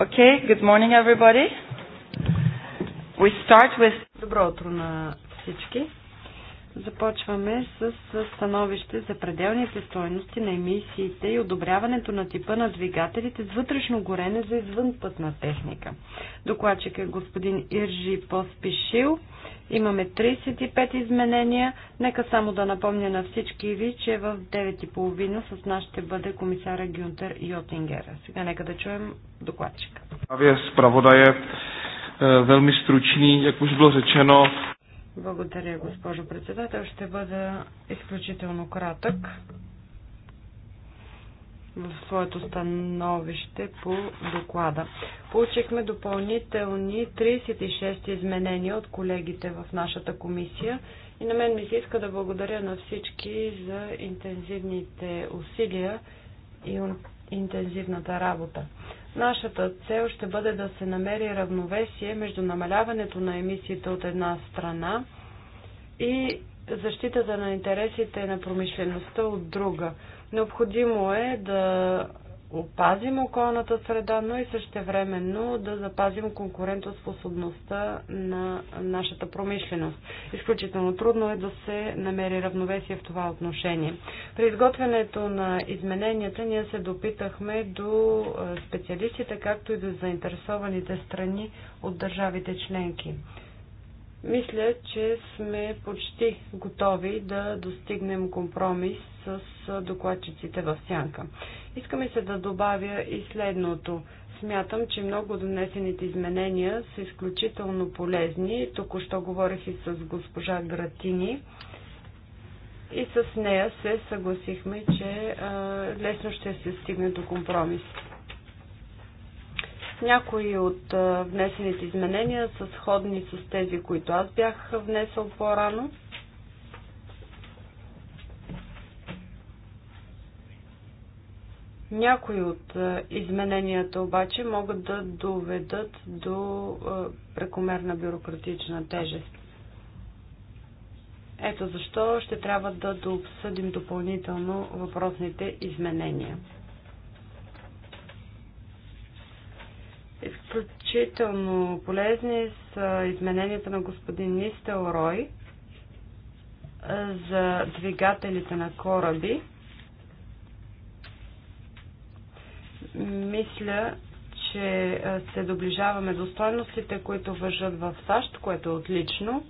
Okay, good morning everybody. We start with... Добро утро на всички. Започваме с становище за пределните стоености на емисиите и одобряването на типа на двигателите с вътрешно горене за извънпътна техника. Докладчик е господин Иржи Поспишил. Имаме 35 изменения. Нека само да напомня на всички ви, че в 9.30 с нас ще бъде комисара Гюнтер Йотингера. Сега нека да чуем докладчика. да е... velmi stručný, jak už bylo řečeno, благодаря, госпожо председател. Ще бъда изключително кратък в своето становище по доклада. Получихме допълнителни 36 изменения от колегите в нашата комисия и на мен ми се иска да благодаря на всички за интензивните усилия и интензивната работа. Нашата цел ще бъде да се намери равновесие между намаляването на емисиите от една страна и защитата на интересите на промишлеността от друга. Необходимо е да опазим околната среда, но и същевременно да запазим конкурентоспособността на нашата промишленост. Изключително трудно е да се намери равновесие в това отношение. При изготвянето на измененията ние се допитахме до е, специалистите, както и до заинтересованите страни от държавите членки. Мисля, че сме почти готови да достигнем компромис с докладчиците в сянка. Искаме се да добавя и следното. Смятам, че много от внесените изменения са изключително полезни. Току-що говорих и с госпожа Гратини и с нея се съгласихме, че а, лесно ще се стигне до компромис. Някои от а, внесените изменения са сходни с тези, които аз бях внесъл по-рано. Някои от е, измененията обаче могат да доведат до е, прекомерна бюрократична тежест. Ето защо ще трябва да дообсъдим допълнително въпросните изменения. Изключително полезни са измененията на господин Нистел Рой е, за двигателите на кораби – Мисля, че се доближаваме до стойностите, които въжат в САЩ, което е отлично.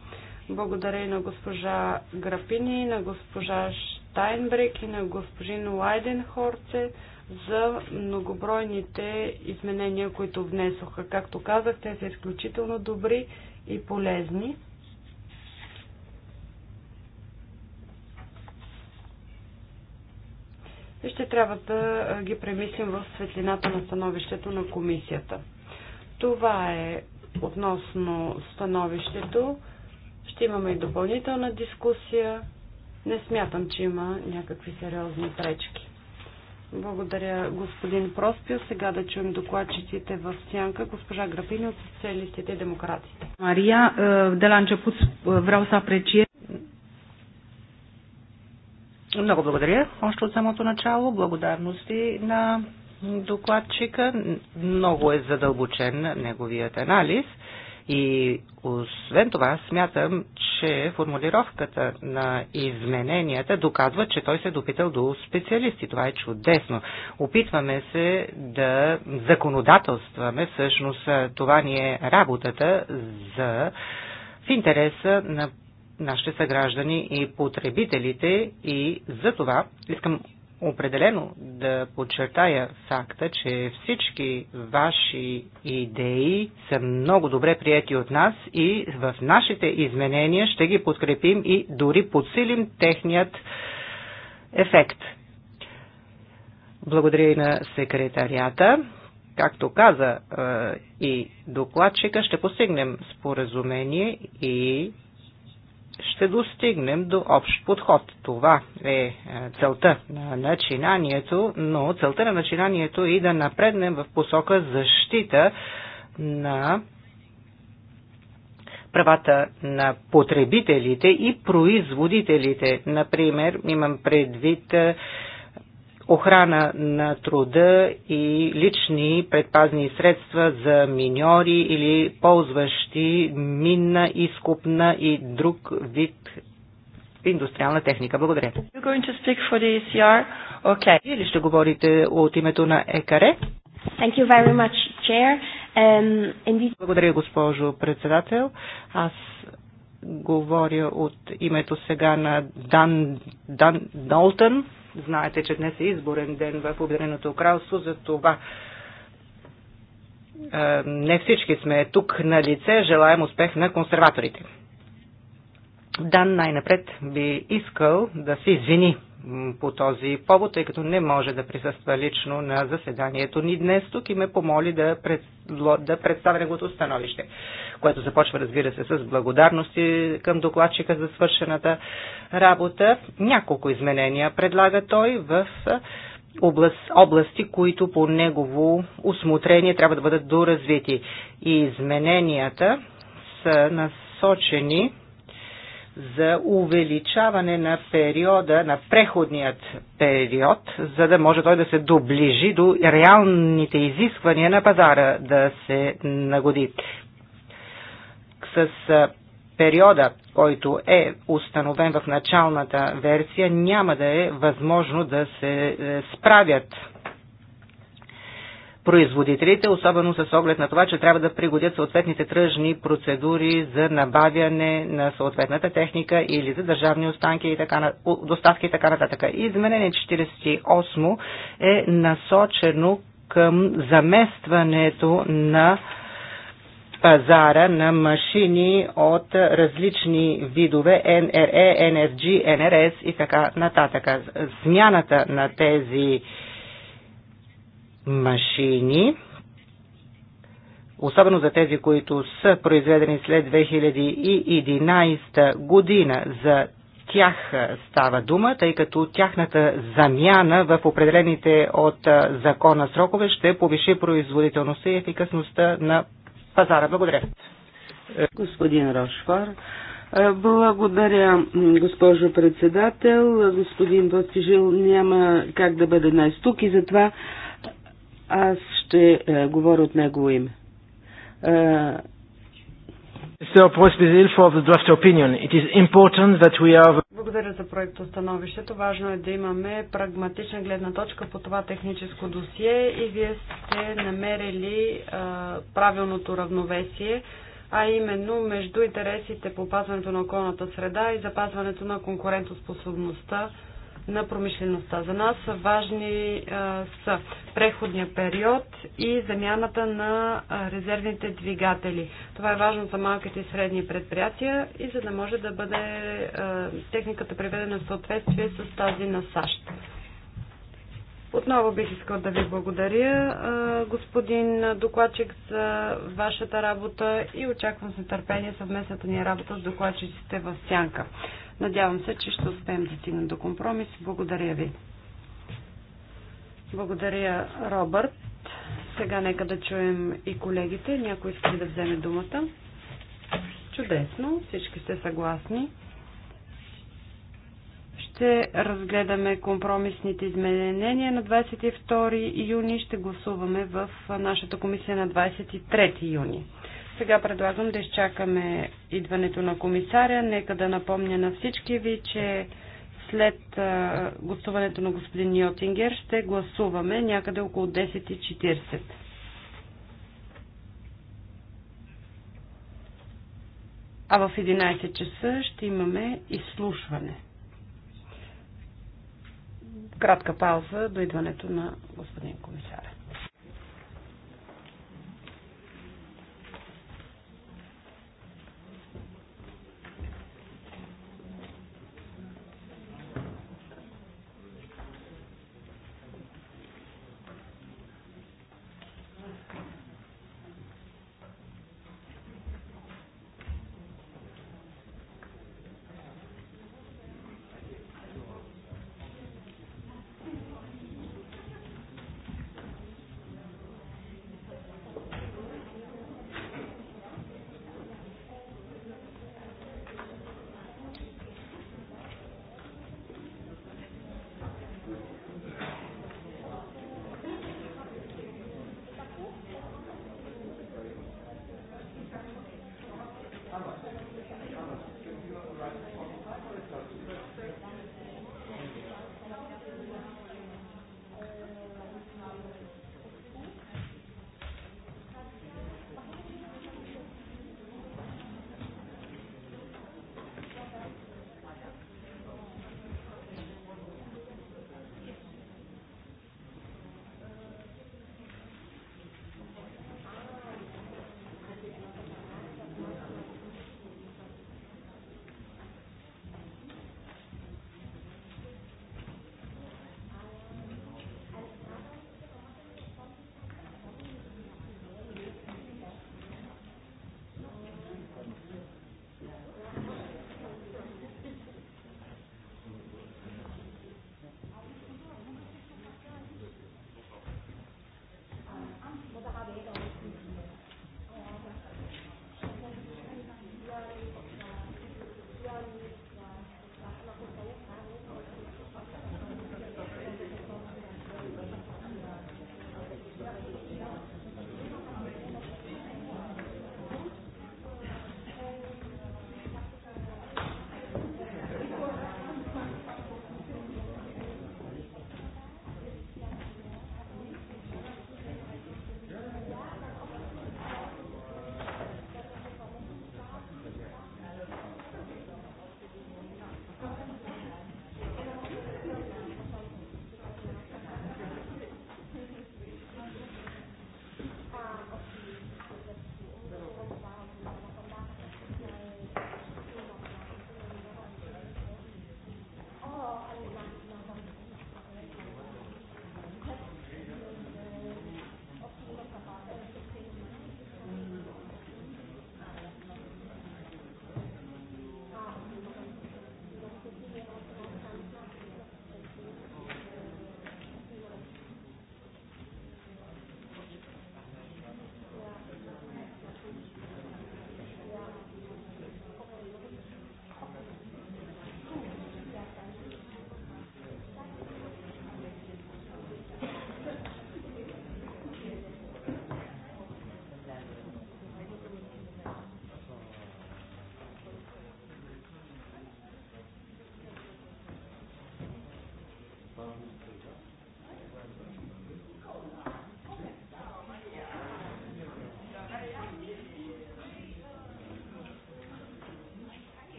Благодаря и на госпожа Грапини, на госпожа Штайнбрек и на госпожин Лайденхорце за многобройните изменения, които внесоха. Както казах, те са изключително добри и полезни. и ще трябва да ги премислим в светлината на становището на комисията. Това е относно становището. Ще имаме и допълнителна дискусия. Не смятам, че има някакви сериозни пречки. Благодаря, господин Проспио. Сега да чуем докладчиците в сянка. Госпожа Грапини от социалистите и демократите. Мария, de е, la început пречи. să apreciez много благодаря още от самото начало. Благодарности на докладчика. Много е задълбочен неговият анализ. И освен това смятам, че формулировката на измененията доказва, че той се е допитал до специалисти. Това е чудесно. Опитваме се да законодателстваме, всъщност това ни е работата за в интереса на нашите съграждани и потребителите и за това искам определено да подчертая факта, че всички ваши идеи са много добре прияти от нас и в нашите изменения ще ги подкрепим и дори подсилим техният ефект. Благодаря и на секретарията. Както каза е, и докладчика, ще постигнем споразумение и ще достигнем до общ подход. Това е, е целта на начинанието, но целта на начинанието е и да напреднем в посока защита на правата на потребителите и производителите. Например, имам предвид е, охрана на труда и лични предпазни средства за миньори или ползващи минна, изкупна и друг вид индустриална техника. Благодаря. E okay. Вие ли ще говорите от името на ЕКАРЕ? Thank you very much, Chair. Um, indeed... Благодаря, госпожо председател. Аз говоря от името сега на Дан, Дан Долтън. Знаете, че днес е изборен ден в Обединеното кралство, за това е, не всички сме тук на лице. Желаем успех на консерваторите. Дан най-напред би искал да се извини по този повод, тъй като не може да присъства лично на заседанието ни днес тук и ме помоли да, пред, да представя неговото становище което започва, разбира се, с благодарности към докладчика за свършената работа. Няколко изменения предлага той в област, области, които по негово усмотрение трябва да бъдат доразвити. И измененията са насочени за увеличаване на периода, на преходният период, за да може той да се доближи до реалните изисквания на пазара да се нагоди с периода, който е установен в началната версия, няма да е възможно да се е, справят производителите, особено с оглед на това, че трябва да пригодят съответните тръжни процедури за набавяне на съответната техника или за държавни останки и така, доставки и така нататък. Изменение 48 е насочено към заместването на пазара на машини от различни видове NRE, NFG, NRS и така нататък. Смяната на тези машини особено за тези, които са произведени след 2011 година. За тях става дума, тъй като тяхната замяна в определените от закона срокове ще повиши производителността и ефикасността на пазара. Благодаря. Господин Рошфар. Благодаря, госпожо председател. Господин Бостижил няма как да бъде днес тук и затова аз ще говоря от негово име. Благодаря за проекто становището. Важно е да имаме прагматична гледна точка по това техническо досие и вие сте намерили а, правилното равновесие, а именно между интересите по опазването на околната среда и запазването на конкурентоспособността на промишлеността. За нас важни а, са преходния период и замяната на а, резервните двигатели. Това е важно за малките и средни предприятия и за да може да бъде а, техниката приведена в съответствие с тази на САЩ. Отново бих искал да ви благодаря, господин докладчик, за вашата работа и очаквам с нетърпение съвместната ни работа с докладчиците в Сянка. Надявам се, че ще успеем да стигнем до компромис. Благодаря ви. Благодаря, Робърт. Сега нека да чуем и колегите. Някой иска да вземе думата. Чудесно, всички сте съгласни. Ще разгледаме компромисните изменения на 22 юни. Ще гласуваме в нашата комисия на 23 юни. Сега предлагам да изчакаме идването на комисаря. Нека да напомня на всички ви, че след гостуването на господин Йотингер ще гласуваме някъде около 10.40. А в 11 часа ще имаме изслушване. Кратка пауза до идването на господин комисаря.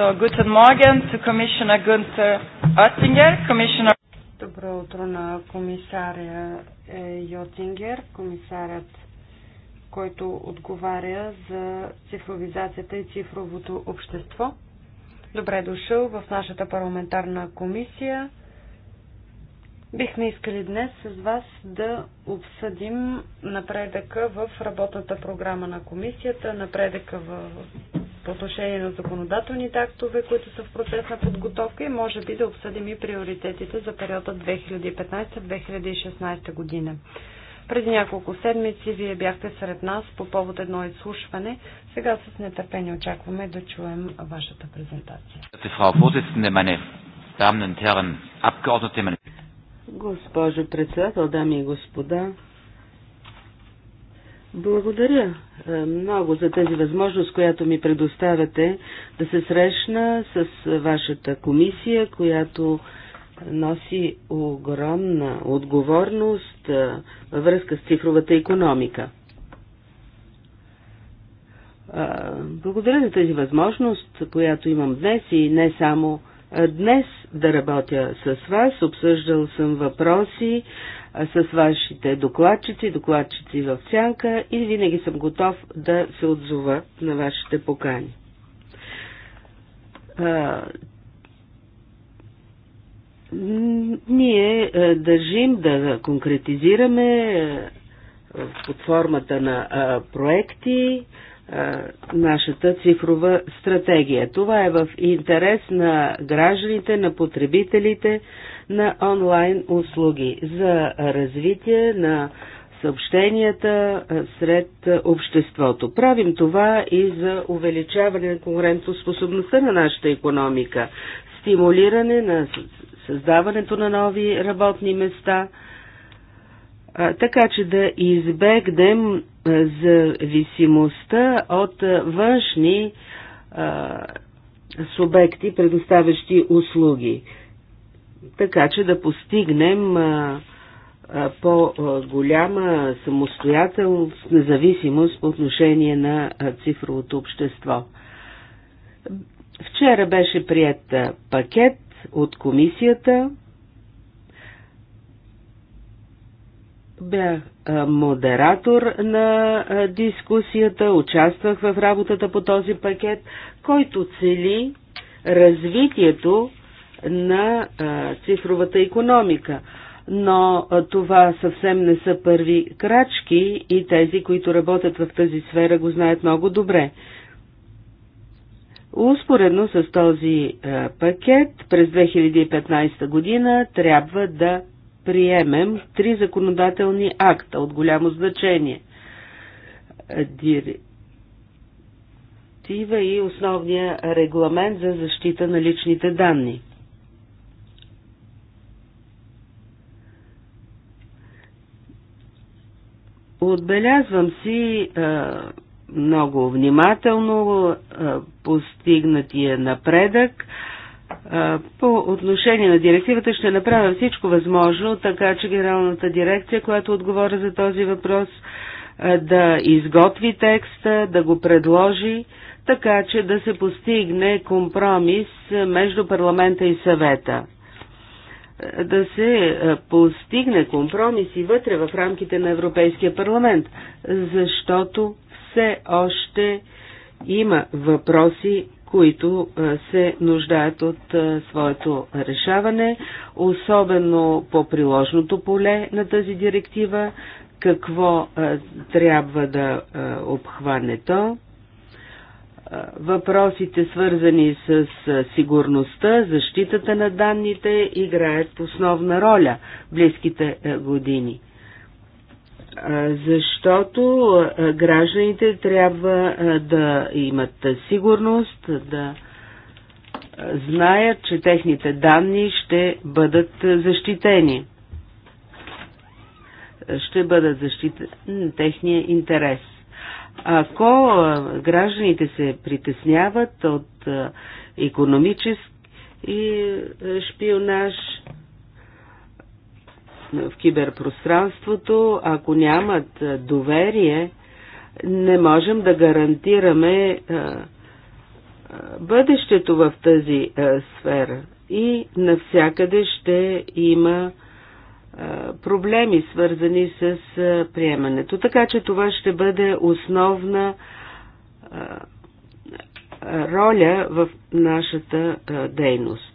So, guten Morgen zu Commissioner Günther Oettinger, Commissioner Добро утро на комисаря е, Йотингер, комисарят, който отговаря за цифровизацията и цифровото общество. Добре дошъл в нашата парламентарна комисия. Бихме искали днес с вас да обсъдим напредъка в работната програма на комисията, напредъка в по отношение на законодателните актове, които са в процес на подготовка и може би да обсъдим и приоритетите за периода 2015-2016 година. Преди няколко седмици вие бяхте сред нас по повод едно изслушване. Сега с нетърпение очакваме да чуем вашата презентация. Госпожо председател, дами и господа, благодаря е, много за тази възможност, която ми предоставяте да се срещна с вашата комисия, която носи огромна отговорност е, във връзка с цифровата економика. Е, благодаря за тази възможност, която имам днес и не само днес да работя с вас. Обсъждал съм въпроси с вашите докладчици, докладчици в сянка и винаги съм готов да се отзова на вашите покани. Ние държим да конкретизираме под формата на проекти, нашата цифрова стратегия. Това е в интерес на гражданите, на потребителите на онлайн услуги за развитие на съобщенията сред обществото. Правим това и за увеличаване на конкурентоспособността на нашата економика, стимулиране на създаването на нови работни места, така че да избегнем зависимостта от външни а, субекти, предоставящи услуги, така че да постигнем а, а, по-голяма самостоятелност, независимост по отношение на цифровото общество. Вчера беше прият пакет от комисията Бях модератор на дискусията, участвах в работата по този пакет, който цели развитието на цифровата економика. Но това съвсем не са първи крачки и тези, които работят в тази сфера, го знаят много добре. Успоредно с този пакет през 2015 година трябва да приемем три законодателни акта от голямо значение. Директива и основния регламент за защита на личните данни. Отбелязвам си а, много внимателно а, постигнатия напредък. А, по отношение на директивата ще направя всичко възможно, така че генералната дирекция, която отговоря за този въпрос, да изготви текста, да го предложи, така че да се постигне компромис между парламента и съвета. Да се постигне компромис и вътре в рамките на Европейския парламент, защото все още има въпроси, които се нуждаят от своето решаване, особено по приложното поле на тази директива, какво трябва да обхване то. Въпросите, свързани с сигурността, защитата на данните, играят основна роля в близките години защото гражданите трябва да имат сигурност, да знаят, че техните данни ще бъдат защитени. Ще бъдат защитени техния интерес. Ако гражданите се притесняват от економически шпионаж, в киберпространството, ако нямат доверие, не можем да гарантираме бъдещето в тази сфера. И навсякъде ще има проблеми, свързани с приемането. Така че това ще бъде основна роля в нашата дейност.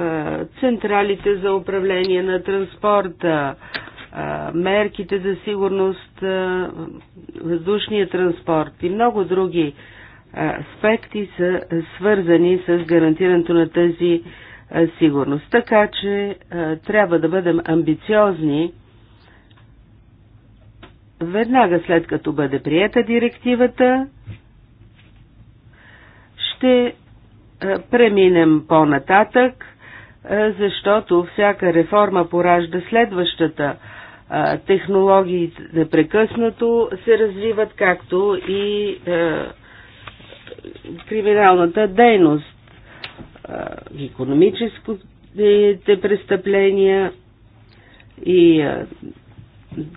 Е, централите за управление на транспорта, е, мерките за сигурност, е, въздушния транспорт и много други аспекти са свързани с гарантирането на тази сигурност. Така че трябва да бъдем амбициозни веднага след като бъде приета директивата, ще преминем по-нататък е, защото всяка реформа поражда следващата. Е, Технологиите непрекъснато се развиват, както и е, криминалната дейност, економическите престъпления и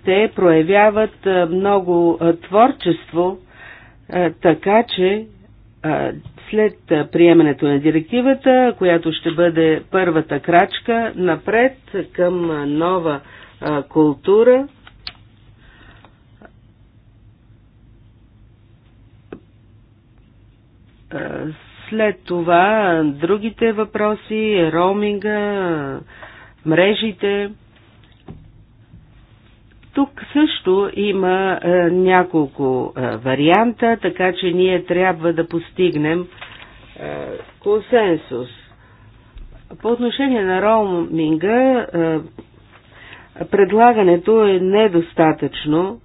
те проявяват много творчество, така че след приемането на директивата, която ще бъде първата крачка напред към нова култура, След това другите въпроси, роуминга, мрежите. Тук също има е, няколко е, варианта, така че ние трябва да постигнем е, консенсус. По отношение на роуминга, е, предлагането е недостатъчно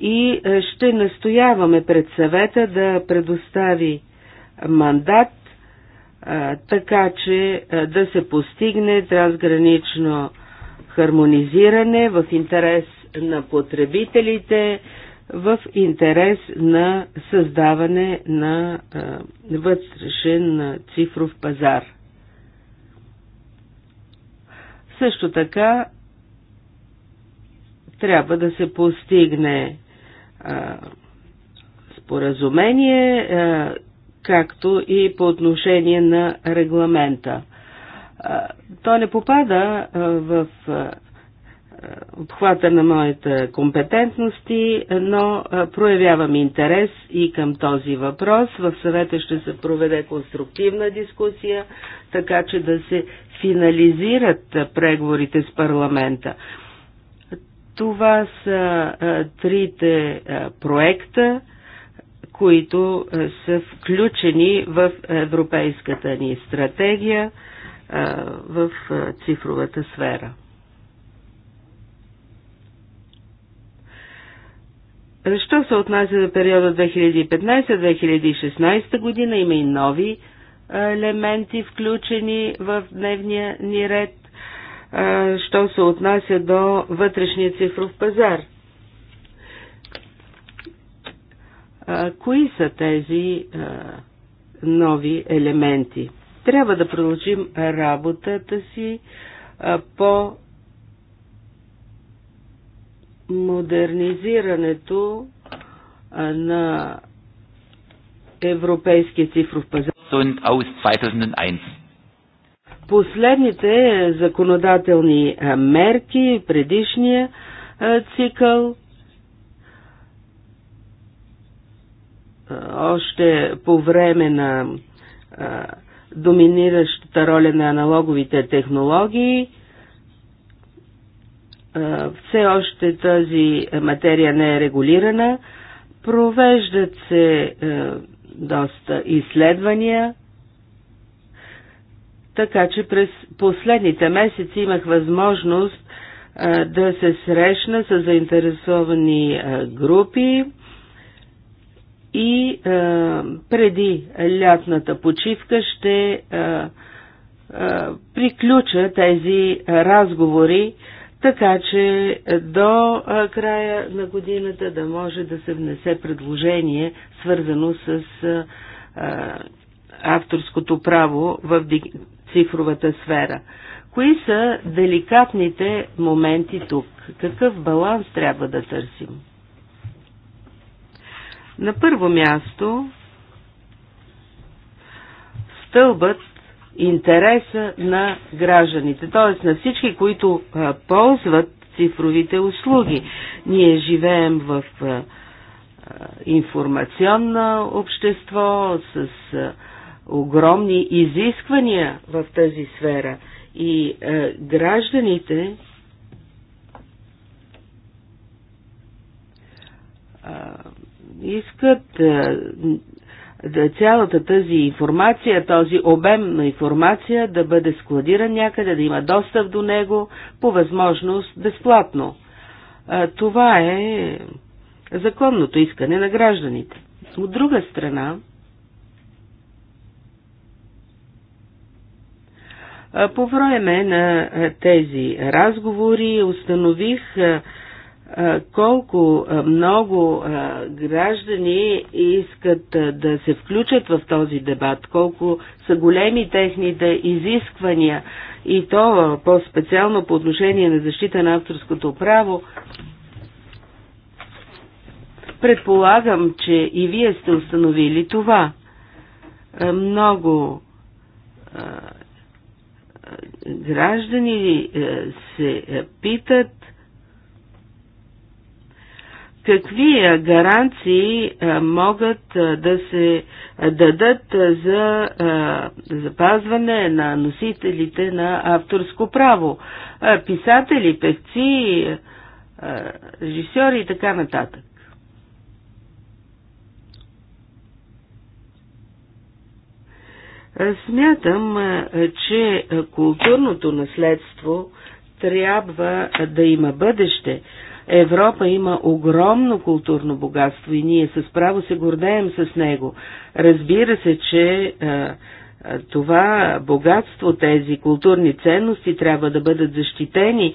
и е, ще настояваме пред съвета да предостави мандат, е, така че е, да се постигне трансгранично хармонизиране в интерес на потребителите, в интерес на създаване на вътрешен цифров пазар. Също така трябва да се постигне а, споразумение, а, както и по отношение на регламента – то не попада в обхвата на моите компетентности, но проявявам интерес и към този въпрос. В съвета ще се проведе конструктивна дискусия, така че да се финализират преговорите с парламента. Това са трите проекта, които са включени в европейската ни стратегия – в цифровата сфера. Защо се отнася за периода 2015-2016 година, има и нови елементи включени в дневния ни ред, що се отнася до вътрешния цифров пазар. Кои са тези нови елементи? Трябва да продължим работата си по модернизирането на европейския цифров пазар. Последните законодателни мерки, предишния цикъл, още по време на доминиращата роля на аналоговите технологии. Все още тази материя не е регулирана. Провеждат се доста изследвания, така че през последните месеци имах възможност да се срещна с заинтересовани групи и е, преди лятната почивка ще е, е, приключа тези разговори, така че до е, края на годината да може да се внесе предложение, свързано с е, е авторското право в цифровата сфера. Кои са деликатните моменти тук? Какъв баланс трябва да търсим? На първо място, стълбът интереса на гражданите, т.е. на всички, които а, ползват цифровите услуги. Ние живеем в а, информационно общество с а, огромни изисквания в тази сфера и а, гражданите а, искат е, цялата тази информация, този обем на информация да бъде складиран някъде, да има достъп до него, по възможност безплатно. Е, това е законното искане на гражданите. От друга страна, е, по време на тези разговори установих колко много граждани искат да се включат в този дебат, колко са големи техните изисквания и то по-специално по отношение на защита на авторското право. Предполагам, че и вие сте установили това. Много граждани е, се е, питат какви гаранции могат да се дадат за запазване на носителите на авторско право. Писатели, певци, режисьори и така нататък. Смятам, че културното наследство трябва да има бъдеще, Европа има огромно културно богатство и ние с право се гордеем с него. Разбира се, че това богатство, тези културни ценности трябва да бъдат защитени,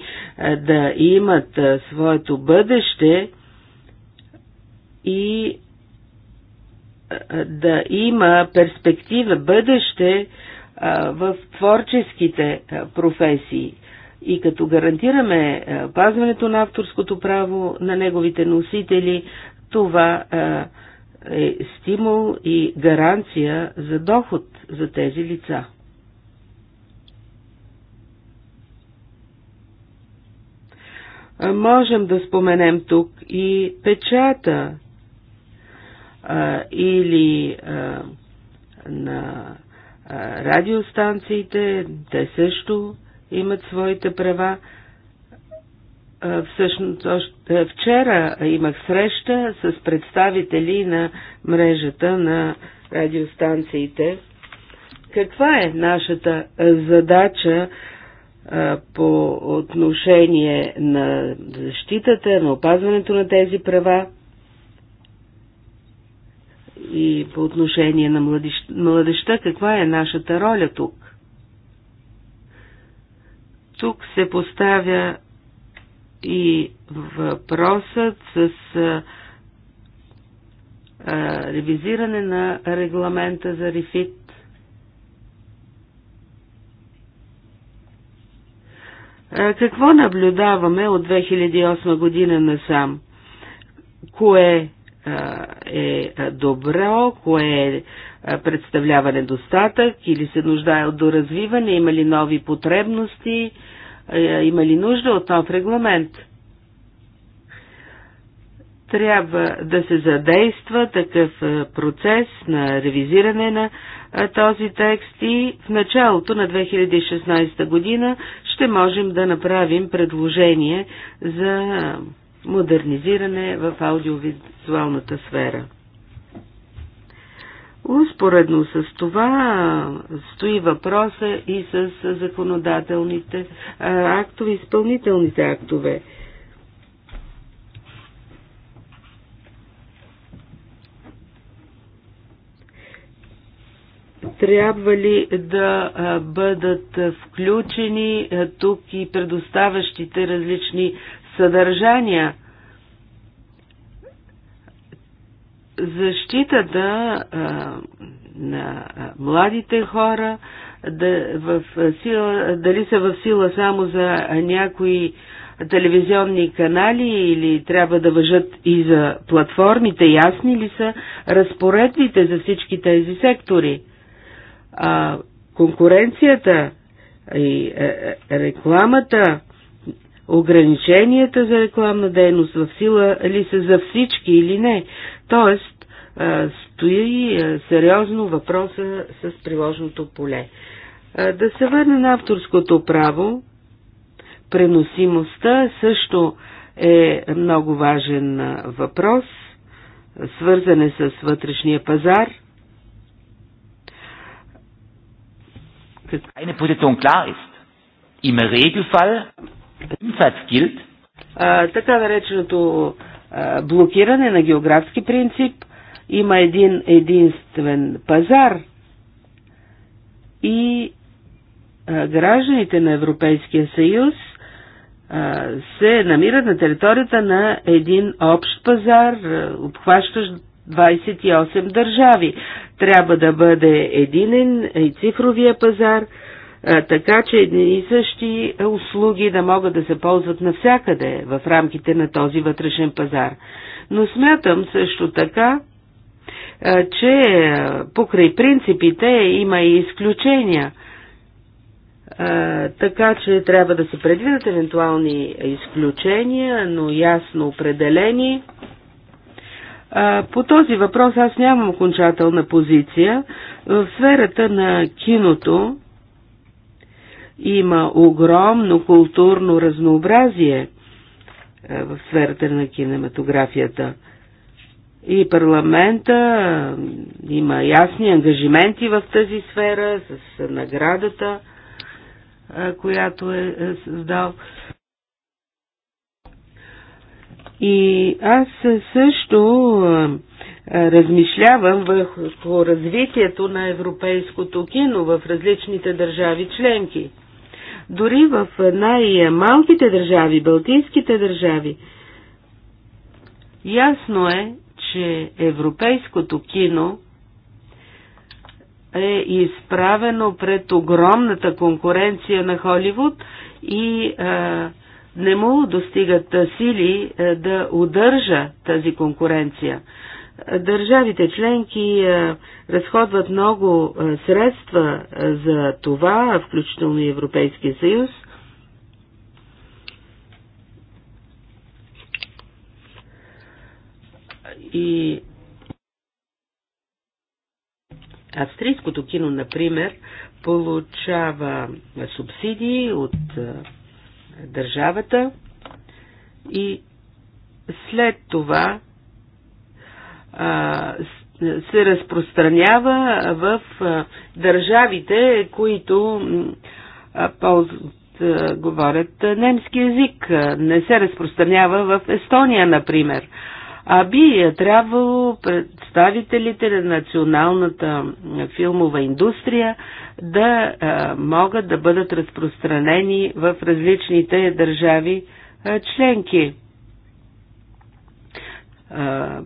да имат своето бъдеще и да има перспектива, бъдеще в творческите професии. И като гарантираме е, пазването на авторското право на неговите носители, това е, е стимул и гаранция за доход за тези лица. Е, можем да споменем тук и печата а, или а, на а, радиостанциите, те също имат своите права. Всъщност, още вчера имах среща с представители на мрежата на радиостанциите. Каква е нашата задача по отношение на защитата, на опазването на тези права? и по отношение на младеж... каква е нашата роля тук? Тук се поставя и въпросът с а, а, ревизиране на регламента за рефит. А, какво наблюдаваме от 2008 година насам? Кое а, е добро, кое а, представлява недостатък или се нуждае от доразвиване, има ли нови потребности? А, е, има ли нужда от нов регламент? Трябва да се задейства такъв е, процес на ревизиране на е, този текст и в началото на 2016 година ще можем да направим предложение за модернизиране в аудиовизуалната сфера. Успоредно с това стои въпроса и с законодателните актове, изпълнителните актове. трябва ли да бъдат включени тук и предоставящите различни съдържания защитата а, на младите хора да, в сила, дали са в сила само за някои телевизионни канали или трябва да въжат и за платформите, ясни ли са разпоредбите за всички тези сектори. А, конкуренцията и е, е, рекламата ограниченията за рекламна дейност в сила ли са за всички или не. Тоест, стои сериозно въпроса с приложното поле. Да се върне на авторското право, преносимостта също е много важен въпрос, свързан е с вътрешния пазар. Eine Position klar ist. Im Regelfall така нареченото блокиране на географски принцип има един единствен пазар и гражданите на Европейския съюз се намират на територията на един общ пазар, обхващащ 28 държави. Трябва да бъде единен и цифровия пазар, така че едни и същи услуги да могат да се ползват навсякъде в рамките на този вътрешен пазар. Но смятам също така, че покрай принципите има и изключения, така че трябва да се предвидят евентуални изключения, но ясно определени. По този въпрос аз нямам окончателна позиция. В сферата на киното има огромно културно разнообразие е, в сферата на кинематографията. И парламента е, има ясни ангажименти в тази сфера с наградата, е, която е създал. И аз също размишлявам върху развитието на европейското кино в различните държави членки дори в най-малките държави, балтийските държави. Ясно е, че европейското кино е изправено пред огромната конкуренция на Холивуд и а, не му достигат сили а, да удържа тази конкуренция. Държавите членки а, разходват много е, средства е, за това, включително и Европейския съюз. И австрийското кино, например, получава субсидии от е, държавата и след това се разпространява в държавите, които ползват, говорят немски язик. Не се разпространява в Естония, например. А би трябвало представителите на националната филмова индустрия да могат да бъдат разпространени в различните държави членки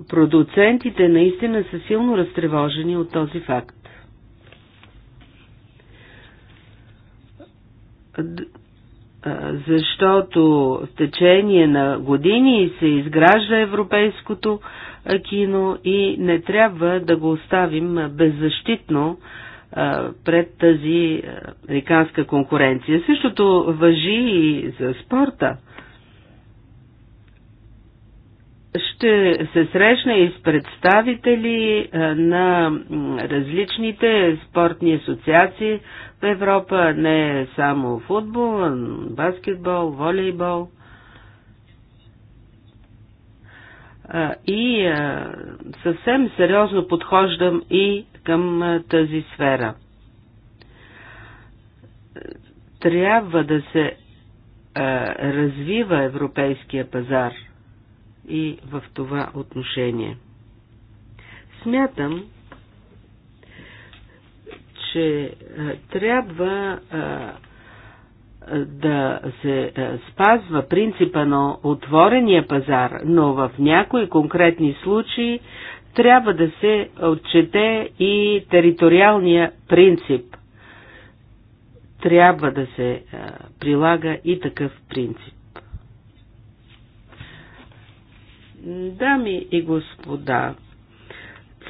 продуцентите наистина са силно разтревожени от този факт. Защото в течение на години се изгражда европейското кино и не трябва да го оставим беззащитно пред тази американска конкуренция. Същото въжи и за спорта – ще се срещна и с представители на различните спортни асоциации в Европа, не само футбол, баскетбол, волейбол. И съвсем сериозно подхождам и към тази сфера. Трябва да се развива европейския пазар – и в това отношение. Смятам, че трябва да се спазва принципа на отворения пазар, но в някои конкретни случаи трябва да се отчете и териториалния принцип. Трябва да се прилага и такъв принцип. Дами и господа,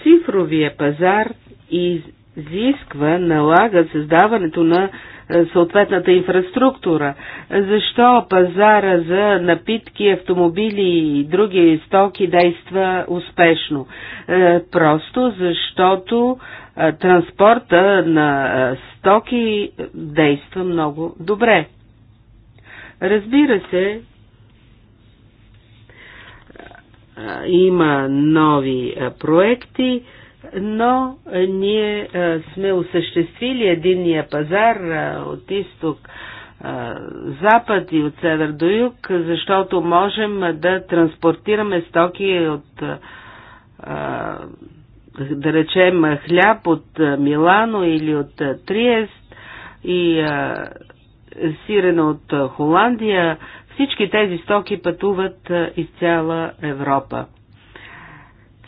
цифровия пазар изисква, налага създаването на е, съответната инфраструктура. Защо пазара за напитки, автомобили и други стоки действа успешно? Е, просто защото е, транспорта на стоки действа много добре. Разбира се, има нови проекти, но ние сме осъществили единния пазар от изток запад и от север до юг, защото можем да транспортираме стоки от да речем хляб от Милано или от Триест и сирена от Холандия всички тези стоки пътуват из цяла Европа.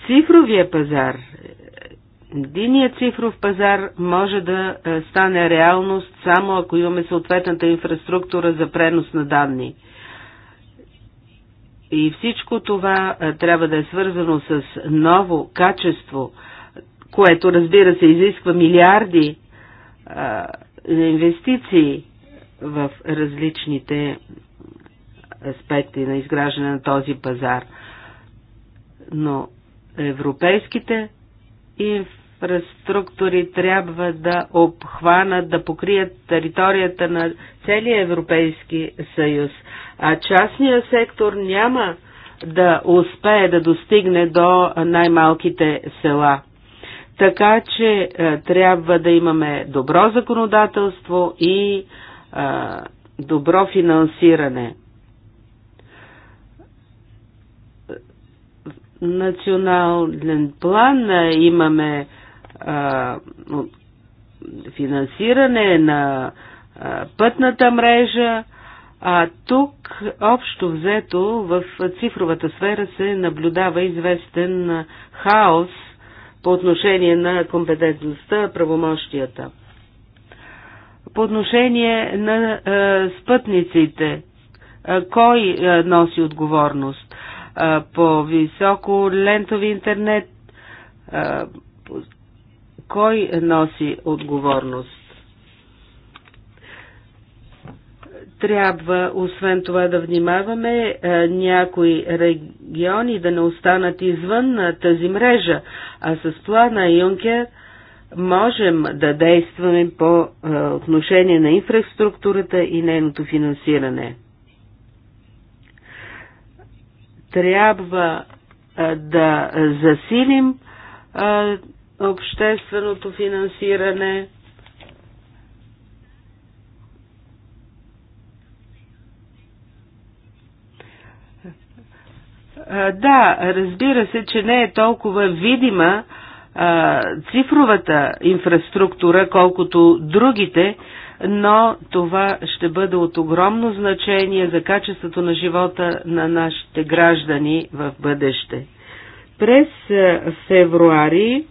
Цифровия пазар, единият цифров пазар може да стане реалност само ако имаме съответната инфраструктура за пренос на данни. И всичко това трябва да е свързано с ново качество, което разбира се изисква милиарди инвестиции в различните аспекти на изграждане на този пазар. Но европейските инфраструктури трябва да обхванат, да покрият територията на целия Европейски съюз, а частният сектор няма да успее да достигне до най-малките села. Така че е, трябва да имаме добро законодателство и а, е, добро финансиране. национален план имаме а, финансиране на а, пътната мрежа, а тук общо взето в цифровата сфера се наблюдава известен хаос по отношение на компетентността, правомощията. По отношение на а, спътниците, а, кой а, носи отговорност? по високо лентови интернет. Кой носи отговорност? Трябва, освен това, да внимаваме някои региони да не останат извън тази мрежа, а с плана Юнкер можем да действаме по отношение на инфраструктурата и нейното финансиране. Трябва да засилим общественото финансиране. Да, разбира се, че не е толкова видима цифровата инфраструктура, колкото другите, но това ще бъде от огромно значение за качеството на живота на нашите граждани в бъдеще. През е, февруари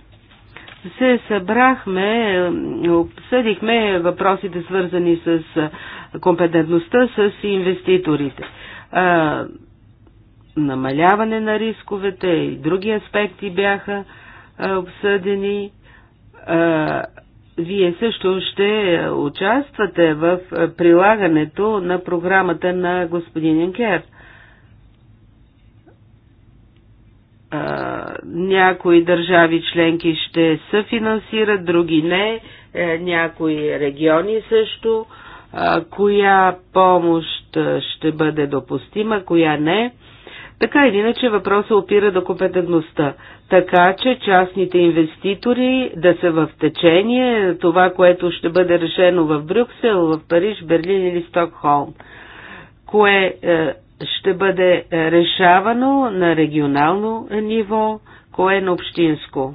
се събрахме, е, обсъдихме въпросите свързани с е, компетентността с инвеститорите. Намаляване на рисковете и други аспекти бяха обсъдени вие също ще участвате в прилагането на програмата на господин Енкер. Някои държави членки ще съфинансират, други не, е, някои региони също. Коя помощ ще бъде допустима, коя не. Така или иначе въпросът опира до компетентността така че частните инвеститори да са в течение това, което ще бъде решено в Брюксел, в Париж, Берлин или Стокхолм, кое е, ще бъде решавано на регионално ниво, кое на общинско.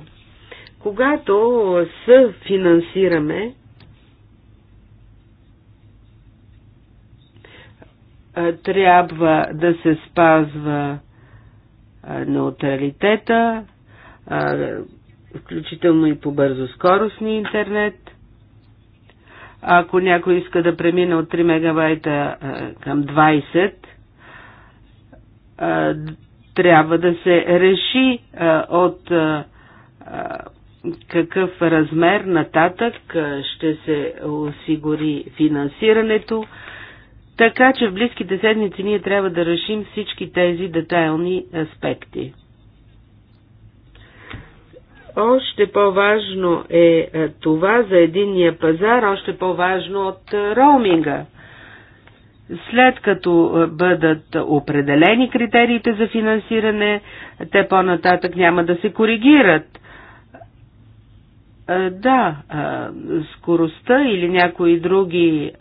Когато се финансираме, е, трябва да се спазва е, неутралитета, включително и по бързоскоростни интернет. Ако някой иска да премине от 3 мегабайта към 20, трябва да се реши от какъв размер нататък ще се осигури финансирането. Така че в близките седмици ние трябва да решим всички тези детайлни аспекти. Още по-важно е, е това за единния пазар, още по-важно от е, роуминга. След като е, бъдат определени критериите за финансиране, те по-нататък няма да се коригират. Да, скоростта или някои други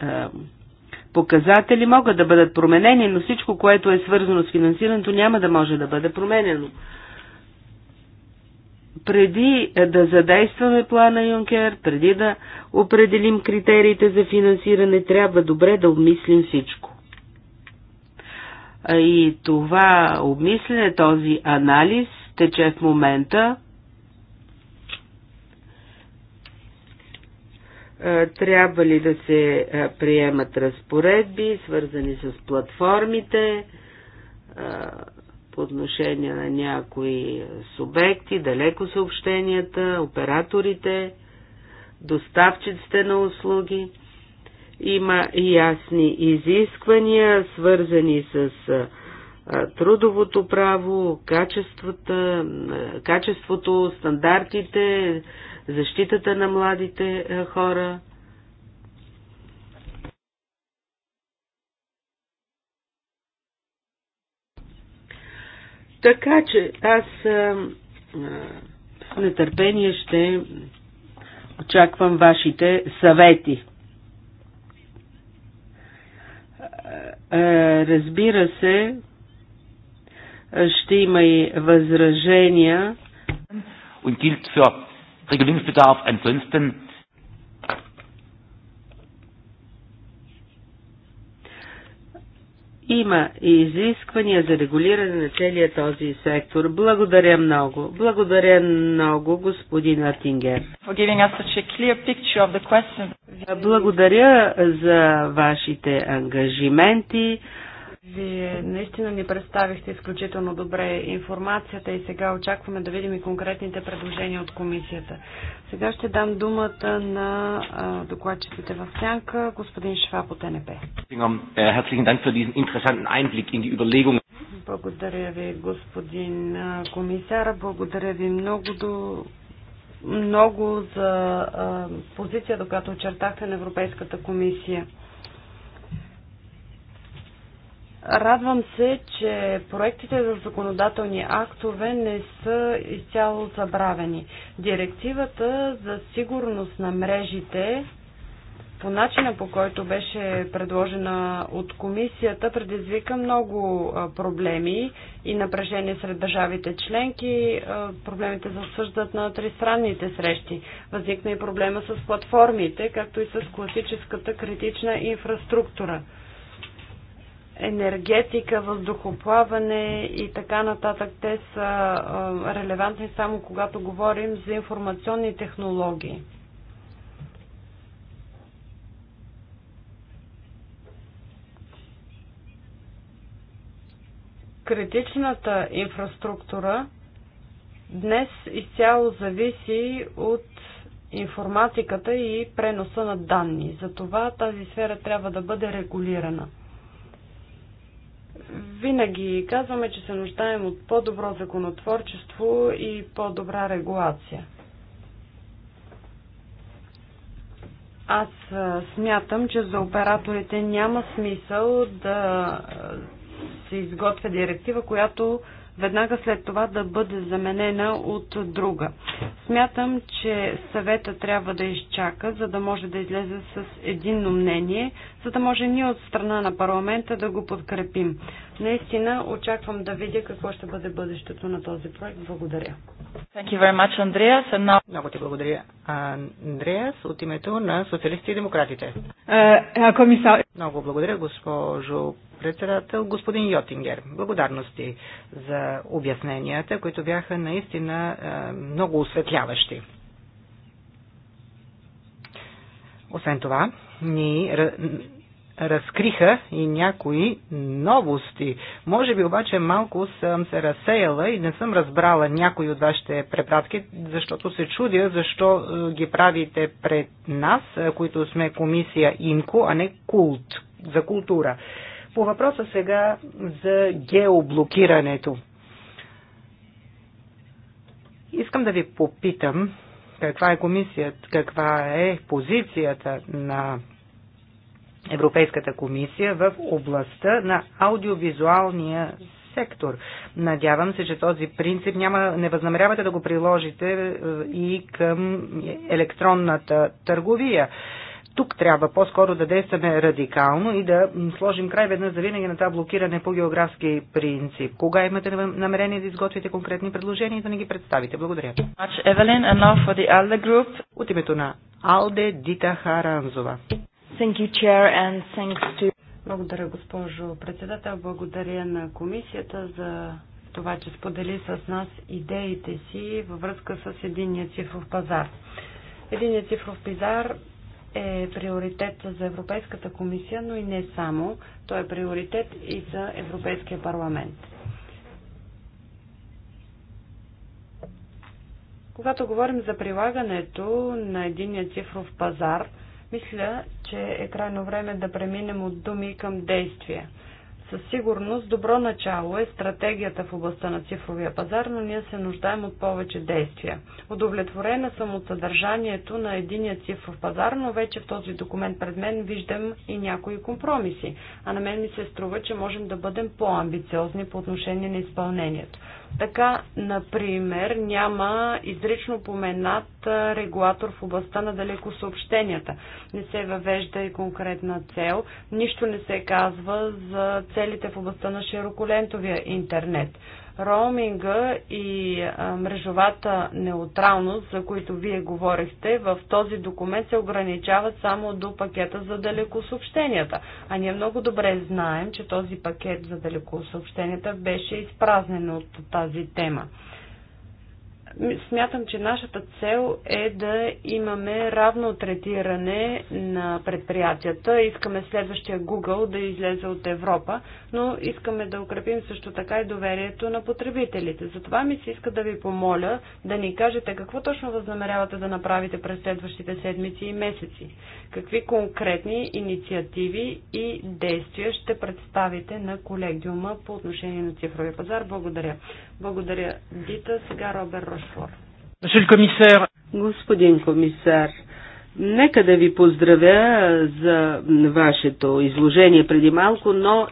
показатели могат да бъдат променени, но всичко, което е свързано с финансирането, няма да може да бъде променено преди да задействаме плана Юнкер, преди да определим критериите за финансиране, трябва добре да обмислим всичко. И това обмислене, този анализ тече в момента. Трябва ли да се приемат разпоредби, свързани с платформите, отношение на някои субекти, далеко съобщенията, операторите, доставчиците на услуги. Има ясни изисквания, свързани с трудовото право, качеството, стандартите, защитата на младите хора – Така че аз с нетърпение ще очаквам вашите съвети. Разбира се, ще има и възражения. Und gilt für Regulierungsbedarf ansonsten Има и изисквания за регулиране на целия този сектор. Благодаря много. Благодаря много, господин Артингер. Благодаря за вашите ангажименти вие наистина ни представихте изключително добре информацията и сега очакваме да видим и конкретните предложения от комисията. Сега ще дам думата на докладчиците в сянка, господин Шваб от НП. Благодаря ви, господин комисар. Благодаря ви много до много за позицията, която очертахте на Европейската комисия. Радвам се, че проектите за законодателни актове не са изцяло забравени. Директивата за сигурност на мрежите по начина по който беше предложена от комисията предизвика много проблеми и напрежение сред държавите членки. Проблемите се обсъждат на тристранните срещи. Възникна и проблема с платформите, както и с класическата критична инфраструктура енергетика, въздухоплаване и така нататък. Те са релевантни само когато говорим за информационни технологии. Критичната инфраструктура днес изцяло зависи от информатиката и преноса на данни. Затова тази сфера трябва да бъде регулирана – винаги казваме, че се нуждаем от по-добро законотворчество и по-добра регулация. Аз смятам, че за операторите няма смисъл да се изготвя директива, която веднага след това да бъде заменена от друга. Смятам, че съвета трябва да изчака, за да може да излезе с единно мнение, за да може ние от страна на парламента да го подкрепим. Наистина очаквам да видя какво ще бъде бъдещето на този проект. Благодаря. Thank you very much, Andreas. And now... Много ти благодаря, Андреас, от името на социалистите и демократите. Uh, комисар... Много благодаря, госпожо председател, господин Йотингер. Благодарности за обясненията, които бяха наистина е, много осветляващи. Освен това, ни разкриха и някои новости. Може би обаче малко съм се разсеяла и не съм разбрала някои от вашите препратки, защото се чудя защо е, ги правите пред нас, е, които сме комисия Инко, а не култ за култура. По въпроса сега за геоблокирането. Искам да ви попитам каква е комисията, каква е позицията на Европейската комисия в областта на аудиовизуалния сектор. Надявам се, че този принцип няма, не възнамерявате да го приложите е, и към електронната търговия. Тук трябва по-скоро да действаме радикално и да сложим край веднъж завинаги на това блокиране по географски принцип. Кога имате намерение да изготвите конкретни предложения и да не ги представите? Благодаря. От името на Алде Дита Харанзова. Благодаря, госпожо председател. Благодаря на комисията за това, че сподели с нас идеите си във връзка с единия цифров пазар. Единият цифров пазар е приоритет за Европейската комисия, но и не само. Той е приоритет и за Европейския парламент. Когато говорим за прилагането на единия цифров пазар, мисля, че е крайно време да преминем от думи към действия. Със сигурност добро начало е стратегията в областта на цифровия пазар, но ние се нуждаем от повече действия. Удовлетворена съм от съдържанието на единия цифров пазар, но вече в този документ пред мен виждам и някои компромиси, а на мен ми се струва, че можем да бъдем по-амбициозни по отношение на изпълнението. Така, например, няма изрично поменат регулатор в областта на далекосъобщенията. Не се въвежда и конкретна цел. Нищо не се казва за целите в областта на широколентовия интернет. Роуминга и мрежовата неутралност, за които вие говорихте, в този документ се ограничават само до пакета за далекосъобщенията. А ние много добре знаем, че този пакет за далекосъобщенията беше изпразнен от тази тема. Смятам, че нашата цел е да имаме равно третиране на предприятията. Искаме следващия Google да излезе от Европа, но искаме да укрепим също така и доверието на потребителите. Затова ми се иска да ви помоля да ни кажете какво точно възнамерявате да направите през следващите седмици и месеци. Какви конкретни инициативи и действия ще представите на колегиума по отношение на цифровия пазар? Благодаря. Благодаря, Дита. Сега Робер Рошфор. Господин комисар, нека да ви поздравя за вашето изложение преди малко, но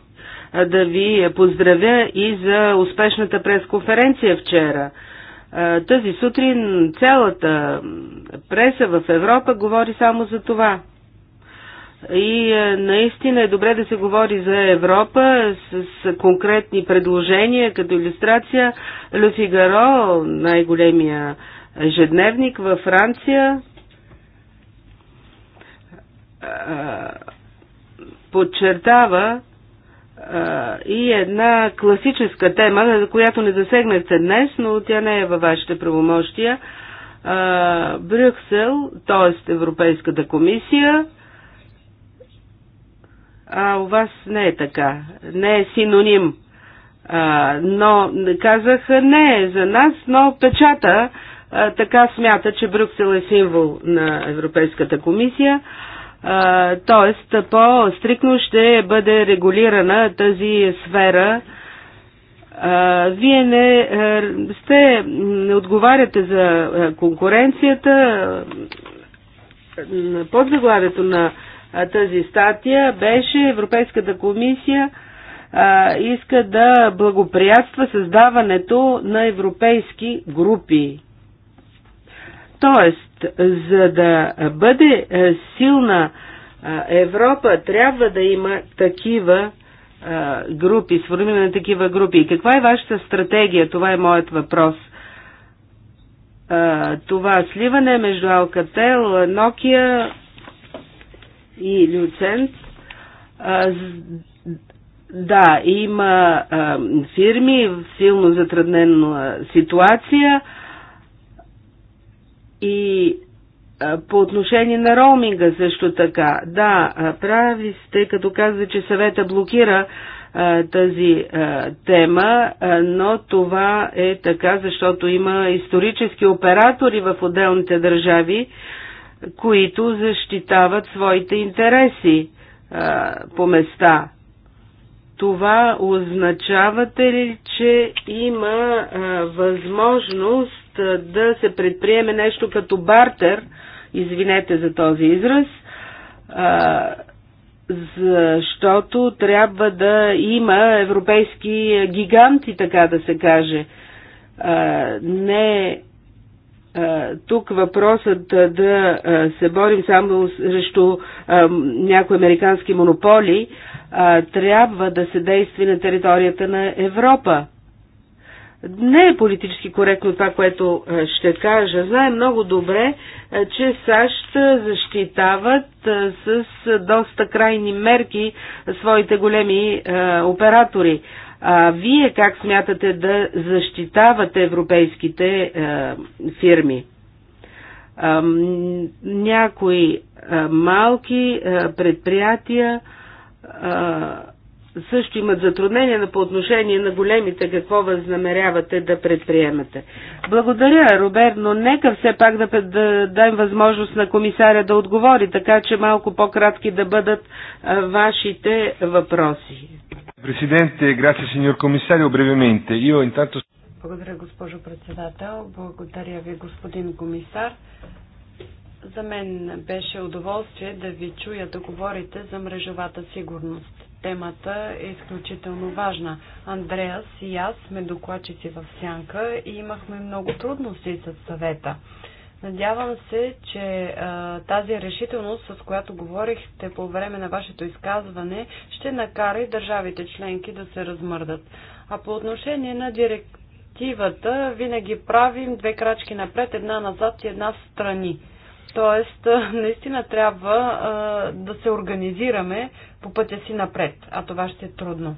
да ви поздравя и за успешната пресконференция вчера. Тази сутрин цялата преса в Европа говори само за това. И е, наистина е добре да се говори за Европа с, с конкретни предложения, като иллюстрация Ле Фигаро, най-големия ежедневник във Франция, подчертава и една класическа тема, която не засегнахте днес, но тя не е във вашите правомощия. Брюксел, т.е. Европейската комисия, а у вас не е така. Не е синоним. А, но казах не е за нас, но печата а, така смята, че Брюксел е символ на Европейската комисия. Тоест, по-стрикно ще бъде регулирана тази сфера. А, вие не сте, не отговаряте за конкуренцията. Под заглавието на тази статия беше Европейската комисия а, иска да благоприятства създаването на европейски групи. Тоест, за да бъде силна Европа, трябва да има такива групи, сформиране на такива групи. И каква е вашата стратегия? Това е моят въпрос. Това сливане между Алкател, Nokia и Люцент. Да, има фирми в силно затруднена ситуация и по отношение на роуминга също така. Да, прави сте, като каза, че съвета блокира тази тема, но това е така, защото има исторически оператори в отделните държави, които защитават своите интереси а, по места. Това означавате ли, че има а, възможност а, да се предприеме нещо като бартер, извинете за този израз, а, защото трябва да има европейски гиганти, така да се каже. А, не тук въпросът да се борим само срещу някои американски монополи трябва да се действи на територията на Европа. Не е политически коректно това, което ще кажа. Знае много добре, че САЩ защитават с доста крайни мерки своите големи оператори. А вие как смятате да защитавате европейските е, фирми? някои е, малки е, предприятия също имат затруднения по отношение на големите, какво възнамерявате да предприемете. Благодаря, Робер, но нека все пак да, да дадем възможност на комисаря да отговори, така че малко по-кратки да бъдат вашите въпроси. Президенте, grazie сеньор commissario, brevemente. Io intanto Благодаря, госпожо председател. Благодаря ви, господин комисар. За мен беше удоволствие да ви чуя да говорите за мрежовата сигурност. Темата е изключително важна. Андреас и аз сме докладчици в Сянка и имахме много трудности с съвета. Надявам се, че а, тази решителност, с която говорихте по време на вашето изказване, ще накара и държавите членки да се размърдат. А по отношение на директивата, винаги правим две крачки напред, една назад и една страни. Тоест, наистина трябва а, да се организираме по пътя си напред, а това ще е трудно.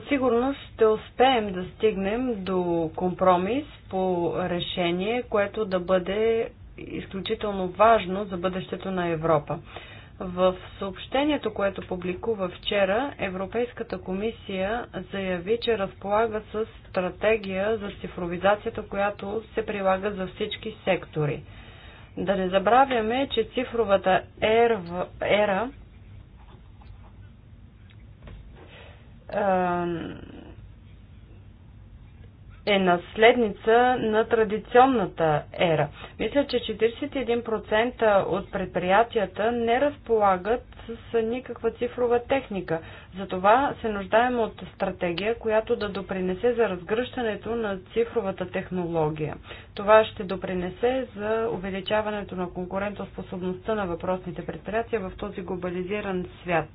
Със сигурност ще успеем да стигнем до компромис по решение, което да бъде изключително важно за бъдещето на Европа. В съобщението, което публикува вчера, Европейската комисия заяви, че разполага с стратегия за цифровизацията, която се прилага за всички сектори. Да не забравяме, че цифровата ера е наследница на традиционната ера. Мисля, че 41% от предприятията не разполагат с никаква цифрова техника. Затова се нуждаем от стратегия, която да допринесе за разгръщането на цифровата технология. Това ще допринесе за увеличаването на конкурентоспособността на въпросните предприятия в този глобализиран свят.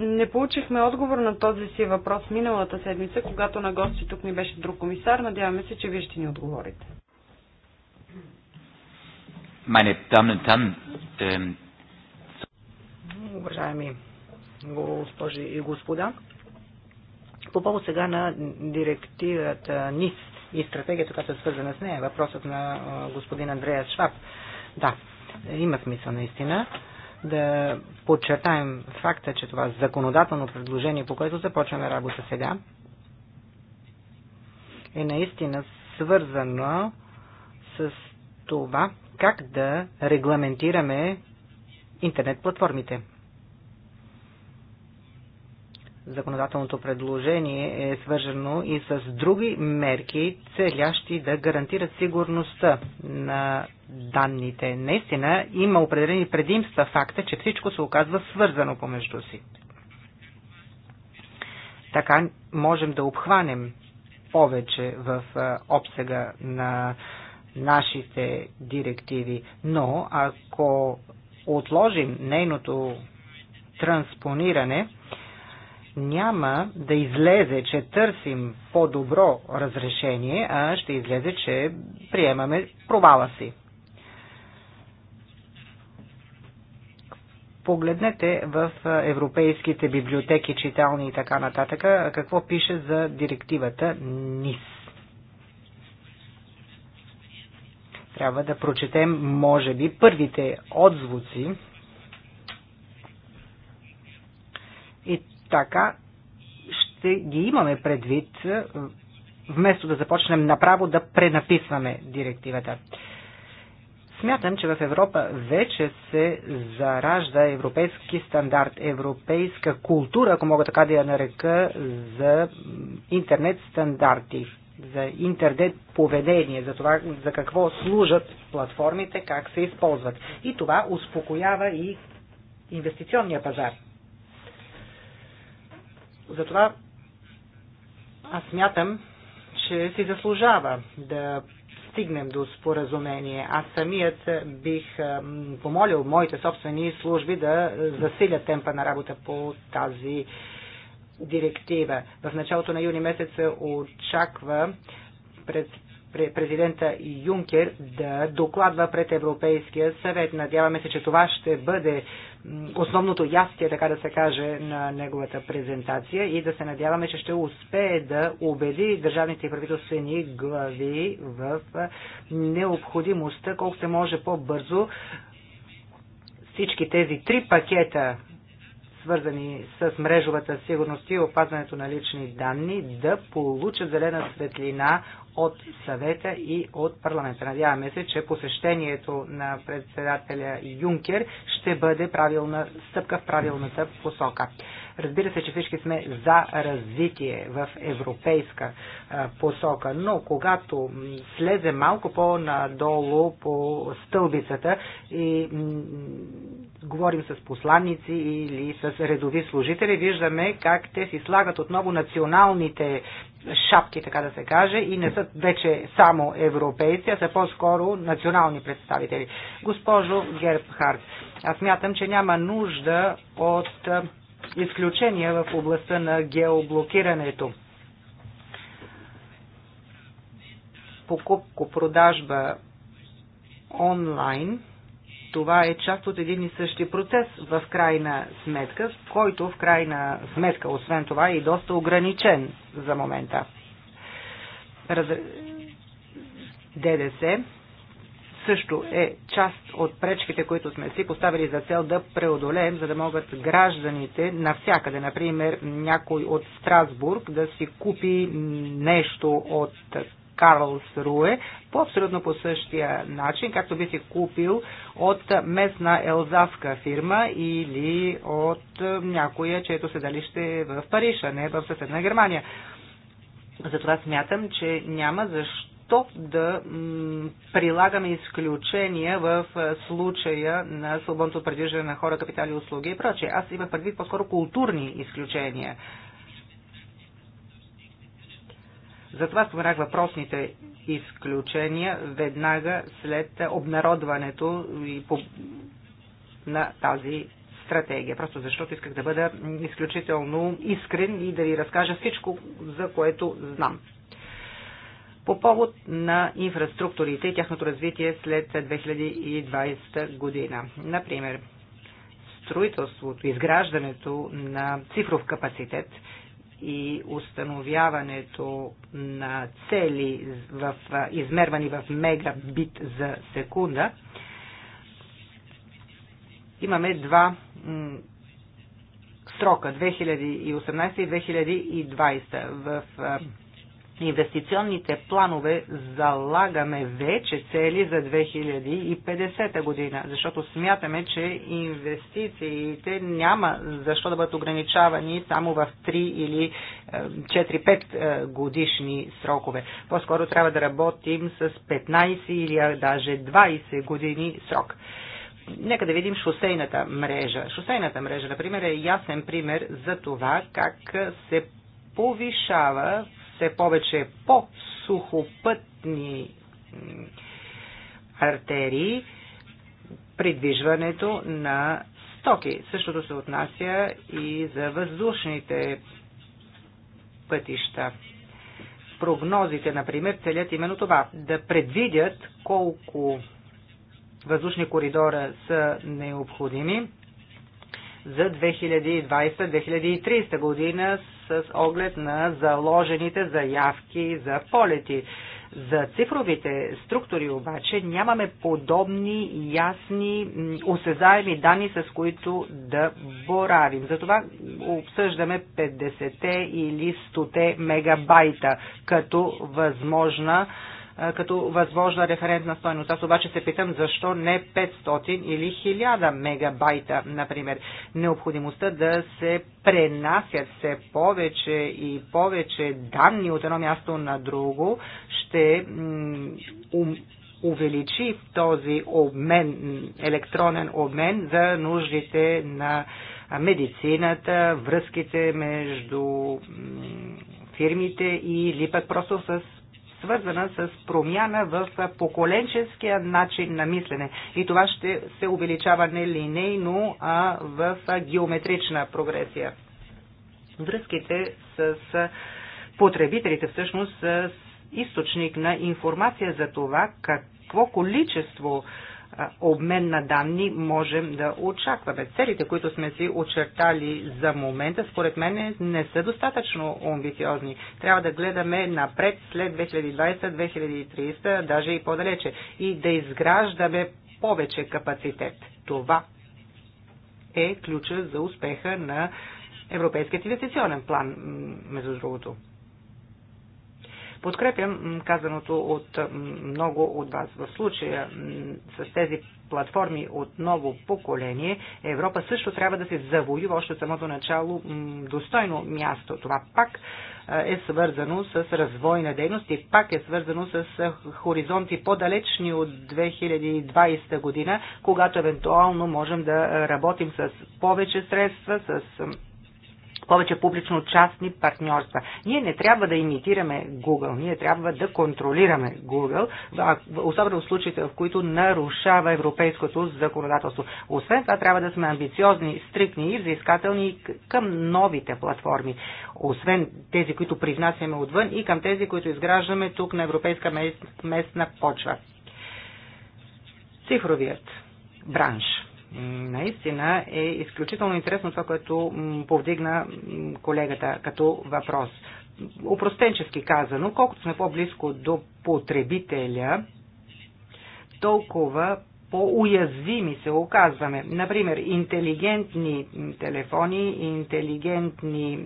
Не получихме отговор на този си въпрос миналата седмица, когато на гости тук ни беше друг комисар. Надяваме се, че вие ще ни отговорите. Майне, Damen там, ähm, Уважаеми госпожи и господа, по повод сега на директивата НИС и стратегията, която е свързана с нея, въпросът на господин Андрея Шваб. Да, има смисъл наистина да подчертаем факта, че това законодателно предложение, по което започваме работа сега, е наистина свързано с това как да регламентираме интернет платформите законодателното предложение е свържено и с други мерки, целящи да гарантират сигурността на данните. Наистина има определени предимства факта, че всичко се оказва свързано помежду си. Така можем да обхванем повече в обсега на нашите директиви, но ако отложим нейното транспониране, няма да излезе, че търсим по-добро разрешение, а ще излезе, че приемаме провала си. Погледнете в европейските библиотеки, читални и така нататък, какво пише за директивата НИС. Трябва да прочетем, може би, първите отзвуци и така ще ги имаме предвид, е, вместо да започнем направо да пренаписваме директивата. Смятам, че в Европа вече се заражда европейски стандарт, европейска култура, ако мога така да я нарека, за интернет стандарти, за интернет поведение, за това за какво служат платформите, как се използват. И това успокоява и инвестиционния пазар. Затова аз смятам, че си заслужава да стигнем до споразумение. Аз самият бих помолил моите собствени служби да засилят темпа на работа по тази директива. В началото на юни месец очаква пред президента Юнкер да докладва пред Европейския съвет. Надяваме се, че това ще бъде основното ястие, така да се каже, на неговата презентация и да се надяваме, че ще успее да убеди държавните и правителствени глави в необходимостта, колкото може по-бързо всички тези три пакета свързани с мрежовата сигурност и опазването на лични данни, да получат зелена светлина от съвета и от парламента. Надяваме се, че посещението на председателя Юнкер ще бъде правилна стъпка в правилната посока. Разбира се, че всички сме за развитие в европейска посока, но когато слезе малко по-надолу по стълбицата и говорим с посланници или с редови служители, виждаме как те си слагат отново националните шапки, така да се каже, и не са вече само европейци, а са по-скоро национални представители. Госпожо Гербхард, аз мятам, че няма нужда от изключения в областта на геоблокирането. Покупко-продажба онлайн това е част от един и същи процес в крайна сметка, който в крайна сметка, освен това, е и доста ограничен за момента. Раз... ДДС също е част от пречките, които сме си поставили за цел да преодолеем, за да могат гражданите навсякъде, например някой от Страсбург, да си купи нещо от Карлсруе по абсолютно по същия начин, както би си купил от местна елзавска фирма или от някоя, чието седалище е в Париж, а не в съседна Германия. Затова смятам, че няма защо да прилагаме изключения в случая на свободното предвиждане на хора, капитали, услуги и прочее. Аз имам предвид по-скоро културни изключения, затова споменах въпросните изключения веднага след обнародването и по... на тази стратегия. Просто защото исках да бъда изключително искрен и да ви разкажа всичко, за което знам. По повод на инфраструктурите и тяхното развитие след 2020 година. Например, строителството, изграждането на цифров капацитет и установяването на цели, в, измервани в мегабит за секунда, имаме два срока 2018 и 2020. В инвестиционните планове залагаме вече цели за 2050 година, защото смятаме, че инвестициите няма защо да бъдат ограничавани само в 3 или 4-5 е, е, годишни срокове. По-скоро трябва да работим с 15 или даже 20 години срок. Нека да видим шосейната мрежа. Шосейната мрежа, например, е ясен пример за това как се повишава все е повече по сухопътни артерии придвижването на стоки. Същото се отнася и за въздушните пътища. Прогнозите, например, целят именно това да предвидят колко въздушни коридора са необходими за 2020-2030 година с оглед на заложените заявки за полети. За цифровите структури обаче нямаме подобни ясни осезаеми данни, с които да боравим. Затова обсъждаме 50 или 100 мегабайта като възможна като възможна референтна стойност. Аз обаче се питам защо не 500 или 1000 мегабайта, например. Необходимостта да се пренасят все повече и повече данни от едно място на друго ще увеличи този обмен, електронен обмен за нуждите на медицината, връзките между фирмите или пък просто с свързана с промяна в поколенческия начин на мислене. И това ще се увеличава не линейно, а в геометрична прогресия. Връзките с потребителите всъщност са източник на информация за това какво количество обмен на данни можем да очакваме. Целите, които сме си очертали за момента, според мен не са достатъчно амбициозни. Трябва да гледаме напред след 2020-2030, даже и по-далече, и да изграждаме повече капацитет. Това е ключа за успеха на Европейският инвестиционен план, между другото. Подкрепям казаното от много от вас. В случая с тези платформи от ново поколение, Европа също трябва да се завоюва още от самото начало достойно място. Това пак е свързано с развойна дейност и пак е свързано с хоризонти по-далечни от 2020 година, когато евентуално можем да работим с повече средства, с повече публично-частни партньорства. Ние не трябва да имитираме Google, ние трябва да контролираме Google, особено в случаите, в които нарушава европейското законодателство. Освен това, трябва да сме амбициозни, стрикни и взискателни към новите платформи, освен тези, които привнасяме отвън и към тези, които изграждаме тук на европейска местна почва. Цифровият бранш – Наистина е изключително интересно това, което повдигна колегата като въпрос. Опростенчески казано, колкото сме по-близко до потребителя, толкова по-уязвими се оказваме. Например, интелигентни телефони, интелигентни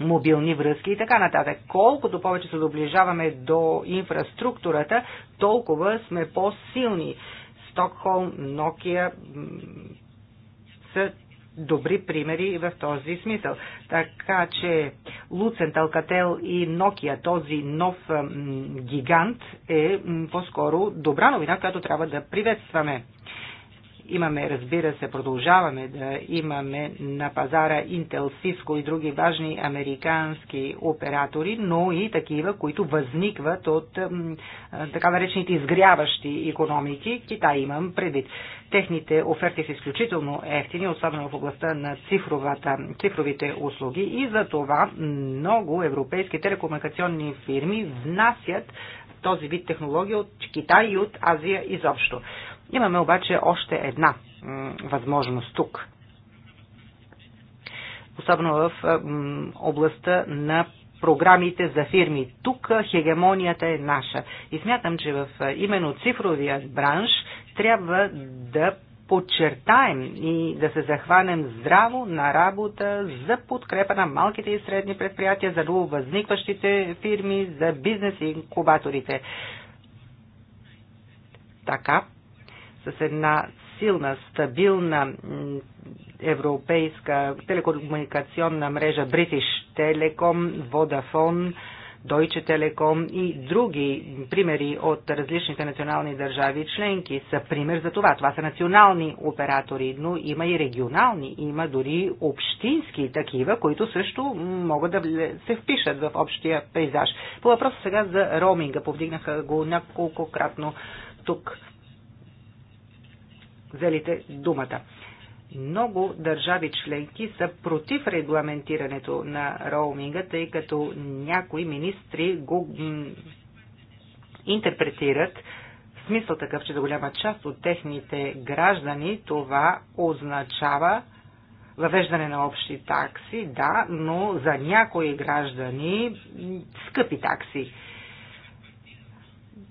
мобилни връзки и така нататък. Колкото повече се доближаваме до инфраструктурата, толкова сме по-силни Стокхолм, Nokia са добри примери в този смисъл. Така че Луцент, Алкател и Nokia, този нов гигант е по-скоро добра новина, която трябва да приветстваме имаме, разбира се, продължаваме да имаме на пазара Intel, Cisco и други важни американски оператори, но и такива, които възникват от така наречените изгряващи економики. Китай имам предвид. Техните оферти са изключително ефтини, особено в областта на цифровата, цифровите услуги и за това много европейски телекомуникационни фирми внасят този вид технология от Китай и от Азия изобщо. Имаме обаче още една възможност тук. Особено в областта на програмите за фирми. Тук хегемонията е наша. И смятам, че в именно цифровия бранш трябва да подчертаем и да се захванем здраво на работа за подкрепа на малките и средни предприятия, за възникващите фирми, за бизнес и инкубаторите. Така с една силна, стабилна европейска телекомуникационна мрежа British Telecom, Vodafone, Deutsche Telekom и други примери от различните национални държави членки са пример за това. Това са национални оператори, но има и регионални, има дори общински такива, които също могат да се впишат в общия пейзаж. По въпроса сега за роуминга, повдигнаха го няколко кратно тук взелите думата. Много държави членки са против регламентирането на роуминга, тъй като някои министри го интерпретират в смисъл такъв, че за голяма част от техните граждани това означава въвеждане на общи такси, да, но за някои граждани скъпи такси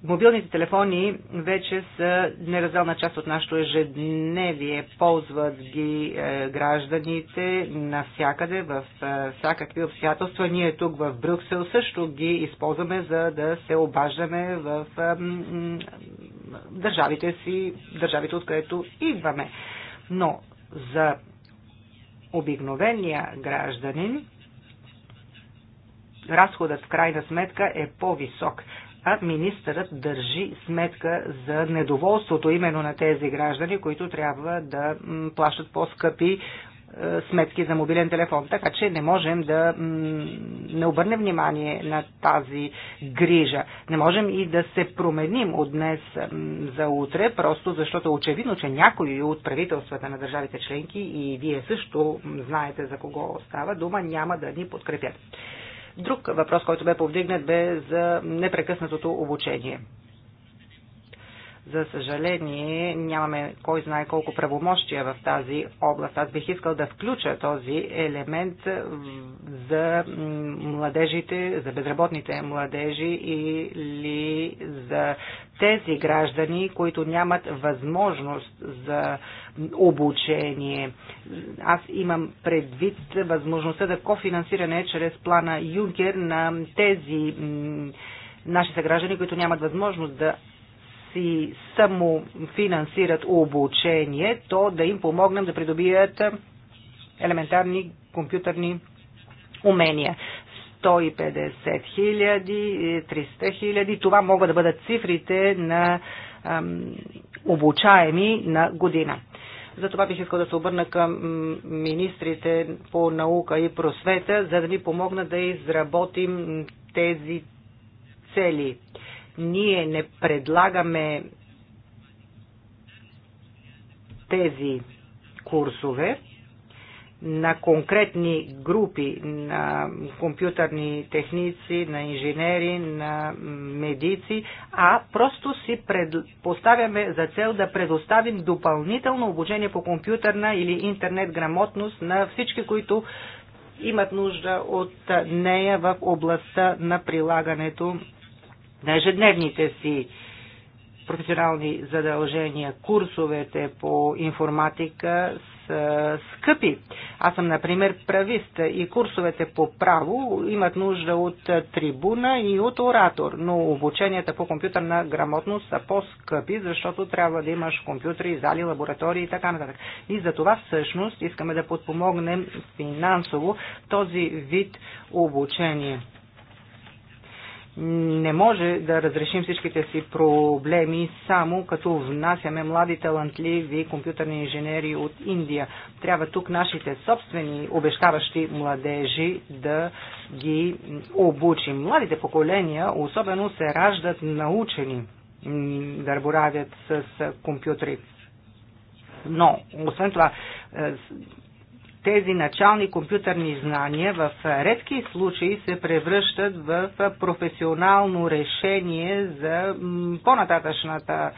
мобилните телефони вече са неразделна част от нашето ежедневие. Ползват ги е, гражданите навсякъде, в е, всякакви обстоятелства. Ние тук в Брюксел също ги използваме, за да се обаждаме в е, държавите си, държавите, от където идваме. Но за обикновения гражданин разходът в крайна сметка е по-висок а министърът държи сметка за недоволството именно на тези граждани, които трябва да плащат по-скъпи е, сметки за мобилен телефон. Така че не можем да не обърнем внимание на тази грижа. Не можем и да се променим от днес за утре, просто защото е очевидно, че някои от правителствата на държавите членки и вие също знаете за кого става дума, няма да ни подкрепят. Друг въпрос, който бе повдигнат, бе за непрекъснатото обучение. За съжаление, нямаме кой знае колко правомощия в тази област. Аз бих искал да включа този елемент за младежите, за безработните младежи или за тези граждани, които нямат възможност за обучение. Аз имам предвид възможността да кофинансиране чрез плана Юнкер на тези наши съграждани, които нямат възможност да си само финансират обучение, то да им помогнем да придобият елементарни компютърни умения. 150 хиляди, 300 е, хиляди, това могат да бъдат цифрите на ам, обучаеми на година. Затова бих искал да се обърна към министрите по наука и просвета, за да ни помогна да изработим тези цели. Ние не предлагаме тези курсове на конкретни групи на компютърни техници, на инженери, на медици, а просто си пред... поставяме за цел да предоставим допълнително обучение по компютърна или интернет грамотност на всички, които имат нужда от нея в областта на прилагането на ежедневните си професионални задължения, курсовете по информатика са скъпи. Аз съм, например, правист и курсовете по право имат нужда от трибуна и от оратор, но обученията по компютърна грамотност са по-скъпи, защото трябва да имаш компютри, зали, лаборатории и така нататък. И за това всъщност искаме да подпомогнем финансово този вид обучение не може да разрешим всичките си проблеми само като внасяме млади талантливи компютърни инженери от Индия. Трябва тук нашите собствени обещаващи младежи да ги обучим. Младите поколения особено се раждат научени да работят с компютри. Но, освен това, е, тези начални компютърни знания в редки случаи се превръщат в професионално решение за по-нататъчната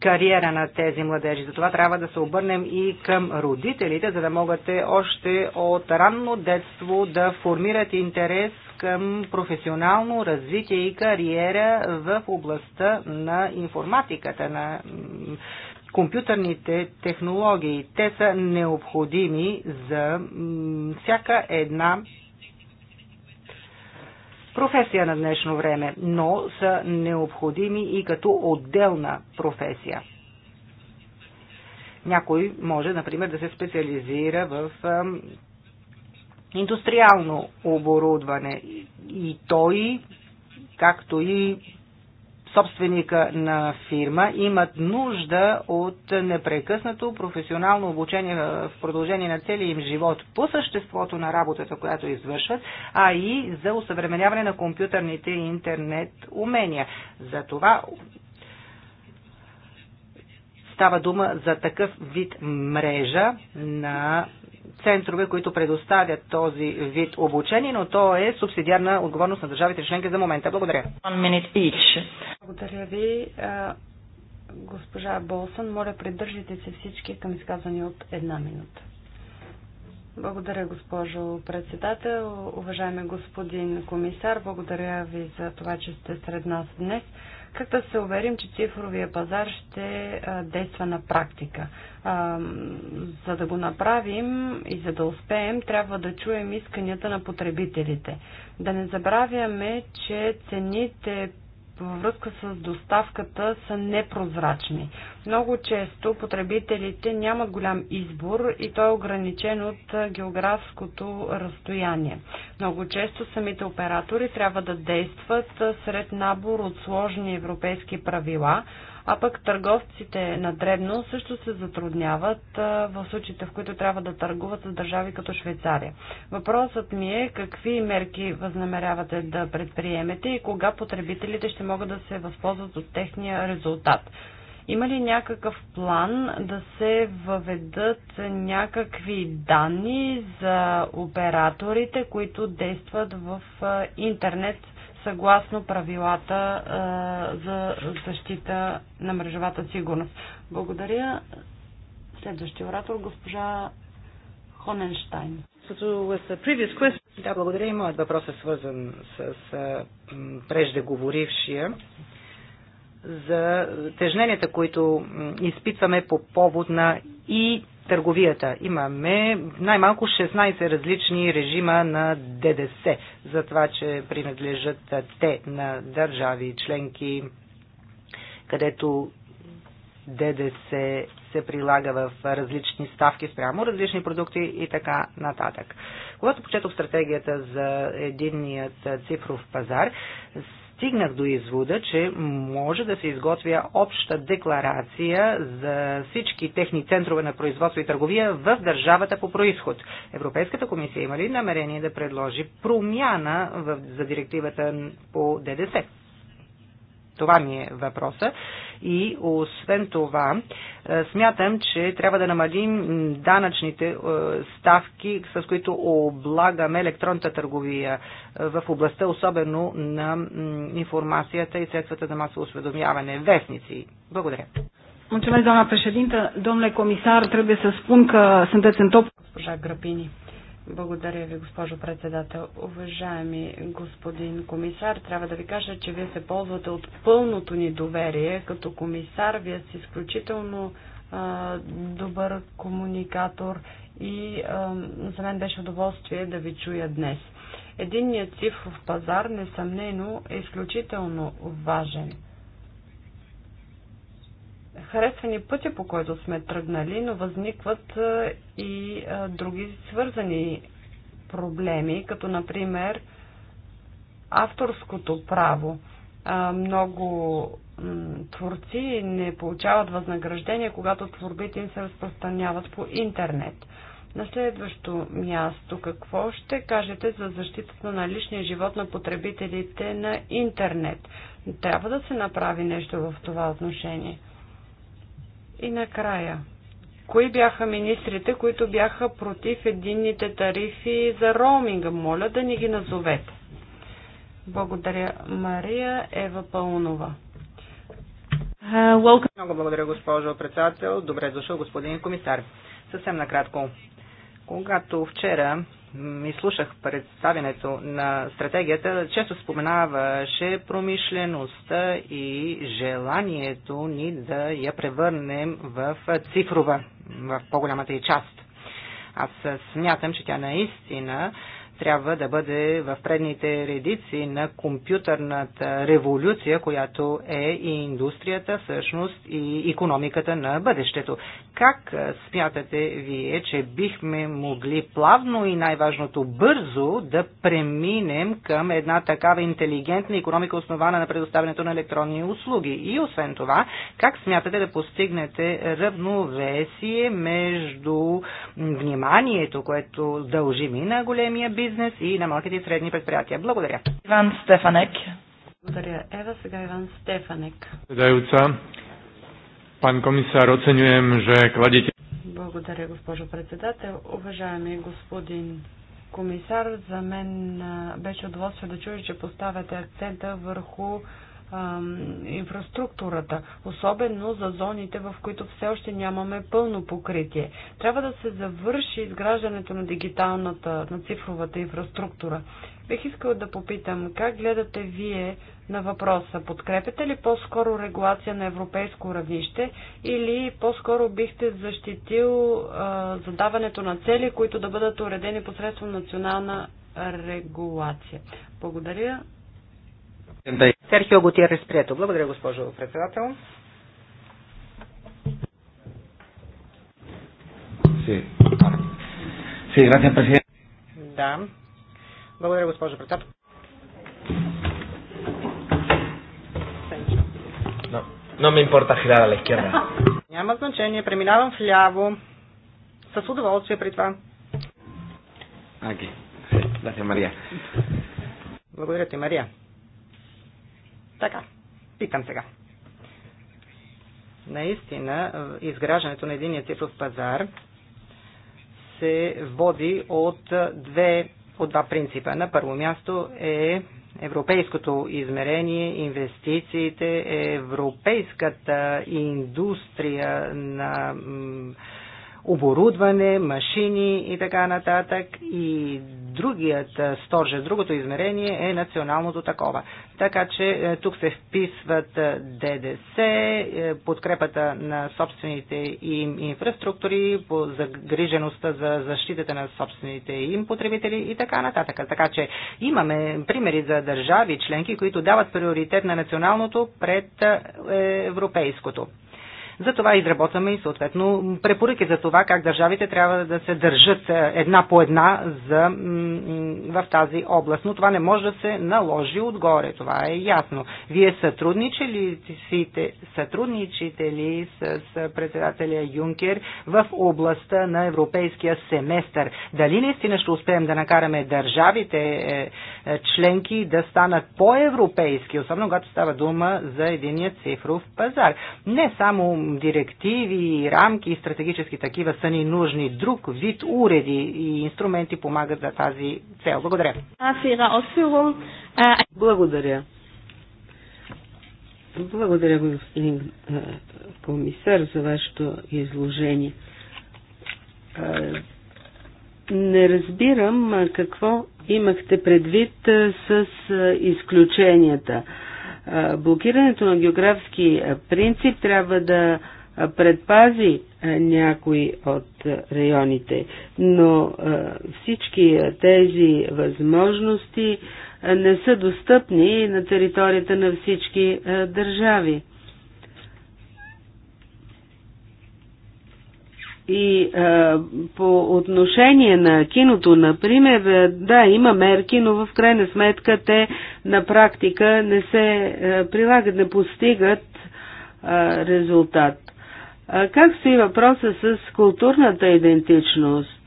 кариера на тези младежи. Затова трябва да се обърнем и към родителите, за да могат още от ранно детство да формират интерес към професионално развитие и кариера в областта на информатиката, на компютърните технологии. Те са необходими за всяка една професия на днешно време, но са необходими и като отделна професия. Някой може, например, да се специализира в индустриално оборудване и той, както и собственика на фирма имат нужда от непрекъснато професионално обучение в продължение на целия им живот по съществото на работата, която извършват, а и за усъвременяване на компютърните и интернет умения. За това става дума за такъв вид мрежа на центрове, които предоставят този вид обучение, но то е субсидиарна отговорност на държавите членки за момента. Благодаря. Благодаря ви. Госпожа Болсън, моля придържите се всички към изказвания от една минута. Благодаря, госпожо председател. Уважаеми господин комисар, благодаря ви за това, че сте сред нас днес. Как да се уверим, че цифровия пазар ще действа на практика? За да го направим и за да успеем, трябва да чуем исканията на потребителите. Да не забравяме, че цените във връзка с доставката са непрозрачни. Много често потребителите нямат голям избор и той е ограничен от географското разстояние. Много често самите оператори трябва да действат сред набор от сложни европейски правила, а пък търговците на дребно също се затрудняват в случаите, в които трябва да търгуват с държави като Швейцария. Въпросът ми е какви мерки възнамерявате да предприемете и кога потребителите ще могат да се възползват от техния резултат. Има ли някакъв план да се въведат някакви данни за операторите, които действат в интернет съгласно правилата за защита на мрежовата сигурност. Благодаря. Следващия оратор, госпожа Хоненштайн. Да, благодаря и моят въпрос е свързан с, с преждеговорившия за тежненията, които изпитваме по повод на и търговията. Имаме най-малко 16 различни режима на ДДС, за това, че принадлежат те на държави членки, където ДДС се прилага в различни ставки спрямо различни продукти и така нататък. Когато почетох стратегията за единният цифров пазар, стигнах до извода, че може да се изготвя обща декларация за всички техни центрове на производство и търговия в държавата по происход. Европейската комисия има ли намерение да предложи промяна в, за директивата по ДДС? Това ми е въпроса. И освен това, е, смятам, че трябва да намалим данъчните е, ставки, с които облагаме електронната търговия е, в областта, особено на информацията и средствата за масово осведомяване, вестници. Благодаря. Mulțumesc, doamna președintă. Domnule comisar, trebuie să spun că sunteți în top. Госпожа Грапини. Благодаря ви, госпожо председател. Уважаеми господин комисар, трябва да ви кажа, че вие се ползвате от пълното ни доверие. Като комисар, вие сте изключително а, добър комуникатор и а, за мен беше удоволствие да ви чуя днес. Единният цифров пазар, несъмнено, е изключително важен харесва ни пътя, по който сме тръгнали, но възникват и други свързани проблеми, като например авторското право. Много творци не получават възнаграждение, когато творбите им се разпространяват по интернет. На следващо място, какво ще кажете за защитата на личния живот на потребителите на интернет? Трябва да се направи нещо в това отношение. И накрая, кои бяха министрите, които бяха против единните тарифи за роуминга? Моля да ни ги назовете. Благодаря, Мария Ева Пълнова. Uh, Много благодаря, госпожо председател. Добре е дошъл, господин комисар. Съвсем накратко. Когато вчера ми слушах представенето на стратегията, често споменаваше промишлеността и желанието ни да я превърнем в цифрова, в по-голямата и част. Аз смятам, че тя наистина трябва да бъде в предните редици на компютърната революция, която е и индустрията, всъщност и економиката на бъдещето. Как смятате вие, че бихме могли плавно и най-важното бързо да преминем към една такава интелигентна економика, основана на предоставянето на електронни услуги? И освен това, как смятате да постигнете равновесие между вниманието, което дължим и на големия бизнес, бизнес и на малките и средни предприятия. Благодаря. Иван Стефанек. Благодаря. Ева, сега Иван Стефанек. Председателца, пан комисар, оценюем, че кладите... Благодаря, госпожо председател. Уважаеми господин комисар, за мен беше удоволствие да чуя, че поставяте акцента върху инфраструктурата, особено за зоните, в които все още нямаме пълно покритие. Трябва да се завърши изграждането на дигиталната, на цифровата инфраструктура. Бих искал да попитам, как гледате вие на въпроса? Подкрепяте ли по-скоро регулация на европейско равнище или по-скоро бихте защитил а, задаването на цели, които да бъдат уредени посредством национална регулация? Благодаря. Серхио Готиерес Прието. Благодаря, госпожо председател. Sí. Sí, gracias, Да. Благодаря, госпожо председател. No, no me importa girar a la izquierda. Няма значение, преминавам вляво. С удоволствие при това. Аки. Gracias, Мария. Благодаря ти, Мария. Така, питам сега. Наистина, изграждането на единия цифров пазар се води от, две, от два принципа. На първо място е европейското измерение, инвестициите, европейската индустрия на оборудване, машини и така нататък. И другият стожер, другото измерение е националното такова. Така че е, тук се вписват ДДС, е, подкрепата на собствените им инфраструктури, загрижеността за защитата на собствените им потребители и така нататък. Така че имаме примери за държави членки, които дават приоритет на националното пред е, европейското. Затова изработваме и съответно препоръки за това как държавите трябва да се държат е, една по една за, в тази област. Но това не може да се наложи отгоре, това е ясно. Вие сътрудничите, ли с председателя Юнкер в областта на европейския семестър? Дали наистина ще успеем да накараме държавите е, е, членки да станат по-европейски, особено когато става дума за единия цифров пазар? Не само директиви, и рамки и стратегически такива са ни нужни. Друг вид уреди и инструменти помагат за тази цел. Благодаря. Благодаря. Благодаря, господин комисар, за вашето изложение. Не разбирам какво имахте предвид с изключенията. Блокирането на географски принцип трябва да предпази някои от районите, но всички тези възможности не са достъпни на територията на всички държави. И а, по отношение на киното, например, да, има мерки, но в крайна сметка те на практика не се а, прилагат, не постигат а, резултат. А, как стои въпроса с културната идентичност?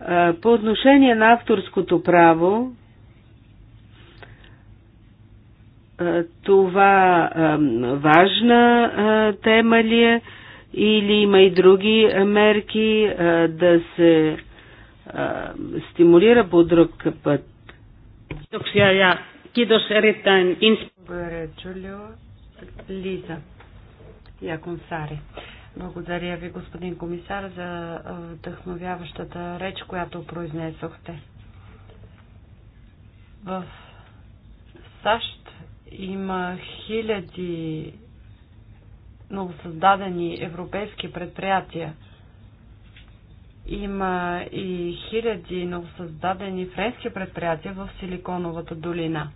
А, по отношение на авторското право, а, това а, важна а, тема ли е? или има и други е, мерки е, да се е, стимулира по друг път. Благодаря, Джулио. Лиза Благодаря ви, господин комисар, за вдъхновяващата реч, която произнесохте. В САЩ има хиляди новосъздадени европейски предприятия. Има и хиляди новосъздадени френски предприятия в Силиконовата долина.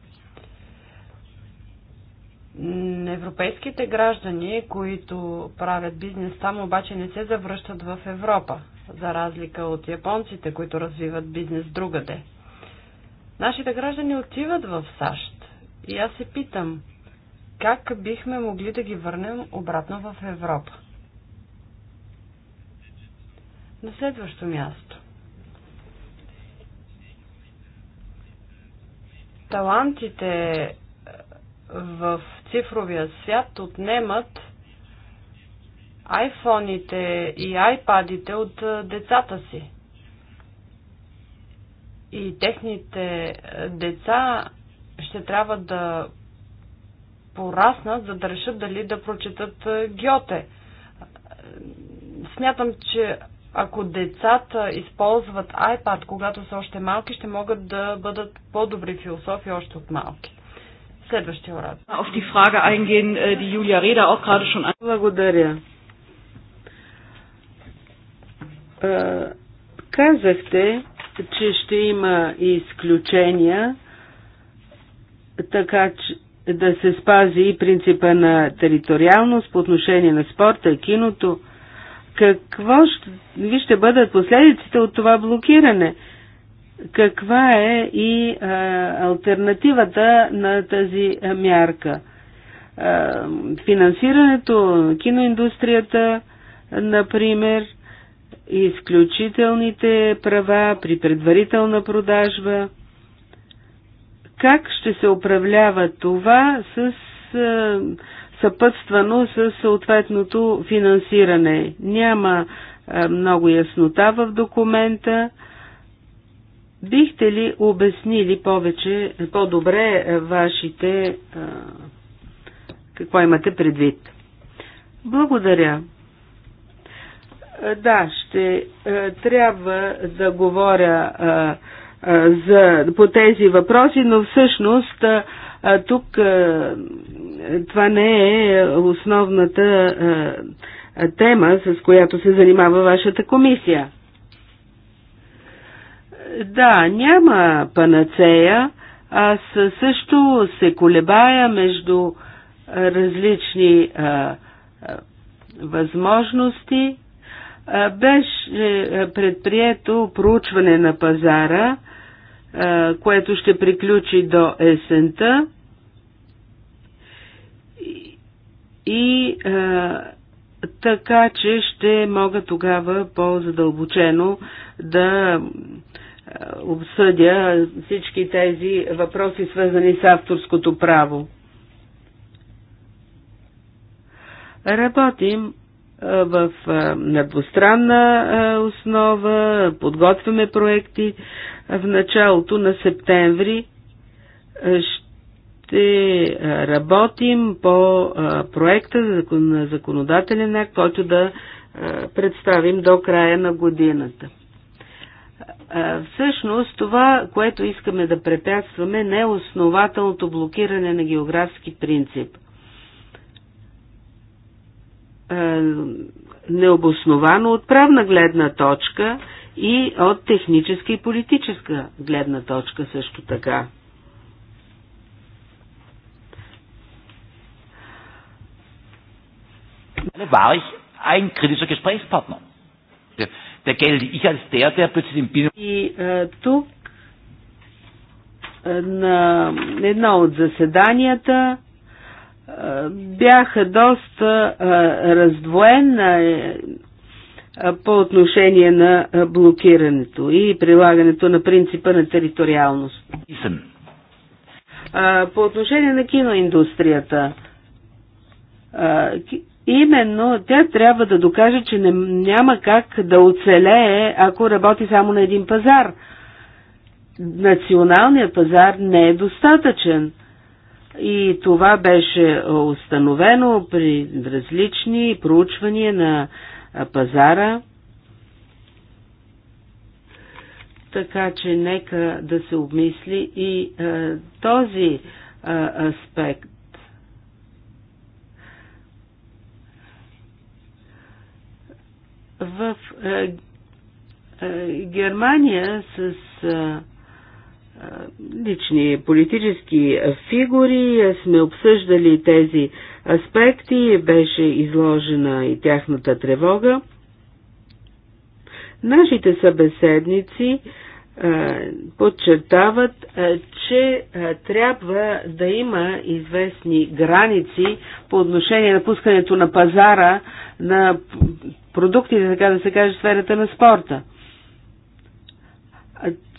Европейските граждани, които правят бизнес там, обаче не се завръщат в Европа, за разлика от японците, които развиват бизнес другаде. Нашите граждани отиват в САЩ и аз се питам, как бихме могли да ги върнем обратно в Европа? На следващо място. Талантите е, в цифровия свят отнемат айфоните и айпадите от е, децата си. И техните е, деца ще трябва да пораснат, за да решат дали да прочитат Гьоте. Смятам, че ако децата използват iPad, когато са още малки, ще могат да бъдат по-добри философи още от малки. Следващия урад. Äh, Благодаря. Е, казахте, че ще има изключения, така че да се спази и принципа на териториалност по отношение на спорта, киното. Какво ще, ви ще бъдат последиците от това блокиране? Каква е и а, альтернативата на тази мярка? А, финансирането на киноиндустрията, например, изключителните права при предварителна продажба – как ще се управлява това с е, съпътствано с съответното финансиране? Няма е, много яснота в документа. Бихте ли обяснили повече, по-добре е, вашите, какво имате предвид? Благодаря. Да, ще трябва да говоря за, по тези въпроси, но всъщност тук това не е основната тема, с която се занимава вашата комисия. Да, няма панацея. Аз също се колебая между различни а, а, възможности. А, беше предприето проучване на пазара, което ще приключи до есента. И така, че ще мога тогава по-задълбочено да обсъдя всички тези въпроси, свързани с авторското право. Работим в, на двустранна основа, подготвяме проекти в началото на септември е, ще е, работим по е, проекта на законодателен акт, който да представим до края на годината. Всъщност това, което искаме да препятстваме, не е основателното блокиране на географски принцип. Необосновано от правна гледна точка – и от техническа и политическа гледна точка също така. War ich ein kritischer Gesprächspartner. Der gelte ich als der, der plötzlich im И е, тук е, на едно от заседанията е, бяха доста раздвоен по отношение на блокирането и прилагането на принципа на териториалност. По отношение на киноиндустрията, именно тя трябва да докаже, че не, няма как да оцелее, ако работи само на един пазар. Националният пазар не е достатъчен. И това беше установено при различни проучвания на пазара. Така че нека да се обмисли и а, този а, аспект. В Германия с лични политически фигури сме обсъждали тези аспекти, беше изложена и тяхната тревога. Нашите събеседници е, подчертават, е, че е, трябва да има известни граници по отношение на пускането на пазара на продуктите, така да се каже, сферата на спорта.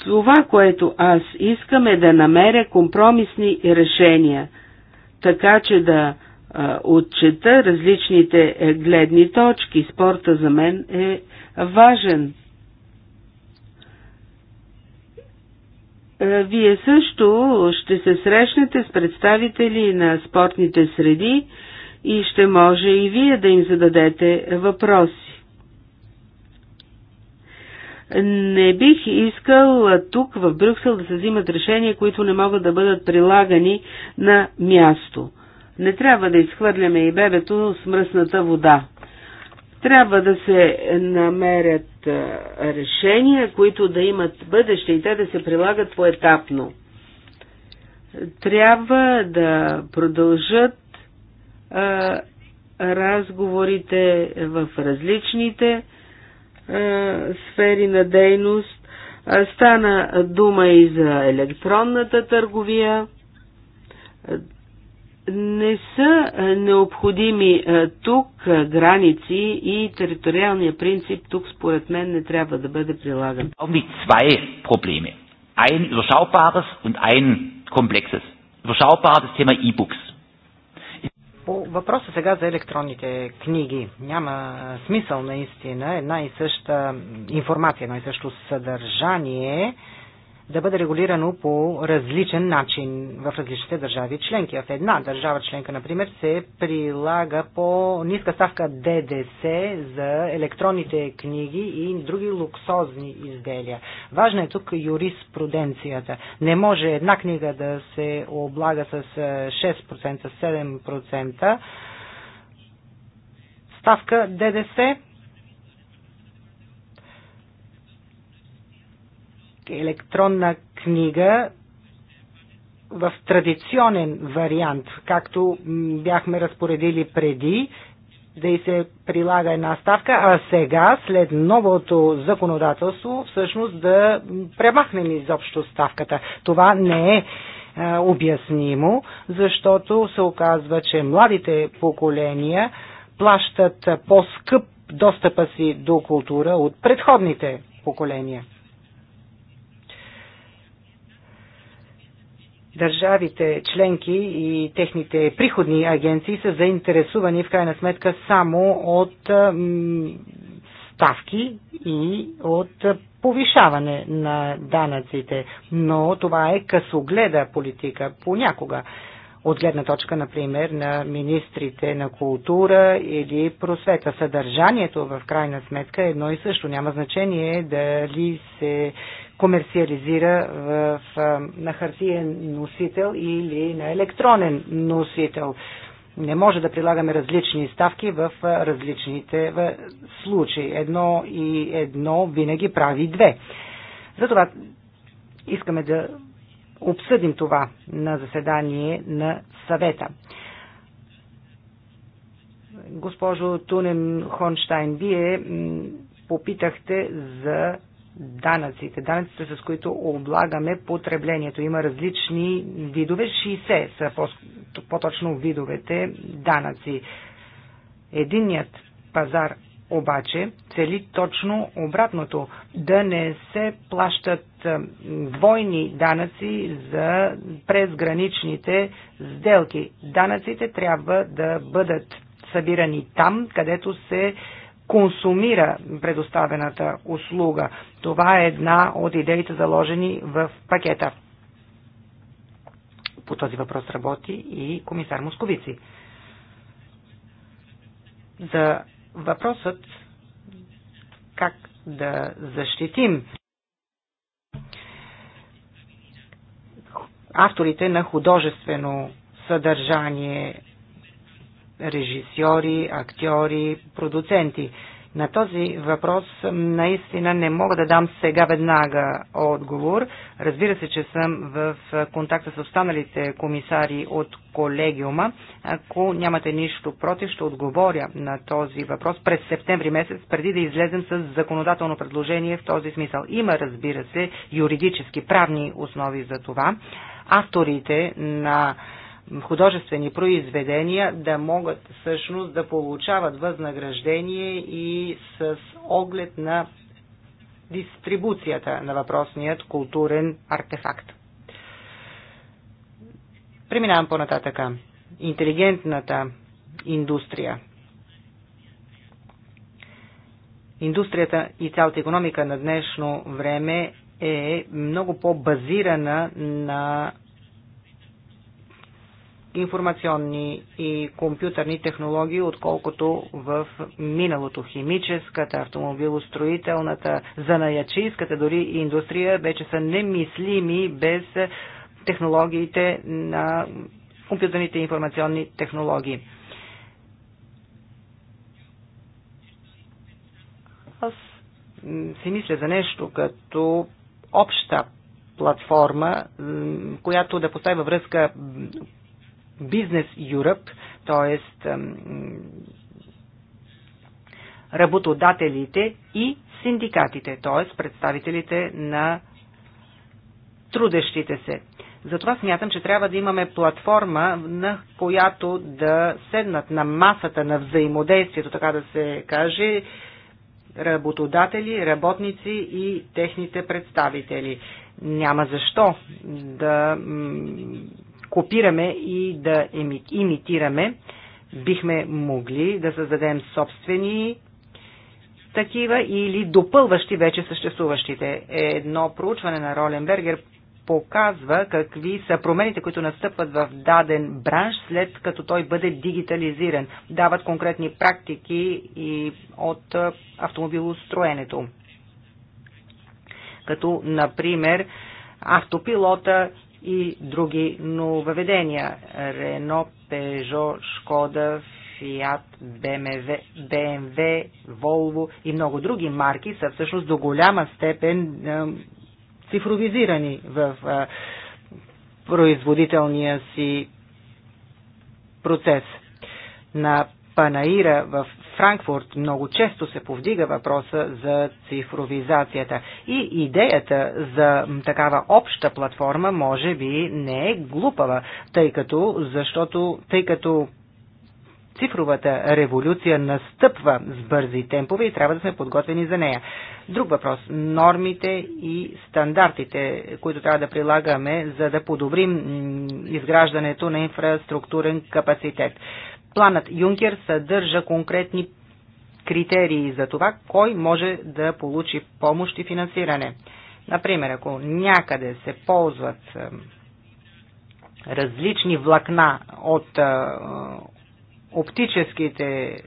Това, което аз искам е да намеря компромисни решения, така че да отчета различните е, гледни точки. Спорта за мен е важен. Вие също ще се срещнете с представители на спортните среди и ще може и вие да им зададете въпроси. Не бих искал тук в Брюксел да се взимат решения, които не могат да бъдат прилагани на място – не трябва да изхвърляме и бебето с мръсната вода. Трябва да се намерят решения, които да имат бъдеще и те да се прилагат поетапно. Трябва да продължат а, разговорите в различните а, сфери на дейност. А, стана дума и за електронната търговия. Не са е, необходими е, тук е, граници и териториалния принцип тук според мен не трябва да бъде прилаган. проблеми. Ein überschaubares und ein komplexes. Thema E-Books. По въпроса сега за електронните книги. Няма смисъл наистина една и съща информация, едно и също съдържание да бъде регулирано по различен начин в различните държави членки. В една държава членка, например, се прилага по ниска ставка ДДС за електронните книги и други луксозни изделия. Важна е тук юриспруденцията. Не може една книга да се облага с 6%, 7% ставка ДДС Е електронна книга в традиционен вариант, както бяхме разпоредили преди, да и се прилага една ставка, а сега, след новото законодателство, всъщност да премахнем изобщо ставката. Това не е, е обяснимо, защото се оказва, че младите поколения плащат по-скъп достъпа си до култура от предходните поколения. държавите членки и техните приходни агенции са заинтересувани в крайна сметка само от ставки и от повишаване на данъците. Но това е късогледа политика понякога. От гледна точка, например, на министрите на култура или просвета. Съдържанието в крайна сметка е едно и също. Няма значение дали се комерциализира в, на хартиен носител или на електронен носител. Не може да прилагаме различни ставки в различните случаи. Едно и едно винаги прави две. Затова искаме да обсъдим това на заседание на съвета. Госпожо Тунен Хонштайн, вие попитахте за данъците, данъците с които облагаме потреблението. Има различни видове, 60 са по-точно видовете данъци. Единият пазар обаче цели точно обратното да не се плащат двойни данъци за презграничните сделки. Данъците трябва да бъдат събирани там, където се консумира предоставената услуга. Това е една от идеите заложени в пакета. По този въпрос работи и комисар Московици. За въпросът как да защитим авторите на художествено съдържание режисьори, актьори, продуценти. На този въпрос наистина не мога да дам сега веднага отговор. Разбира се, че съм в контакта с останалите комисари от колегиума. Ако нямате нищо против, ще отговоря на този въпрос през септември месец, преди да излезем с законодателно предложение в този смисъл. Има, разбира се, юридически правни основи за това. Авторите на художествени произведения да могат всъщност да получават възнаграждение и с оглед на дистрибуцията на въпросният културен артефакт. Преминавам по-нататъка. Интелигентната индустрия. Индустрията и цялата економика на днешно време е много по-базирана на информационни и компютърни технологии, отколкото в миналото. Химическата, автомобилостроителната, занаячийската дори индустрия вече са немислими без технологиите на компютърните и информационни технологии. Аз си мисля за нещо като обща платформа, която да поставя връзка Business Europe, т.е. работодателите и синдикатите, т.е. представителите на трудещите се. Затова смятам, че трябва да имаме платформа, на която да седнат на масата на взаимодействието, така да се каже, работодатели, работници и техните представители. Няма защо да копираме и да имитираме, бихме могли да създадем собствени такива или допълващи вече съществуващите. Едно проучване на Роленбергер показва какви са промените, които настъпват в даден бранш, след като той бъде дигитализиран. Дават конкретни практики и от автомобилостроенето. Като, например, автопилота и други нововведения. Рено, Пежо, Шкода, Фиат, БМВ, БМВ, Волво и много други марки са всъщност до голяма степен цифровизирани в производителния си процес. На Панаира в Франкфурт много често се повдига въпроса за цифровизацията. И идеята за такава обща платформа може би не е глупава, тъй като, защото, тъй като цифровата революция настъпва с бързи темпове и трябва да сме подготвени за нея. Друг въпрос – нормите и стандартите, които трябва да прилагаме, за да подобрим изграждането на инфраструктурен капацитет. Планът Юнкер съдържа конкретни критерии за това, кой може да получи помощ и финансиране. Например, ако някъде се ползват е, различни влакна от е, оптическите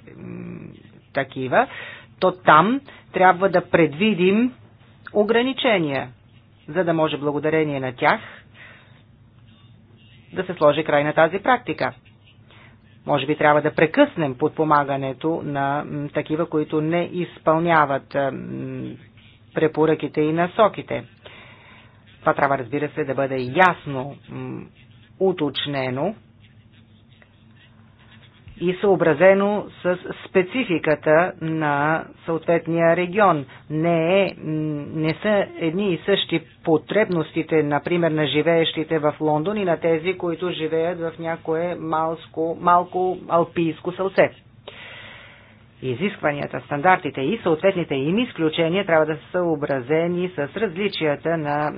такива, то там трябва да предвидим ограничения, за да може благодарение на тях да се сложи край на тази практика. Може би трябва да прекъснем подпомагането на такива, които не изпълняват препоръките и насоките. Това трябва, разбира се, да бъде ясно уточнено и съобразено с спецификата на съответния регион. Не, е, не са едни и същи потребностите, например, на живеещите в Лондон и на тези, които живеят в някое малско, малко алпийско сълце изискванията, стандартите и съответните им изключения трябва да са съобразени с различията на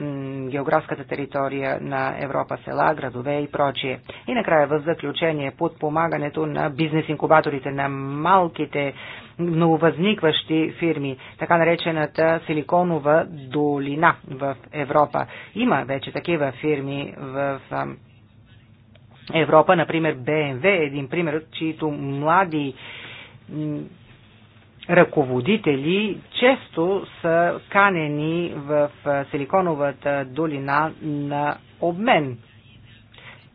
географската територия на Европа, села, градове и прочие. И накрая в заключение подпомагането на бизнес-инкубаторите, на малките нововъзникващи фирми, така наречената Силиконова долина в Европа. Има вече такива фирми в Европа, например БМВ, един пример, чието млади ръководители често са канени в Силиконовата долина на обмен.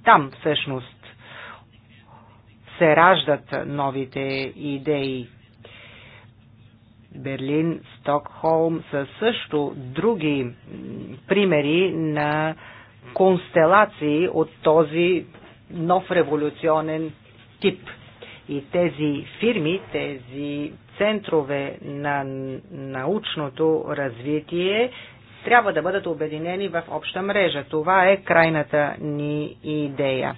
Там всъщност се раждат новите идеи. Берлин, Стокхолм са също други примери на констелации от този нов революционен тип – и тези фирми, тези центрове на научното развитие трябва да бъдат обединени в обща мрежа. Това е крайната ни идея.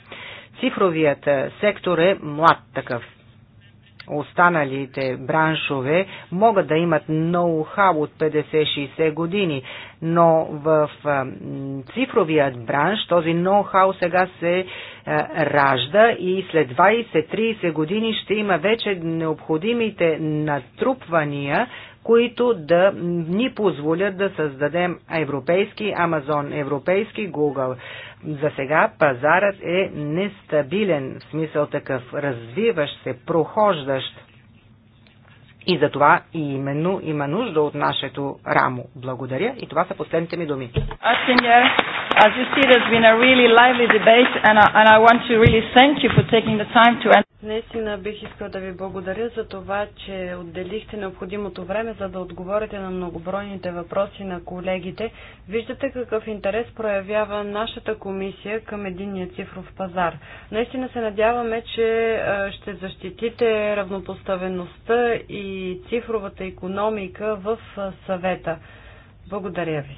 Цифровият сектор е млад такъв останалите браншове могат да имат ноу-хау от 50-60 години, но в цифровият бранш този ноу-хау сега се ражда и след 20-30 години ще има вече необходимите натрупвания, които да ни позволят да създадем европейски Амазон, европейски Google. За сега пазарът е нестабилен, в смисъл такъв развиващ се, прохождащ. И за това и именно има нужда от нашето рамо. Благодаря и това са последните ми думи. As you see, there's been a really lively debate, and I, and I want to really thank you for taking the time to Наистина бих искал да ви благодаря за това, че отделихте необходимото време, за да отговорите на многобройните въпроси на колегите. Виждате какъв интерес проявява нашата комисия към единния цифров пазар. Наистина се надяваме, че ще защитите равнопоставеността и цифровата економика в съвета. Благодаря ви.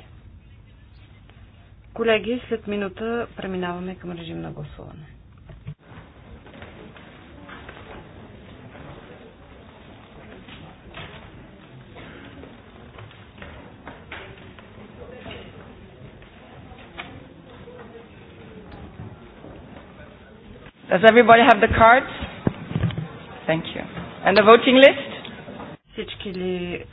Колеги, след минута преминаваме към режим на гласуване. Does everybody have the cards? Thank you. And the voting list? Всички ли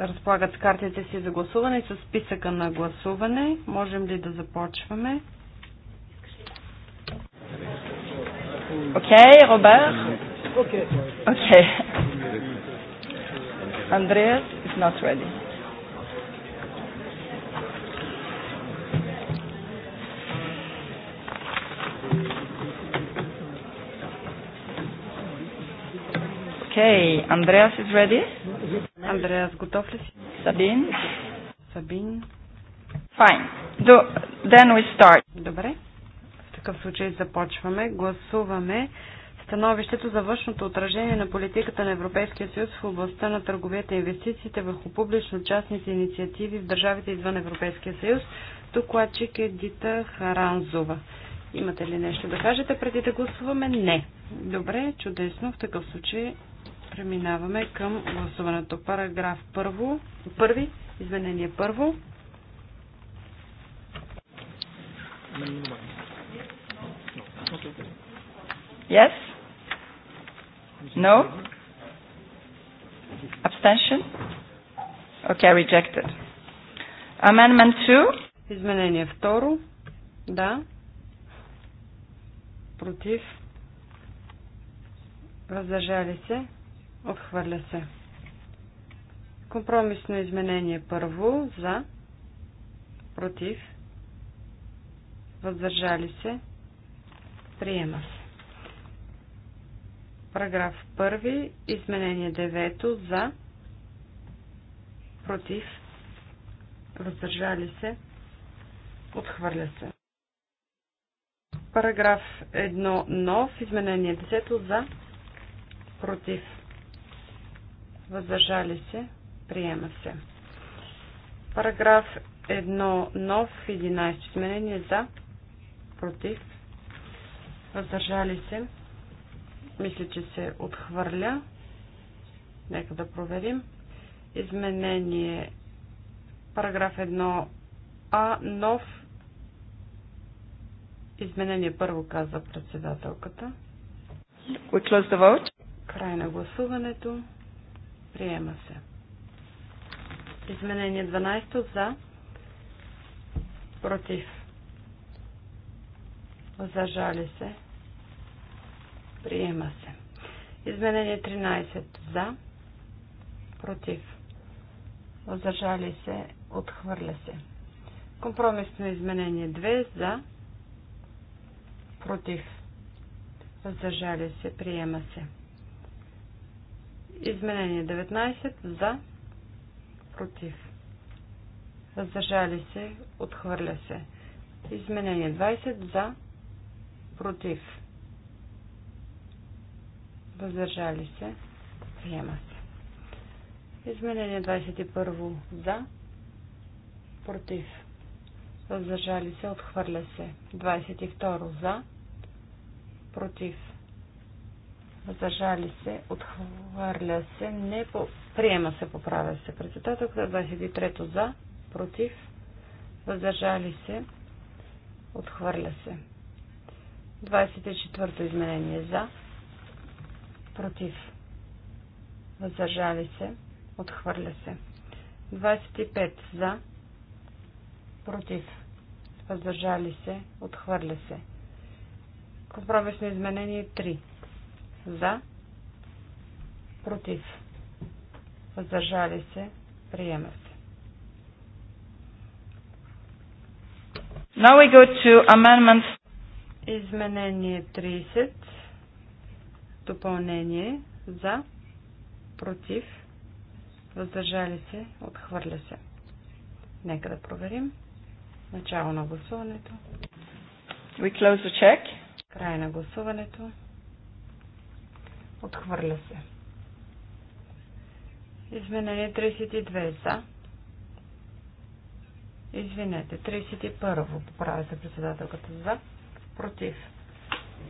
разполагат с картите си за гласуване и с списъка на гласуване? Можем ли да започваме? Окей, Робер? Окей. Андреас is not ready. Okay, Andreas is ready? Andreas, готов ли си? Сабин? Сабин. Fine. Do, then we start. Добре. В такъв случай започваме. Гласуваме становището за външното отражение на политиката на Европейския съюз в областта на търговията и инвестициите върху публично-частните инициативи в държавите извън Европейския съюз. Докладчик е Дита Харанзова. Имате ли нещо да кажете преди да гласуваме? Не. Добре, чудесно. В такъв случай Преминаваме към гласуването. Параграф първо, първи, изменение първо. Yes? No? Abstention? Okay, rejected. Amendment 2? Изменение второ. Да. Против. Въздържали се. Отхвърля се. Компромисно изменение първо за, против, въздържали се, приема се. Параграф 1, изменение 9 за, против, въздържали се, отхвърля се. Параграф 1 нов, изменение 10 за, против, въздържали се, приема се. Параграф 1 нов, 11 изменение за, против, въздържали се, мисля, че се отхвърля. Нека да проверим. Изменение параграф 1а, нов, изменение първо каза председателката. We close the vote. Край на гласуването. Приема се. Изменение 12 за. Против. Зажали се. Приема се. Изменение 13 за. Против. Зажали се. Отхвърля се. Компромисно изменение 2 за. Против. Зажали се. Приема се. Изменение 19 за, против. Въздържали се, отхвърля се. Изменение 20 за, против. Въздържали се, приема се. Изменение 21 за, против. Въздържали се, отхвърля се. 22 за, против въздържали се, отхвърля се, не по... приема се, поправя се председателката, 23-то за, против, въздържали се, отхвърля се. 24-то изменение за, против, въздържали се, отхвърля се. 25 за, против, въздържали се, отхвърля се. Компромисно изменение 3 за. Против. Въздържали се. Приема се. Now we go to amendment. Изменение 30. Допълнение. За. Против. Въздържали се. Отхвърля се. Нека да проверим. Начало на гласуването. We close the check. Край на гласуването. Отхвърля се. Изменение 32 за. Извинете, 31-во поправя се председателката за. Против.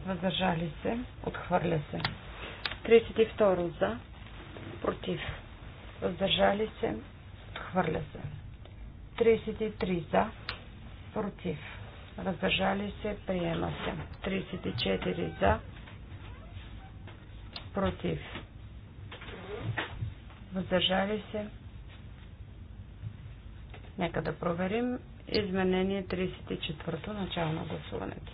Въздържали се. Отхвърля се. 32 за. Против. Въздържали се. Отхвърля се. 33 за. Против. Въздържали се. Приема се. 34 за против, въздържали се. Нека да проверим изменение 34-то, начало на гласуването.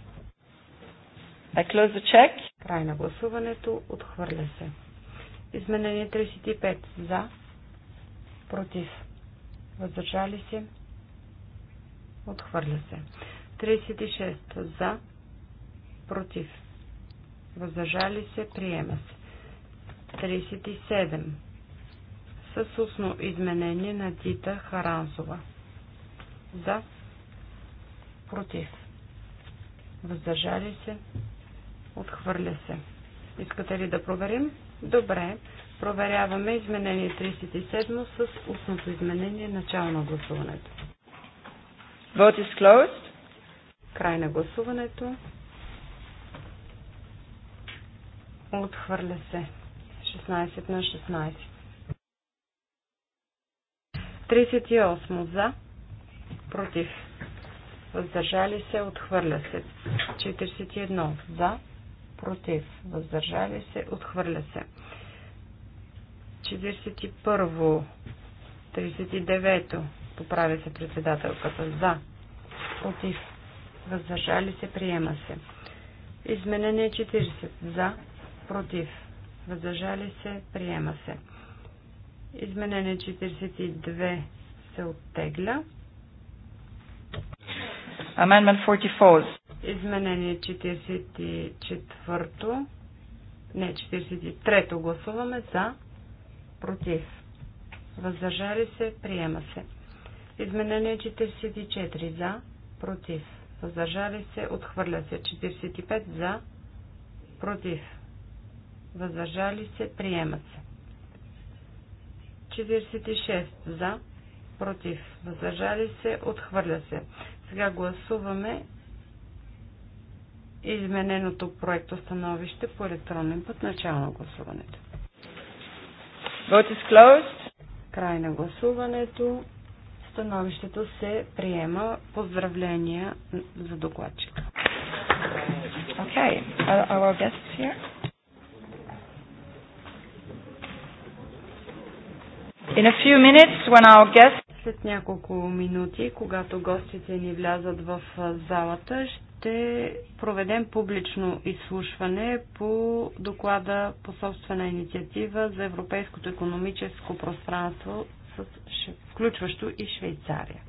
I close the check. Край на гласуването, отхвърля се. Изменение 35 за, против, въздържали се, отхвърля се. 36 за, против, въздържали се, приема се. 37 с устно изменение на Дита Харанзова. За. Против. Въздържали се. Отхвърля се. Искате ли да проверим? Добре. Проверяваме изменение 37 с устното изменение начало на гласуването. Vote is closed. Край на гласуването. Отхвърля се. 16 на 16. 38 за, против, въздържали се, отхвърля се. 41 за, против, въздържали се, отхвърля се. 41. 39. Поправя се председателката. За. Против. Въздържали се. Приема се. Изменение 40. За. Против въздържали се, приема се. Изменение 42 се оттегля. Amendment 44. Изменение 44. Не, 43 гласуваме за, против. Въздържали се, приема се. Изменение 44 за, против. Въздържали се, отхвърля се. 45 за, против въздържали се, приемат се. 46 за, против, въздържали се, отхвърля се. Сега гласуваме измененото проекто становище по електронен път, начало на гласуването. Vote is closed. Край на гласуването. Становището се приема. Поздравления за докладчика. Okay, our guests here. In a few minutes, when our guests... След няколко минути, когато гостите ни влязат в залата, ще проведем публично изслушване по доклада по собствена инициатива за Европейското економическо пространство, включващо и Швейцария.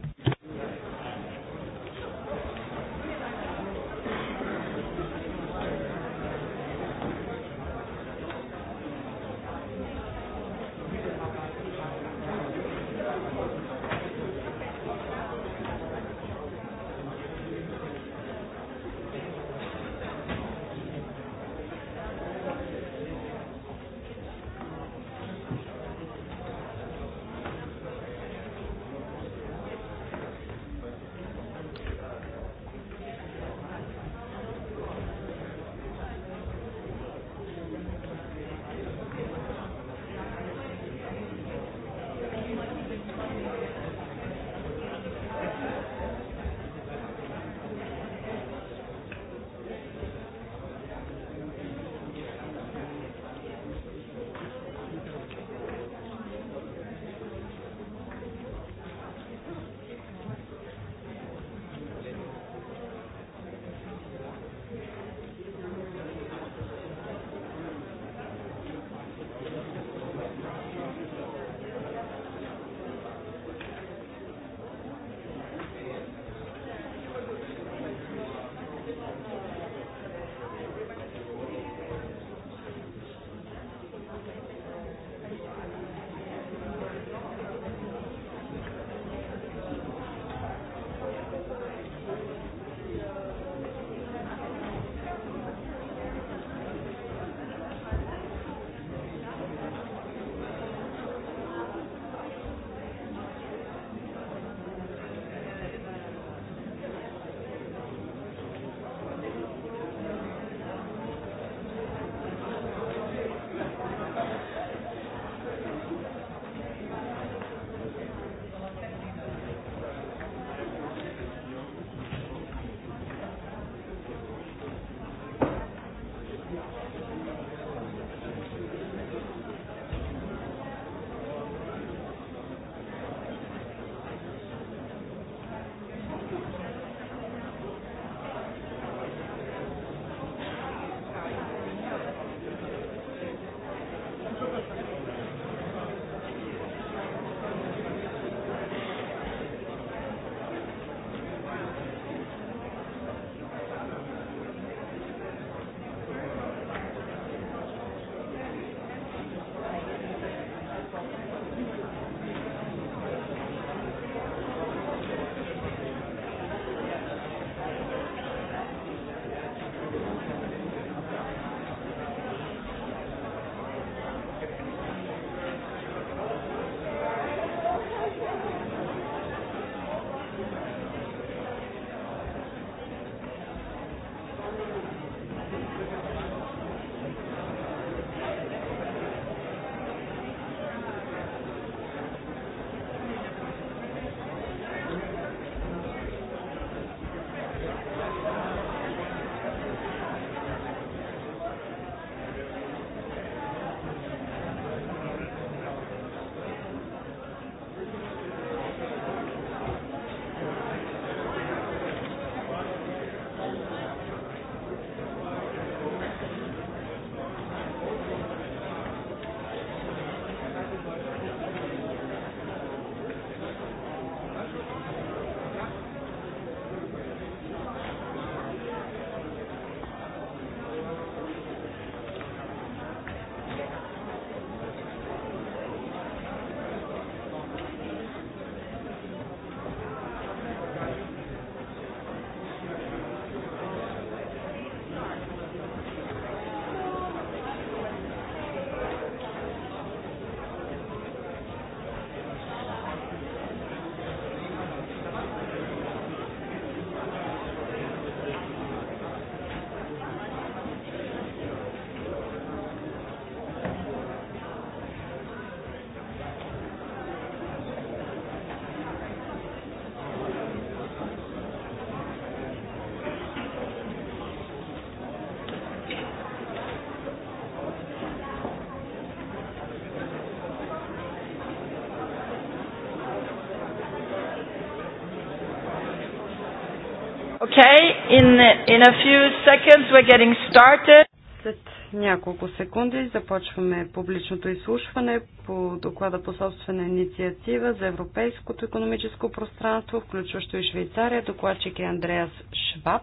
In, in a few seconds we're getting started. След няколко секунди започваме публичното изслушване по доклада по собствена инициатива за Европейското економическо пространство, включващо и Швейцария. Докладчик е Андреас Шваб.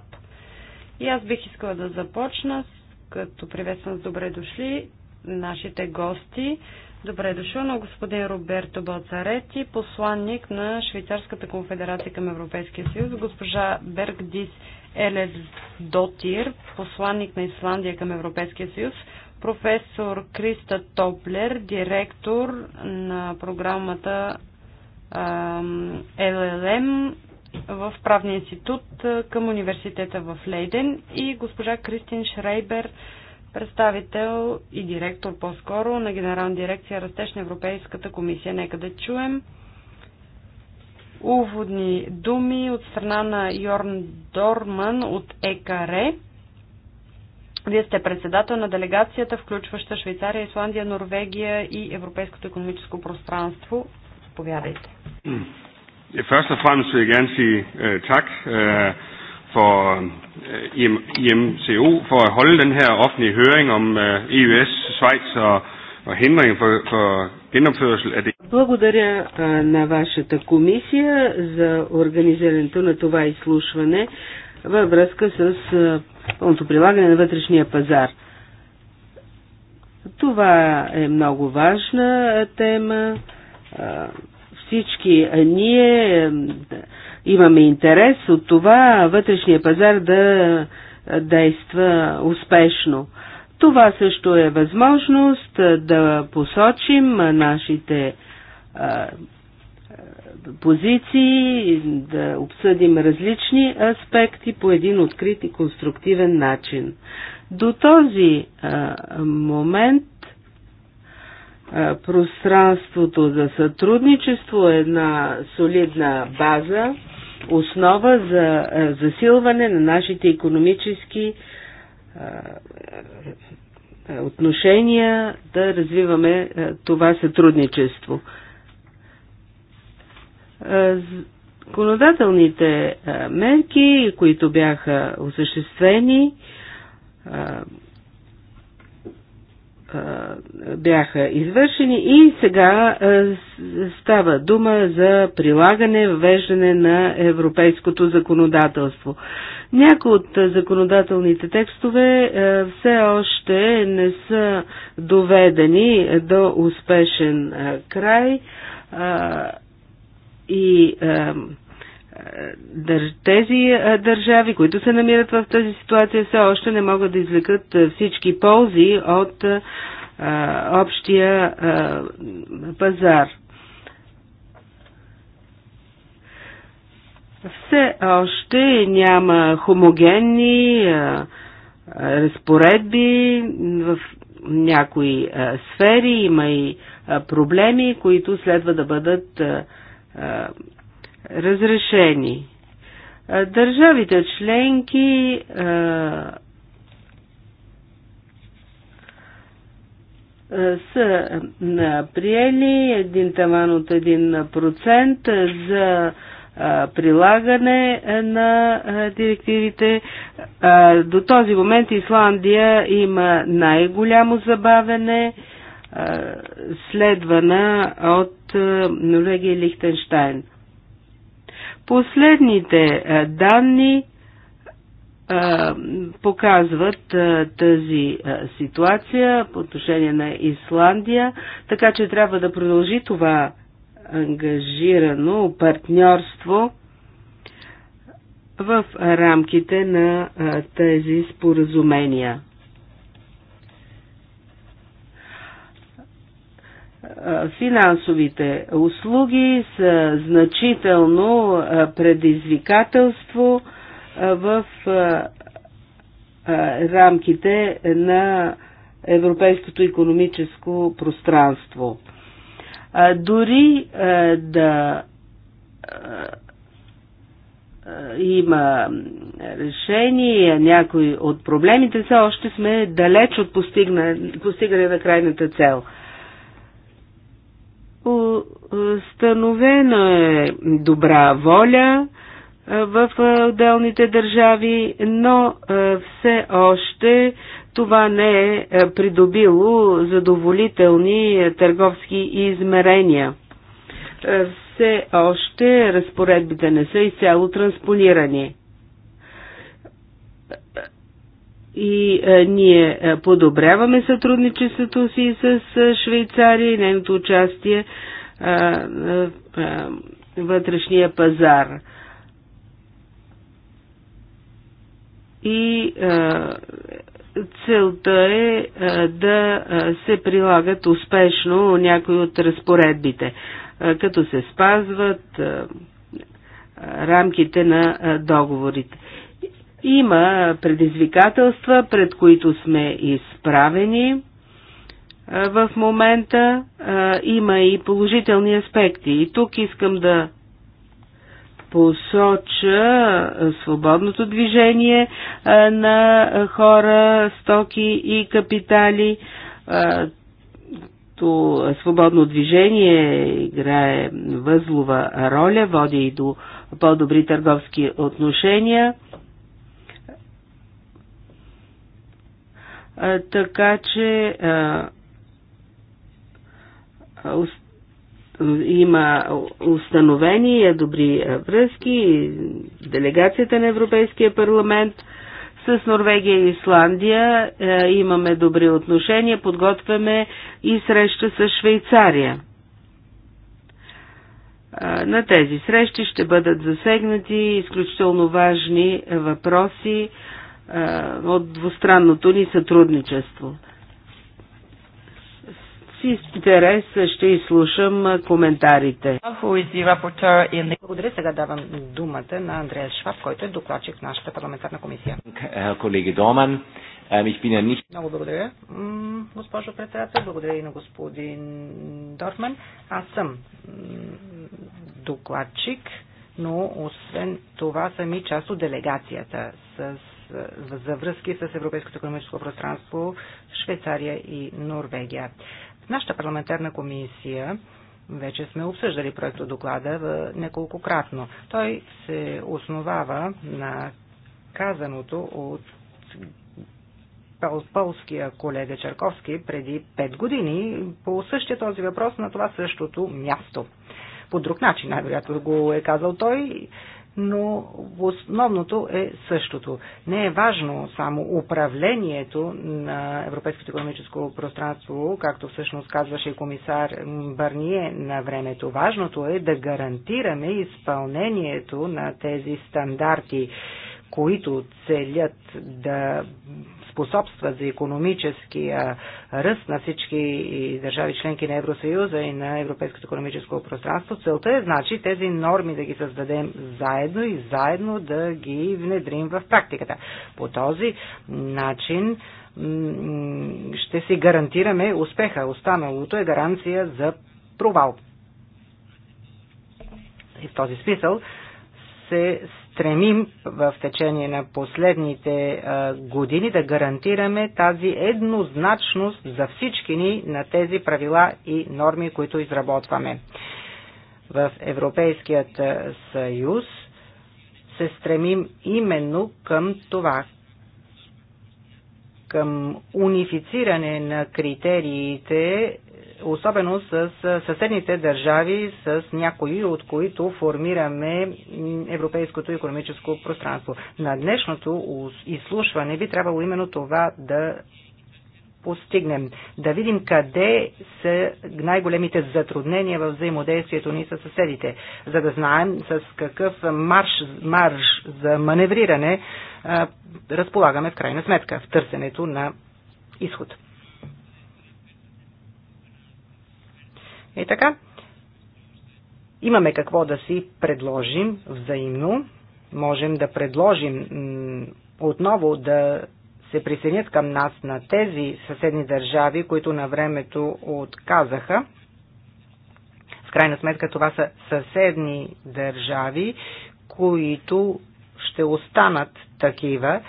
И аз бих искала да започна, като приветствам с добре дошли нашите гости. Добре е дошъл на господин Роберто Балцарети, посланник на Швейцарската конфедерация към Европейския съюз, госпожа Бергдис Елес Дотир, посланник на Исландия към Европейския съюз, професор Криста Топлер, директор на програмата ЛЛМ в правния институт към университета в Лейден и госпожа Кристин Шрейбер, представител и директор по-скоро на Генерална дирекция Растеж на Европейската комисия. Нека да чуем уводни думи от страна на Йорн Дорман от ЕКАРЕ. Вие сте председател на делегацията, включваща Швейцария, Исландия, Норвегия и Европейското економическо пространство. Заповядайте. Først og fremmest vil jeg gerne sige øh, tak øh, for øh, IMCO for at holde den her offentlige høring om øh, EUS, Schweiz og, og hindringer for, for благодаря на вашата комисия за организирането на това изслушване във връзка с пълното прилагане на вътрешния пазар. Това е много важна тема. Всички ние имаме интерес от това вътрешния пазар да действа успешно. Това също е възможност да посочим нашите позиции, да обсъдим различни аспекти по един открит и конструктивен начин. До този а, момент а, пространството за сътрудничество е една солидна база, основа за а, засилване на нашите економически отношения да развиваме това сътрудничество. Законодателните мерки, които бяха осъществени, бяха извършени и сега става дума за прилагане, въвеждане на европейското законодателство. Някои от законодателните текстове е, все още не са доведени до успешен е, край е, и тези държави, които се намират в тази ситуация, все още не могат да извлекат всички ползи от общия пазар. все още няма хомогенни а, разпоредби в някои а, сфери, има и а, проблеми, които следва да бъдат разрешени. Държавите членки са приели един таван от 1% за прилагане е, на директивите. До този момент Исландия има най-голямо забавене, следвана от Норвегия и Лихтенштайн. Последните данни показват тази ситуация по отношение на Исландия, така че трябва да продължи това ангажирано партньорство в рамките на тези споразумения. Финансовите услуги са значително предизвикателство в рамките на европейското економическо пространство. А, дори а, да а, има решение, някои от проблемите все още сме далеч от постигане, постигане на крайната цел. Установена е добра воля в отделните държави, но все още това не е, е придобило задоволителни е, търговски измерения. Е, все още разпоредбите не са изцяло транспонирани. И ние подобряваме сътрудничеството си с Швейцария и нейното участие в вътрешния пазар. И Целта е да се прилагат успешно някои от разпоредбите, като се спазват рамките на договорите. Има предизвикателства, пред които сме изправени в момента има и положителни аспекти. И тук искам да посоча свободното движение на хора, стоки и капитали. То свободно движение играе възлова роля, води и до по-добри търговски отношения. Така че има установени е добри е, връзки делегацията на Европейския парламент с Норвегия и Исландия е, имаме добри отношения, подготвяме и среща с Швейцария. На тези срещи ще бъдат засегнати изключително важни въпроси от двустранното ни сътрудничество с интерес ще изслушам коментарите. Благодаря. Сега давам думата на Андрея Шваб, който е докладчик в нашата парламентарна комисия. Колеги Доман, ähm, много благодаря, госпожо председател. Благодаря и на господин Дорфман. Аз съм докладчик, но освен това съм и част от делегацията с за връзки с Европейското економическо пространство, Швейцария и Норвегия. Нашата парламентарна комисия вече сме обсъждали проекто доклада неколкократно. Той се основава на казаното от полския колега Чарковски преди 5 години по същия този въпрос на това същото място. По друг начин, най-вероятно го е казал той но основното е същото. Не е важно само управлението на Европейското економическо пространство, както всъщност казваше комисар Барние на времето. Важното е да гарантираме изпълнението на тези стандарти които целят да способства за економическия ръст на всички държави членки на Евросъюза и на Европейското економическо пространство. Целта е, значи, тези норми да ги създадем заедно и заедно да ги внедрим в практиката. По този начин ще си гарантираме успеха. Останалото е гаранция за провал. И в този смисъл се стремим в течение на последните години да гарантираме тази еднозначност за всички ни на тези правила и норми, които изработваме. В Европейският съюз се стремим именно към това, към унифициране на критериите особено с съседните държави, с някои от които формираме европейското економическо пространство. На днешното изслушване би трябвало именно това да постигнем. Да видим къде са най-големите затруднения в взаимодействието ни с съседите, за да знаем с какъв марш, марш за маневриране а, разполагаме в крайна сметка в търсенето на изход. Е така, имаме какво да си предложим взаимно. Можем да предложим отново да се присъединят към нас на тези съседни държави, които на времето отказаха. В крайна сметка това са съседни държави, които ще останат такива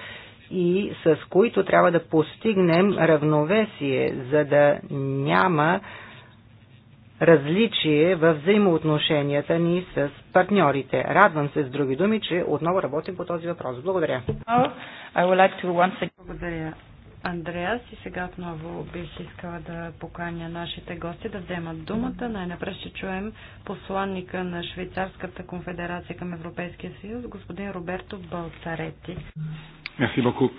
и с които трябва да постигнем равновесие, за да няма различие в взаимоотношенията ни с партньорите. Радвам се с други думи, че отново работим по този въпрос. Благодаря. Благодаря. Андреас и сега отново бих искала да поканя нашите гости да вземат думата. Най-напред ще чуем посланника на Швейцарската конфедерация към Европейския съюз, господин Роберто Балцарети. Merci beaucoup.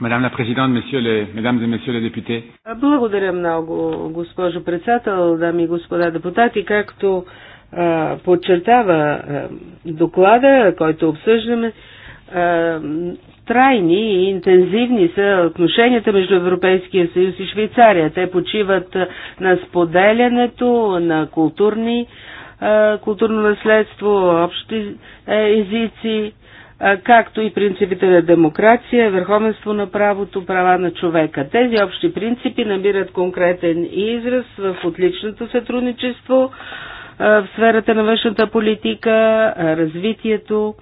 Мадам президент, мадам и месиоле депуте. Благодаря много, госпожо председател, дами и господа депутати. Както а, подчертава а, доклада, който обсъждаме, а, трайни и интензивни са отношенията между Европейския съюз и Швейцария. Те почиват на споделянето на културни, културно наследство, общи е, езици, както и принципите на демокрация, върховенство на правото, права на човека. Тези общи принципи намират конкретен израз в отличното сътрудничество в сферата на външната политика, развитието.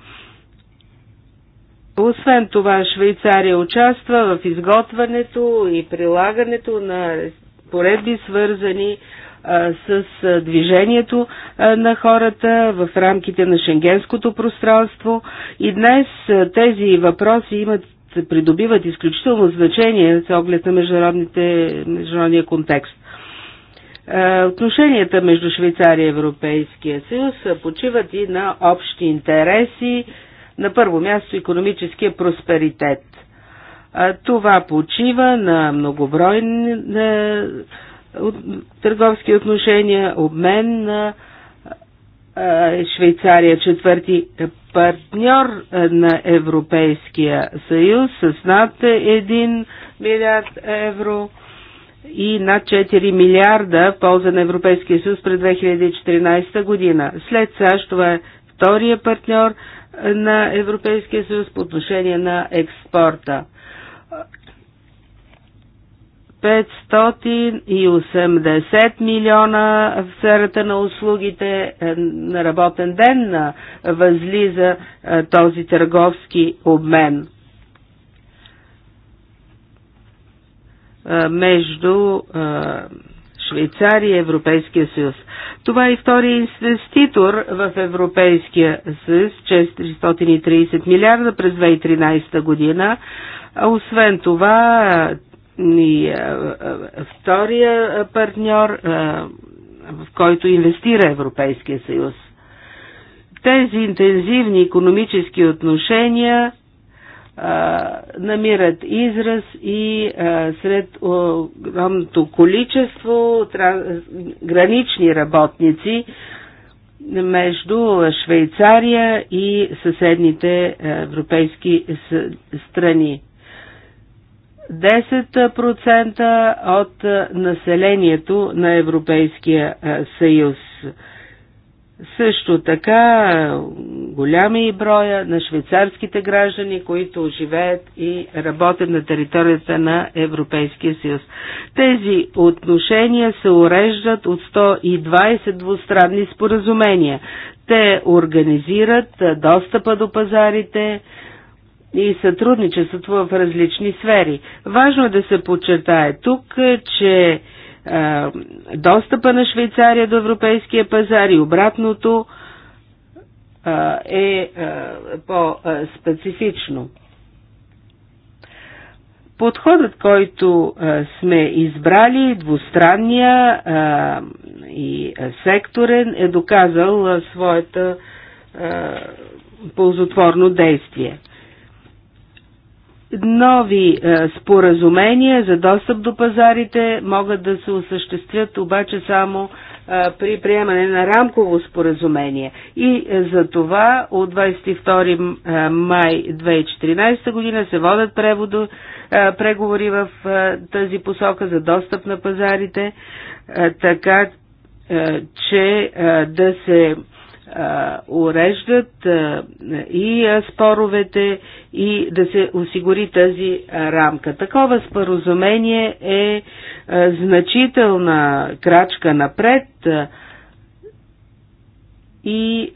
Освен това, Швейцария участва в изготвянето и прилагането на поредби, свързани с движението на хората в рамките на шенгенското пространство. И днес тези въпроси имат придобиват изключително значение с оглед на международния контекст. Отношенията между Швейцария и Европейския съюз почиват и на общи интереси, на първо място економическия просперитет. Това почива на многобройни от, търговски отношения, обмен на е, Швейцария четвърти партньор на Европейския съюз с над 1 милиард евро и над 4 милиарда полза на Европейския съюз през 2014 година. След САЩ това е втория партньор на Европейския съюз по отношение на експорта. 580 милиона в сферата на услугите е, на работен ден възлиза е, този търговски обмен е, между Швейцария и Европейския съюз. Това е и втория инвеститор в Европейския съюз, 430 милиарда през 2013 година. Освен това, ни е, е, втория е, партньор, в който инвестира Европейския съюз. Тези интензивни економически отношения намират израз и сред огромното количество гранични работници между Швейцария и съседните европейски страни. 10% от населението на Европейския съюз. Също така голями и броя на швейцарските граждани, които живеят и работят на територията на Европейския съюз. Тези отношения се уреждат от 120 двустранни споразумения. Те организират достъпа до пазарите, и сътрудничеството в различни сфери. Важно е да се подчертае тук, че достъпа на Швейцария до европейския пазар и обратното е по-специфично. Подходът, който сме избрали, двустранния и секторен, е доказал своята ползотворно действие. Нови е, споразумения за достъп до пазарите могат да се осъществят обаче само е, при приемане на рамково споразумение. И е, за това от 22 е, май 2014 година се водят преводо, е, преговори в е, тази посока за достъп на пазарите, така че да се уреждат и споровете и да се осигури тази рамка. Такова споразумение е значителна крачка напред и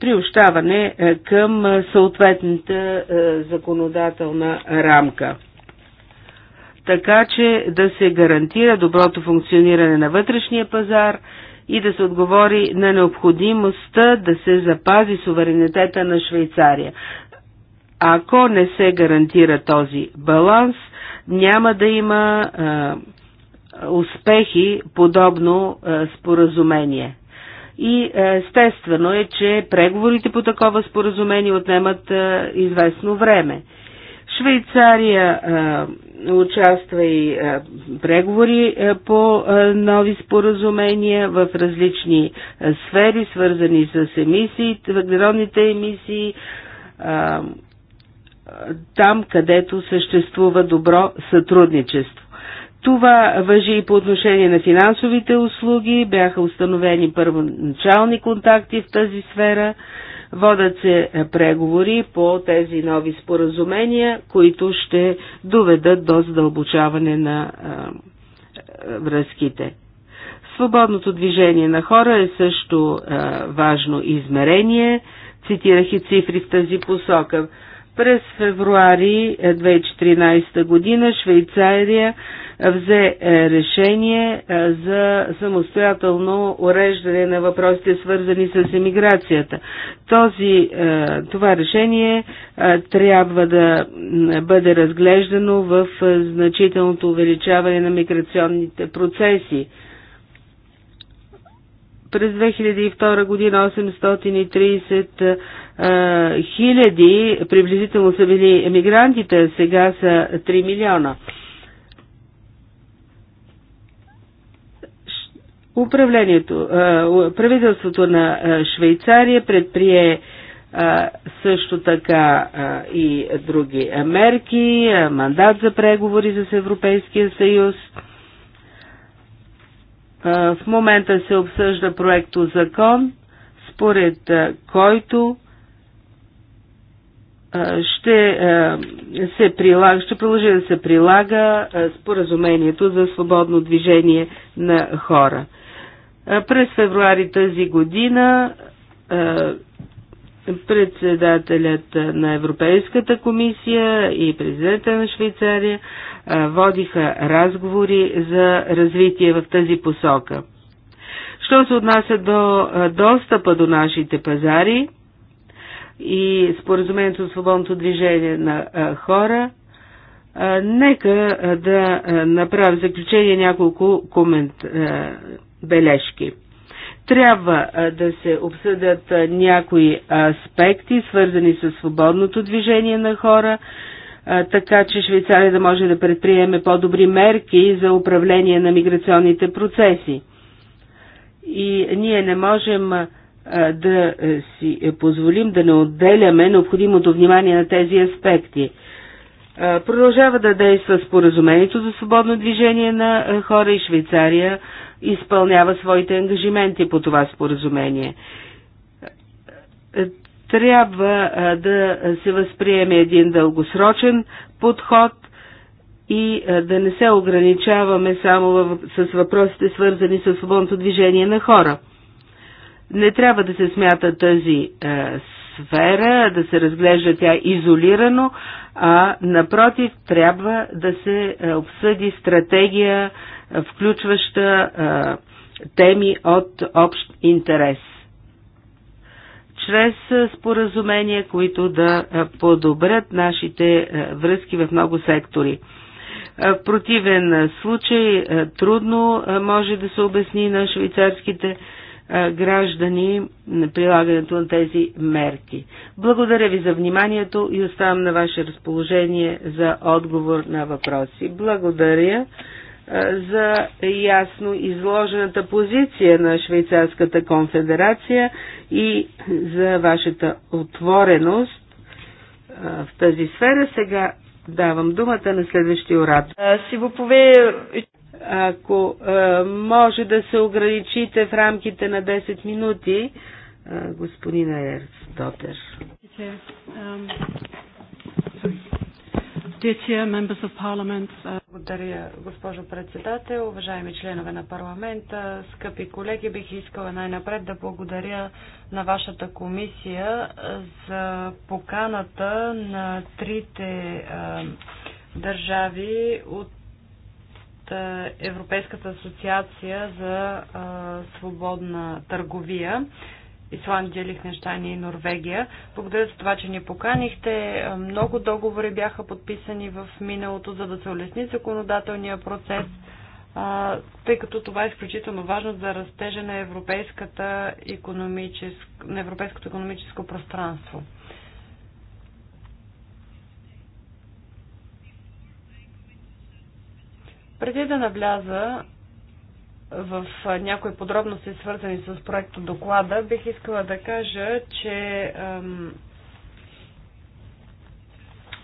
приощаване към съответната законодателна рамка така че да се гарантира доброто функциониране на вътрешния пазар и да се отговори на необходимостта да се запази суверенитета на Швейцария. Ако не се гарантира този баланс, няма да има а, успехи подобно а, споразумение. И естествено е, че преговорите по такова споразумение отнемат а, известно време. Швейцария а, участва и преговори по нови споразумения в различни сфери, свързани с емисиите, въглеродните емисии, там където съществува добро сътрудничество. Това въжи и по отношение на финансовите услуги. Бяха установени първоначални контакти в тази сфера Водят се е, преговори по тези нови споразумения, които ще доведат до задълбочаване на е, е, връзките. Свободното движение на хора е също важно измерение. Цитирах и цифри в тази посока. През февруари 2014 година Швейцария взе е, решение е, за самостоятелно уреждане на въпросите, свързани с емиграцията. Този, е, това решение трябва да бъде разглеждано в значителното увеличаване на миграционните процеси. През 2002 година 830 хиляди приблизително са били емигрантите, сега са 3 милиона. Управлението, правителството на Швейцария предприе също така и други мерки, мандат за преговори с Европейския съюз. В момента се обсъжда проекто закон, според който ще се прилага, ще продължи да се прилага споразумението за свободно движение на хора. Е, през февруари тази година е, председателят на Европейската комисия и президента на Швейцария е, водиха разговори за развитие в тази посока. Що се отнася до достъпа до нашите пазари и споразумението за свободното движение на хора, нека да направя заключение няколко коментари бележки. Трябва да се обсъдят някои аспекти, свързани с свободното движение на хора, така че Швейцария да може да предприеме по-добри мерки за управление на миграционните процеси. И ние не можем да си позволим да не отделяме необходимото внимание на тези аспекти. Продължава да действа споразумението за свободно движение на хора и Швейцария изпълнява своите ангажименти по това споразумение. Трябва да се възприеме един дългосрочен подход и да не се ограничаваме само с въпросите свързани с свободното движение на хора. Не трябва да се смята тази сфера, да се разглежда тя изолирано, а напротив трябва да се обсъди стратегия включваща теми от общ интерес. Чрез споразумения, които да подобрят нашите връзки в много сектори. В противен случай трудно може да се обясни на швейцарските граждани на прилагането на тези мерки. Благодаря ви за вниманието и оставам на ваше разположение за отговор на въпроси. Благодаря за ясно изложената позиция на Швейцарската конфедерация и за вашата отвореност в тази сфера. Сега давам думата на следващия оратор. Ако може да се ограничите в рамките на 10 минути, господина Ерц Дотер. Е, Uh, благодаря, госпожо председател, уважаеми членове на парламента, скъпи колеги, бих искала най-напред да благодаря на вашата комисия за поканата на трите държави от Европейската асоциация за свободна търговия. Исландия, Лихнещайн и Норвегия. Благодаря за това, че ни поканихте. Много договори бяха подписани в миналото, за да се улесни законодателния процес, тъй като това е изключително важно за растежа на, европейската на европейското економическо пространство. Преди да навляза в някои подробности, свързани с проекто доклада, бих искала да кажа, че ам,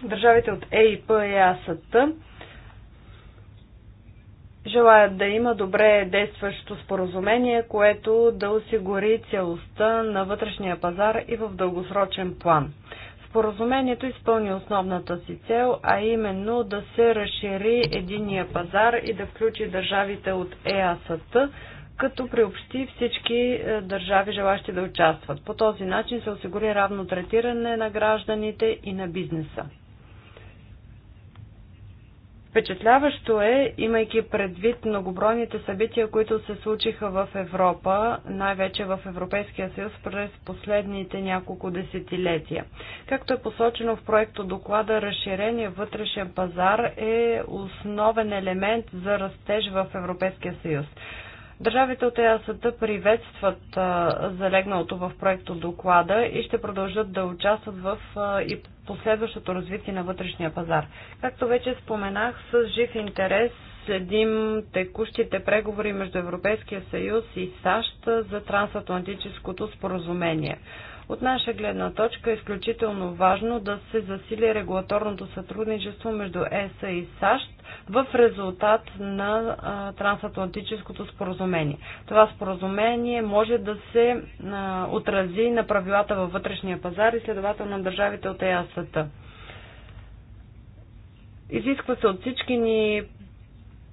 държавите от ЕИП и АСТ желаят да има добре действащо споразумение, което да осигури целостта на вътрешния пазар и в дългосрочен план. Споразумението изпълни основната си цел, а именно да се разшири единия пазар и да включи държавите от ЕАСТ, като приобщи всички е, държави, желащи да участват. По този начин се осигури равно третиране на гражданите и на бизнеса. Впечатляващо е, имайки предвид многобройните събития, които се случиха в Европа, най-вече в Европейския съюз през последните няколко десетилетия. Както е посочено в проекто доклада, разширение вътрешен пазар е основен елемент за растеж в Европейския съюз. Държавите от ЕАСАТА приветстват залегналото в проекто доклада и ще продължат да участват в и последващото развитие на вътрешния пазар. Както вече споменах, с жив интерес следим текущите преговори между Европейския съюз и САЩ за трансатлантическото споразумение. От наша гледна точка е изключително важно да се засили регулаторното сътрудничество между ЕСА и САЩ в резултат на а, трансатлантическото споразумение. Това споразумение може да се а, отрази на правилата във вътрешния пазар и следователно на държавите от ЕАСАТА. Изисква се от всички ни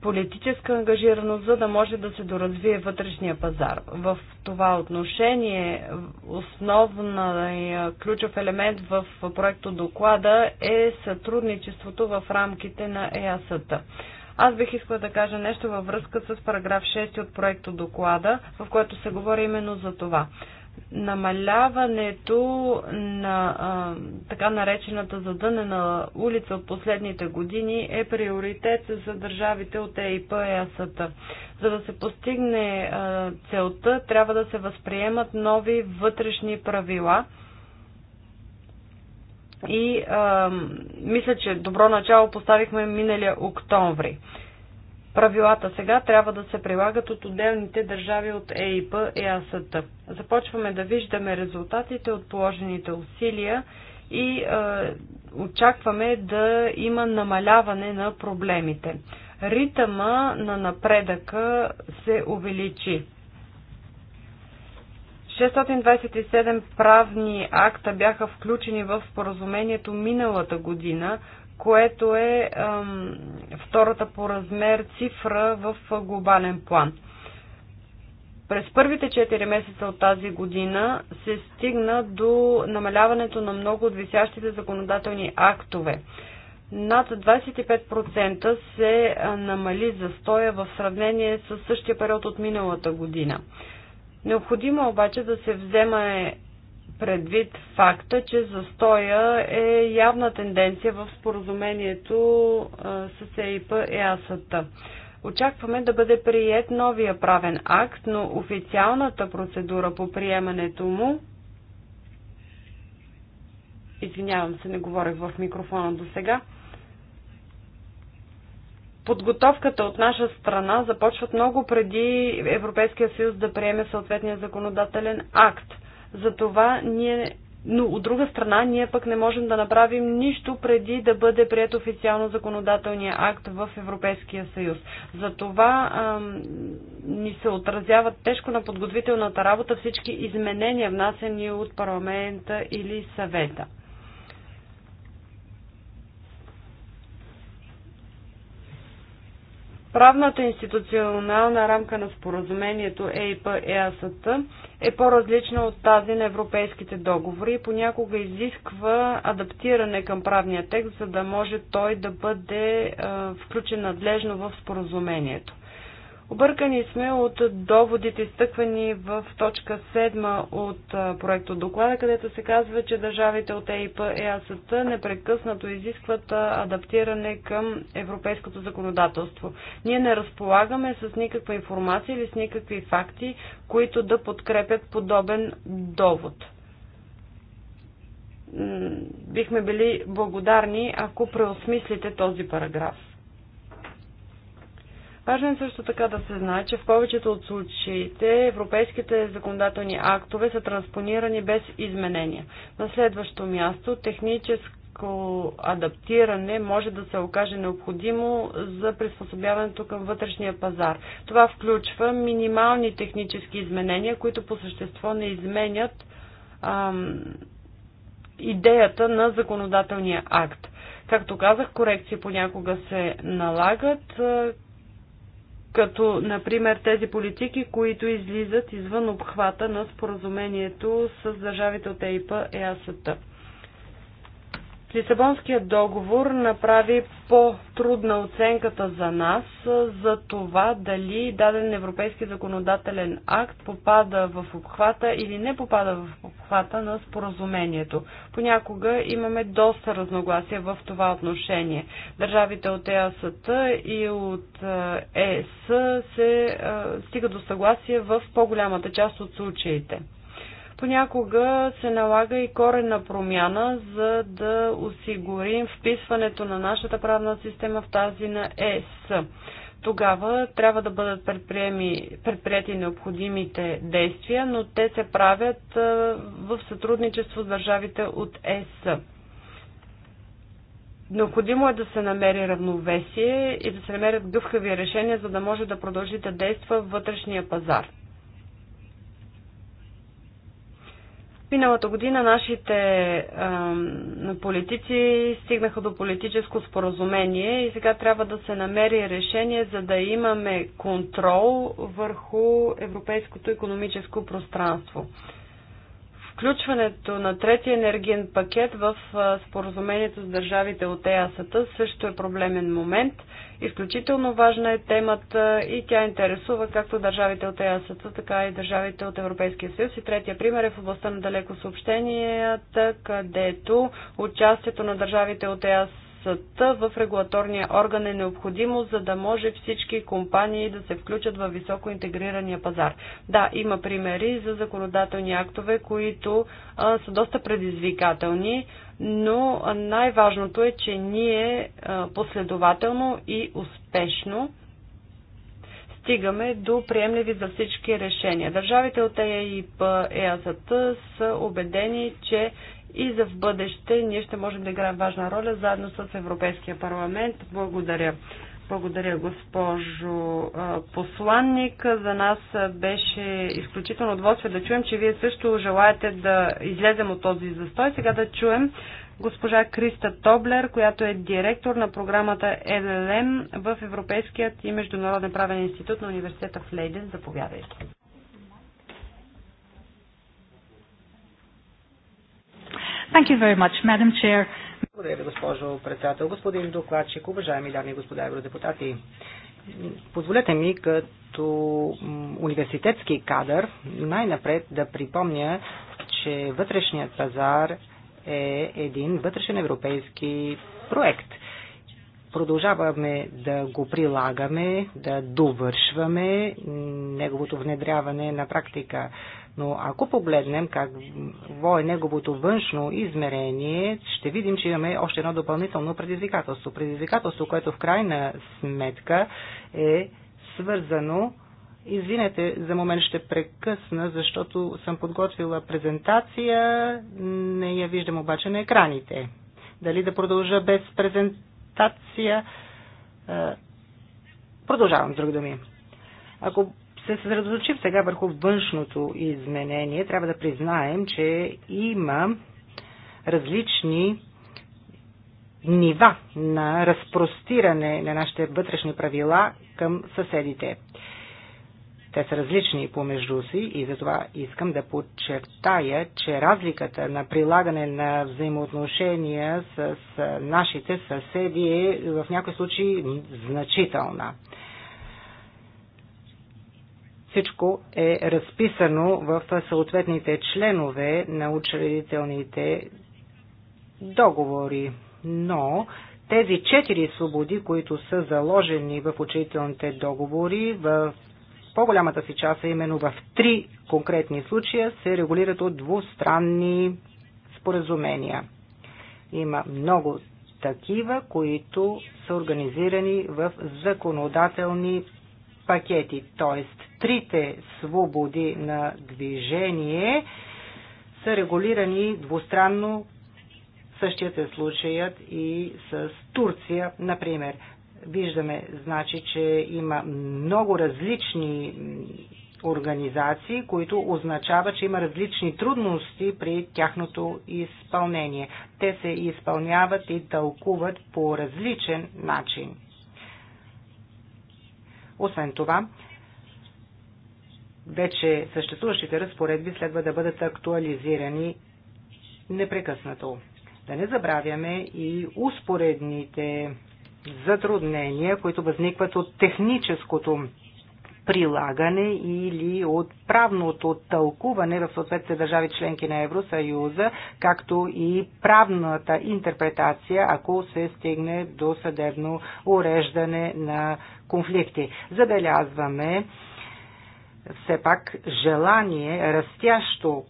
политическа ангажираност, за да може да се доразвие вътрешния пазар. В това отношение основният ключов елемент в проекто доклада е сътрудничеството в рамките на ЕАСАТА. Аз бих искала да кажа нещо във връзка с параграф 6 от проекто доклада, в който се говори именно за това намаляването на а, така наречената задънена улица от последните години е приоритет за държавите от ЕИП и АСАТА. За да се постигне а, целта, трябва да се възприемат нови вътрешни правила. И а, мисля, че добро начало поставихме миналия октомври. Правилата сега трябва да се прилагат от отделните държави от ЕИП и АСТ. Започваме да виждаме резултатите от положените усилия и е, очакваме да има намаляване на проблемите. Ритъма на напредъка се увеличи. 627 правни акта бяха включени в споразумението миналата година, което е ам, втората по размер цифра в глобален план. През първите 4 месеца от тази година се стигна до намаляването на много от висящите законодателни актове. Над 25% се намали застоя в сравнение с същия период от миналата година. Необходимо е обаче да се вземе предвид факта, че застоя е явна тенденция в споразумението с ЕИП АСАТА. Очакваме да бъде прият новия правен акт, но официалната процедура по приемането му Извинявам се, не говорих в микрофона до сега. Подготовката от наша страна започват много преди Европейския съюз да приеме съответния законодателен акт – затова ние но от друга страна, ние пък не можем да направим нищо преди да бъде прият официално законодателния акт в Европейския съюз. За това ам, ни се отразяват тежко на подготвителната работа всички изменения, внасени от парламента или съвета. Правната институционална рамка на споразумението ЕИП-ЕАСТ е по-различна от тази на европейските договори и понякога изисква адаптиране към правния текст, за да може той да бъде включен надлежно в споразумението. Объркани сме от доводите, изтъквани в точка 7 от проекто доклада, където се казва, че държавите от ЕИП АСТ непрекъснато изискват адаптиране към европейското законодателство. Ние не разполагаме с никаква информация или с никакви факти, които да подкрепят подобен довод бихме били благодарни, ако преосмислите този параграф. Важно е също така да се знае, че в повечето от случаите европейските законодателни актове са транспонирани без изменения. На следващо място, техническо адаптиране може да се окаже необходимо за приспособяването към вътрешния пазар. Това включва минимални технически изменения, които по същество не изменят ам, идеята на законодателния акт. Както казах, корекции понякога се налагат, като, например, тези политики, които излизат извън обхвата на споразумението с държавите от и ЕАСТ. Лисабонският договор направи по-трудна оценката за нас за това дали даден европейски законодателен акт попада в обхвата или не попада в обхвата на споразумението. Понякога имаме доста разногласия в това отношение. Държавите от ЕАСТ и от ЕС се стига до съгласие в по-голямата част от случаите. Понякога се налага и корена промяна, за да осигурим вписването на нашата правна система в тази на ЕС. Тогава трябва да бъдат предприяти необходимите действия, но те се правят в сътрудничество с държавите от ЕС. Необходимо е да се намери равновесие и да се намерят гъвкави решения, за да може да продължи да действа вътрешния пазар. Миналата година нашите а, политици стигнаха до политическо споразумение и сега трябва да се намери решение, за да имаме контрол върху европейското економическо пространство. Включването на третия енергиен пакет в споразумението с държавите от ЕАСАТА също е проблемен момент. Изключително важна е темата и тя интересува както държавите от ЕАСАТА, така и държавите от Европейския съюз. И третия пример е в областта на далеко съобщенията, където участието на държавите от ЕАСАТА Намесата в регулаторния орган е необходимо, за да може всички компании да се включат в високо интегрирания пазар. Да, има примери за законодателни актове, които а, са доста предизвикателни, но най-важното е, че ние а, последователно и успешно стигаме до приемливи за всички решения. Държавите от ЕИП ЕАЗАТ са убедени, че и за в бъдеще ние ще можем да играем важна роля заедно с Европейския парламент. Благодаря. Благодаря, госпожо посланник. За нас беше изключително удоволствие да чуем, че вие също желаете да излезем от този застой. Сега да чуем госпожа Криста Тоблер, която е директор на програмата ЕЛЛМ в Европейският и Международен правен институт на университета в Лейден. Заповядайте. Thank you very much, Madam Chair. Благодаря ви, госпожо председател. Господин докладчик, уважаеми дами и господа евродепутати, позволете ми като университетски кадър най-напред да припомня, че вътрешният пазар е един вътрешен европейски проект. Продължаваме да го прилагаме, да довършваме неговото внедряване на практика. Но ако погледнем какво е неговото външно измерение, ще видим, че имаме още едно допълнително предизвикателство. Предизвикателство, което в крайна сметка е свързано Извинете, за момент ще прекъсна, защото съм подготвила презентация, не я виждам обаче на екраните. Дали да продължа без презентация? Е, продължавам с други думи. Ако се съсредоточим сега върху външното изменение, трябва да признаем, че има различни нива на разпростиране на нашите вътрешни правила към съседите. Те са различни помежду си и затова искам да подчертая, че разликата на прилагане на взаимоотношения с нашите съседи е в някои случаи значителна. Всичко е разписано в съответните членове на учредителните договори. Но тези четири свободи, които са заложени в учредителните договори, в по-голямата си част, а именно в три конкретни случая, се регулират от двустранни споразумения. Има много такива, които са организирани в законодателни пакети, т.е. трите свободи на движение са регулирани двустранно. Същият е случаят и с Турция, например. Виждаме, значи, че има много различни организации, които означава, че има различни трудности при тяхното изпълнение. Те се изпълняват и тълкуват по различен начин. Освен това, вече съществуващите разпоредби следва да бъдат актуализирани непрекъснато. Да не забравяме и успоредните затруднения, които възникват от техническото прилагане или от правното тълкуване в съответните държави членки на Евросъюза, както и правната интерпретация, ако се стигне до съдебно уреждане на конфликти. Забелязваме все пак желание, растящо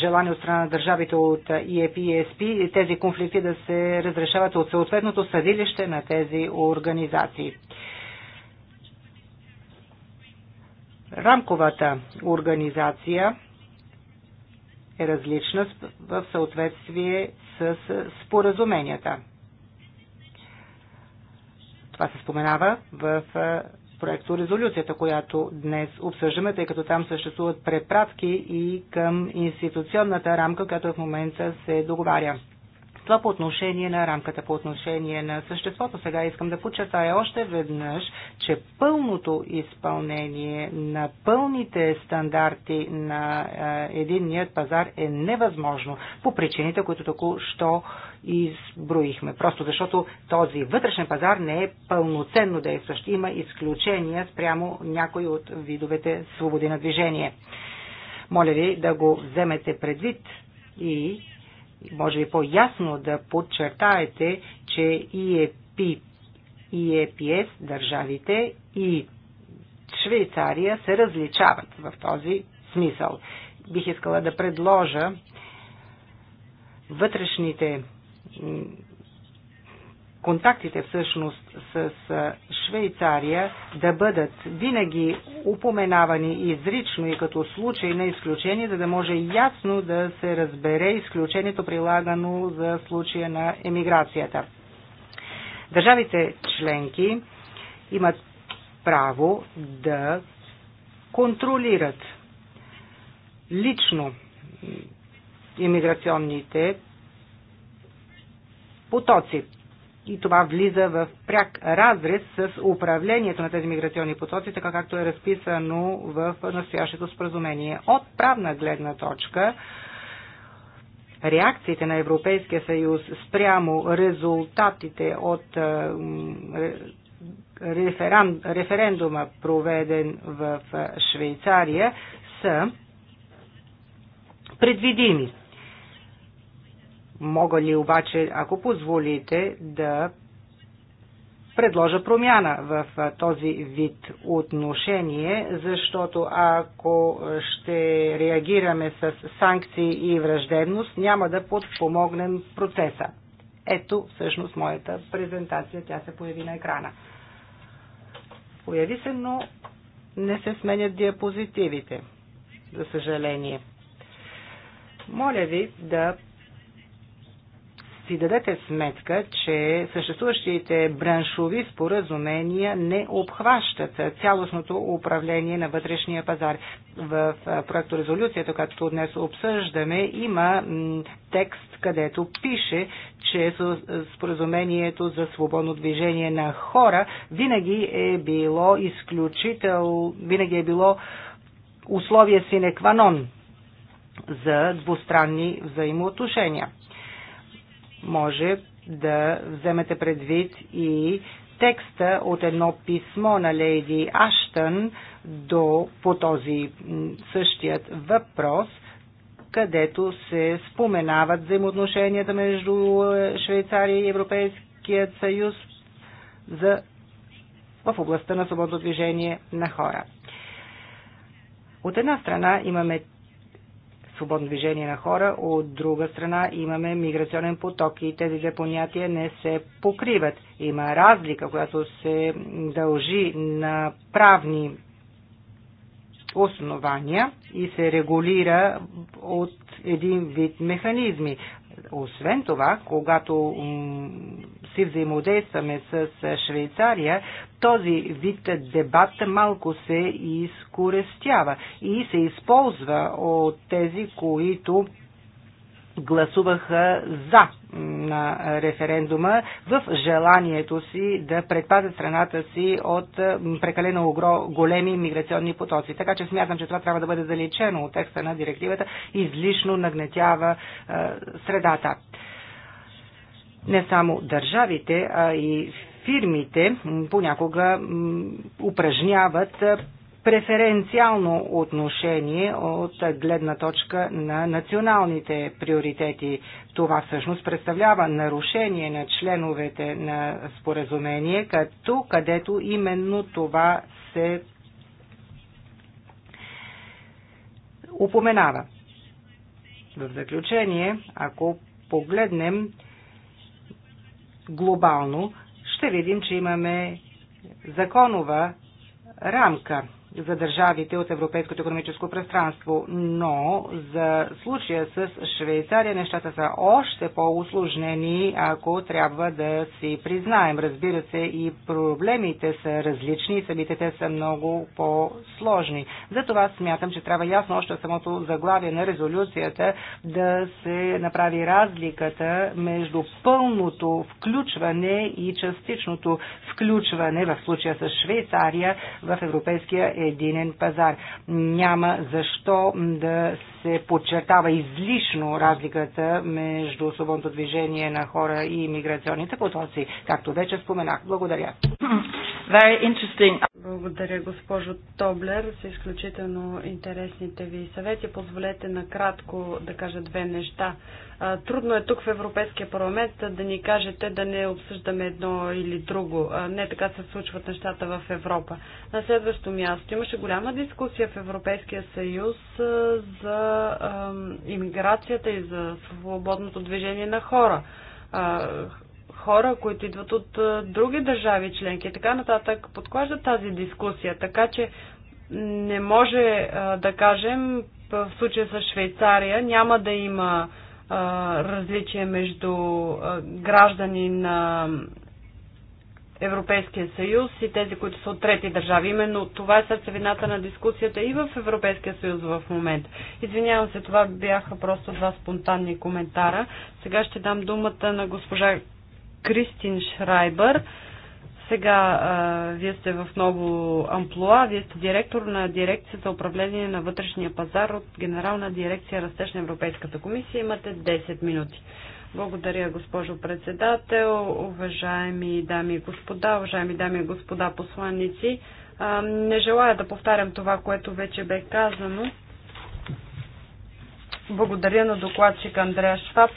желание от страна на държавите от ИЕП и ЕСП, тези конфликти да се разрешават от съответното съдилище на тези организации. Рамковата организация е различна в съответствие с споразуменията. Това се споменава в проекто резолюцията, която днес обсъждаме, тъй като там съществуват препратки и към институционната рамка, която в момента се договаря. Това по отношение на рамката, по отношение на съществото. Сега искам да подчертая още веднъж, че пълното изпълнение на пълните стандарти на е, единният пазар е невъзможно по причините, които току-що изброихме. Просто защото този вътрешен пазар не е пълноценно действащ. Има изключения спрямо някои от видовете свободи на движение. Моля ви да го вземете предвид и може и по-ясно да подчертаете, че ИЕП, e ИЕПС, e държавите и Швейцария се различават в този смисъл. Бих искала да предложа вътрешните контактите всъщност с Швейцария да бъдат винаги упоменавани изрично и като случай на изключение, за да може ясно да се разбере изключението прилагано за случая на емиграцията. Държавите членки имат право да контролират лично иммиграционните потоци и това влиза в пряк разрез с управлението на тези миграционни потоци, така както е разписано в настоящето споразумение. От правна гледна точка, реакциите на Европейския съюз спрямо резултатите от референдума, проведен в Швейцария, са предвидими. Мога ли обаче, ако позволите, да предложа промяна в този вид отношение, защото ако ще реагираме с санкции и враждебност, няма да подпомогнем процеса. Ето всъщност моята презентация, тя се появи на екрана. Появи се, но не се сменят диапозитивите, за съжаление. Моля ви да си дадете сметка, че съществуващите браншови споразумения не обхващат цялостното управление на вътрешния пазар. В проекторезолюцията, която днес обсъждаме, има текст, където пише, че споразумението за свободно движение на хора винаги е било изключител, винаги е било условие синекванон за двустранни взаимоотношения може да вземете предвид и текста от едно писмо на леди Аштън до, по този същият въпрос, където се споменават взаимоотношенията между е, Швейцария и Европейският съюз за, в областта на свободно движение на хора. От една страна имаме свободно движение на хора, от друга страна имаме миграционен поток и тези две понятия не се покриват. Има разлика, която се дължи на правни основания и се регулира от един вид механизми. Освен това, когато си взаимодействаме с Швейцария, този вид дебат малко се изкорестява и се използва от тези, които гласуваха за на референдума в желанието си да предпазят страната си от прекалено огро, големи миграционни потоци. Така че смятам, че това трябва да бъде заличено от текста на директивата и излишно нагнетява е, средата. Не само държавите, а и фирмите понякога упражняват преференциално отношение от гледна точка на националните приоритети. Това всъщност представлява нарушение на членовете на споразумение, като където именно това се упоменава. В заключение, ако погледнем глобално, ще видим, че имаме законова рамка за държавите от Европейското економическо пространство, но за случая с Швейцария нещата са още по-усложнени, ако трябва да си признаем. Разбира се, и проблемите са различни и самите те са много по-сложни. Затова смятам, че трябва ясно още самото заглавие на резолюцията да се направи разликата между пълното включване и частичното включване в случая с Швейцария в Европейския единен пазар. Няма защо да се подчертава излишно разликата между свободното движение на хора и миграционните потоци, както вече споменах. Благодаря. Very interesting. Благодаря, госпожо Тоблер, за изключително интересните ви съвети. Позволете накратко да кажа две неща. Трудно е тук в Европейския парламент да ни кажете да не обсъждаме едно или друго. Не така се случват нещата в Европа. На следващо място имаше голяма дискусия в Европейския съюз за иммиграцията и за свободното движение на хора хора, които идват от други държави членки и така нататък, подклаждат тази дискусия. Така че не може да кажем, в случая с Швейцария няма да има различие между граждани на Европейския съюз и тези, които са от трети държави. Именно това е сърцевината на дискусията и в Европейския съюз в момента. Извинявам се, това бяха просто два спонтанни коментара. Сега ще дам думата на госпожа Кристин Шрайбър сега, а, вие сте в ново амплуа, вие сте директор на дирекция за управление на вътрешния пазар от Генерална дирекция Растеж на Европейската комисия. Имате 10 минути. Благодаря, госпожо председател, уважаеми дами и господа, уважаеми дами и господа посланници. А, не желая да повтарям това, което вече бе казано. Благодаря на докладчик Андрея Шваб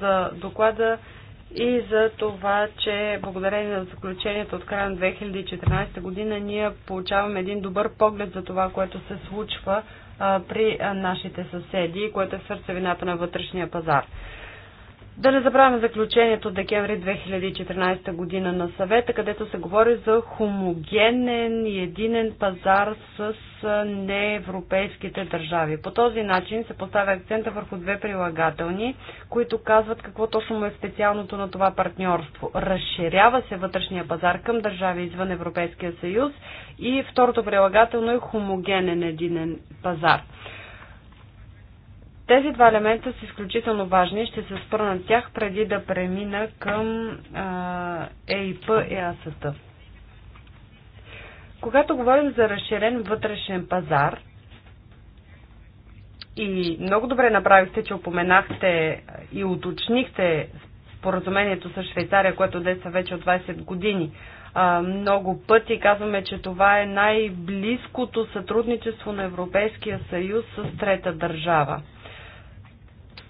за доклада и за това, че благодарение на заключението от края на 2014 година ние получаваме един добър поглед за това, което се случва при нашите съседи, което е в сърцевината на вътрешния пазар. Да не забравяме заключението от декември 2014 година на съвета, където се говори за хомогенен и единен пазар с неевропейските държави. По този начин се поставя акцента върху две прилагателни, които казват какво точно му е специалното на това партньорство. Разширява се вътрешния пазар към държави извън Европейския съюз и второто прилагателно е хомогенен единен пазар. Тези два елемента са изключително важни ще се спра на тях преди да премина към ЕИП и АСТ. Когато говорим за разширен вътрешен пазар, и много добре направихте, че опоменахте и уточнихте споразумението с Швейцария, което действа е вече от 20 години. много пъти казваме, че това е най-близкото сътрудничество на Европейския съюз с трета държава.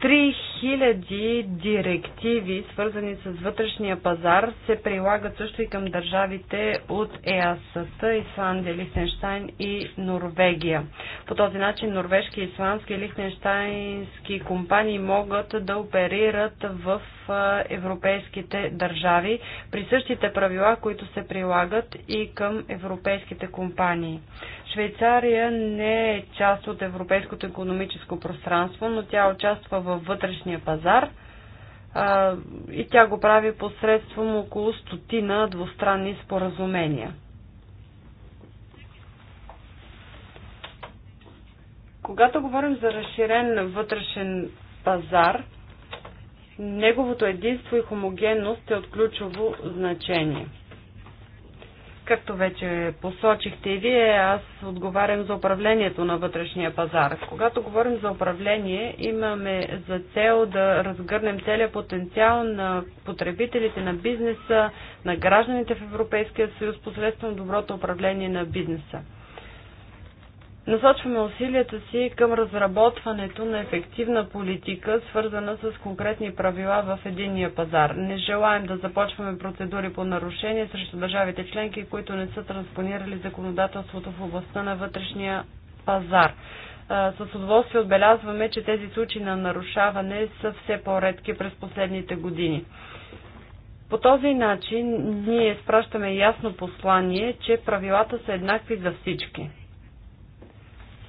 3000 директиви, свързани с вътрешния пазар, се прилагат също и към държавите от ЕАСС, Исландия, Лихтенштайн и Норвегия. По този начин норвежки, исландски и лихтенштайнски компании могат да оперират в европейските държави при същите правила, които се прилагат и към европейските компании. Швейцария не е част от европейското економическо пространство, но тя участва във вътрешния пазар а, и тя го прави посредством около стотина двустранни споразумения. Когато говорим за разширен вътрешен пазар, неговото единство и хомогенност е от ключово значение – Както вече посочихте и вие, аз отговарям за управлението на вътрешния пазар. Когато говорим за управление, имаме за цел да разгърнем целият потенциал на потребителите, на бизнеса, на гражданите в Европейския съюз посредством доброто управление на бизнеса. Насочваме усилията си към разработването на ефективна политика, свързана с конкретни правила в единния пазар. Не желаем да започваме процедури по нарушение срещу държавите членки, които не са транспонирали законодателството в областта на вътрешния пазар. С удоволствие отбелязваме, че тези случаи на нарушаване са все по-редки през последните години. По този начин ние спращаме ясно послание, че правилата са еднакви за всички.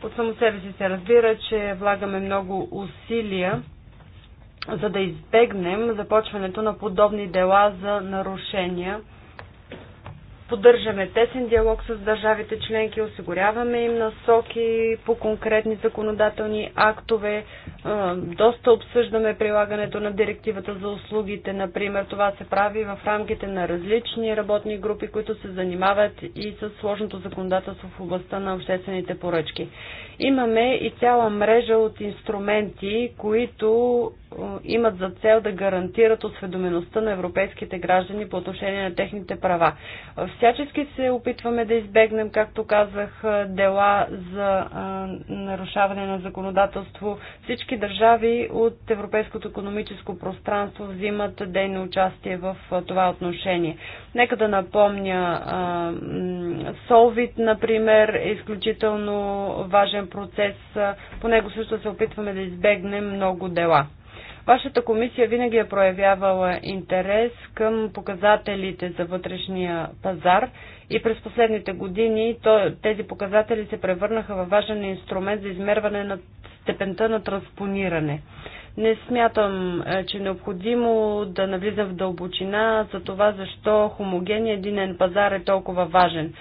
От само себе си се разбира, че влагаме много усилия, за да избегнем започването на подобни дела за нарушения Поддържаме тесен диалог с държавите членки, осигуряваме им насоки по конкретни законодателни актове, доста обсъждаме прилагането на директивата за услугите. Например, това се прави в рамките на различни работни групи, които се занимават и с сложното законодателство в областта на обществените поръчки. Имаме и цяла мрежа от инструменти, които имат за цел да гарантират осведомеността на европейските граждани по отношение на техните права. Всячески се опитваме да избегнем, както казах, дела за нарушаване на законодателство. Всички държави от Европейското економическо пространство взимат дейно участие в това отношение. Нека да напомня, Солвит, например, е изключително важен процес. По него също се опитваме да избегнем много дела. Вашата комисия винаги е проявявала интерес към показателите за вътрешния пазар и през последните години тези показатели се превърнаха във важен инструмент за измерване на степента на транспониране. Не смятам, е, че е необходимо да навлизам в дълбочина за това защо хомогения единен пазар е толкова важен.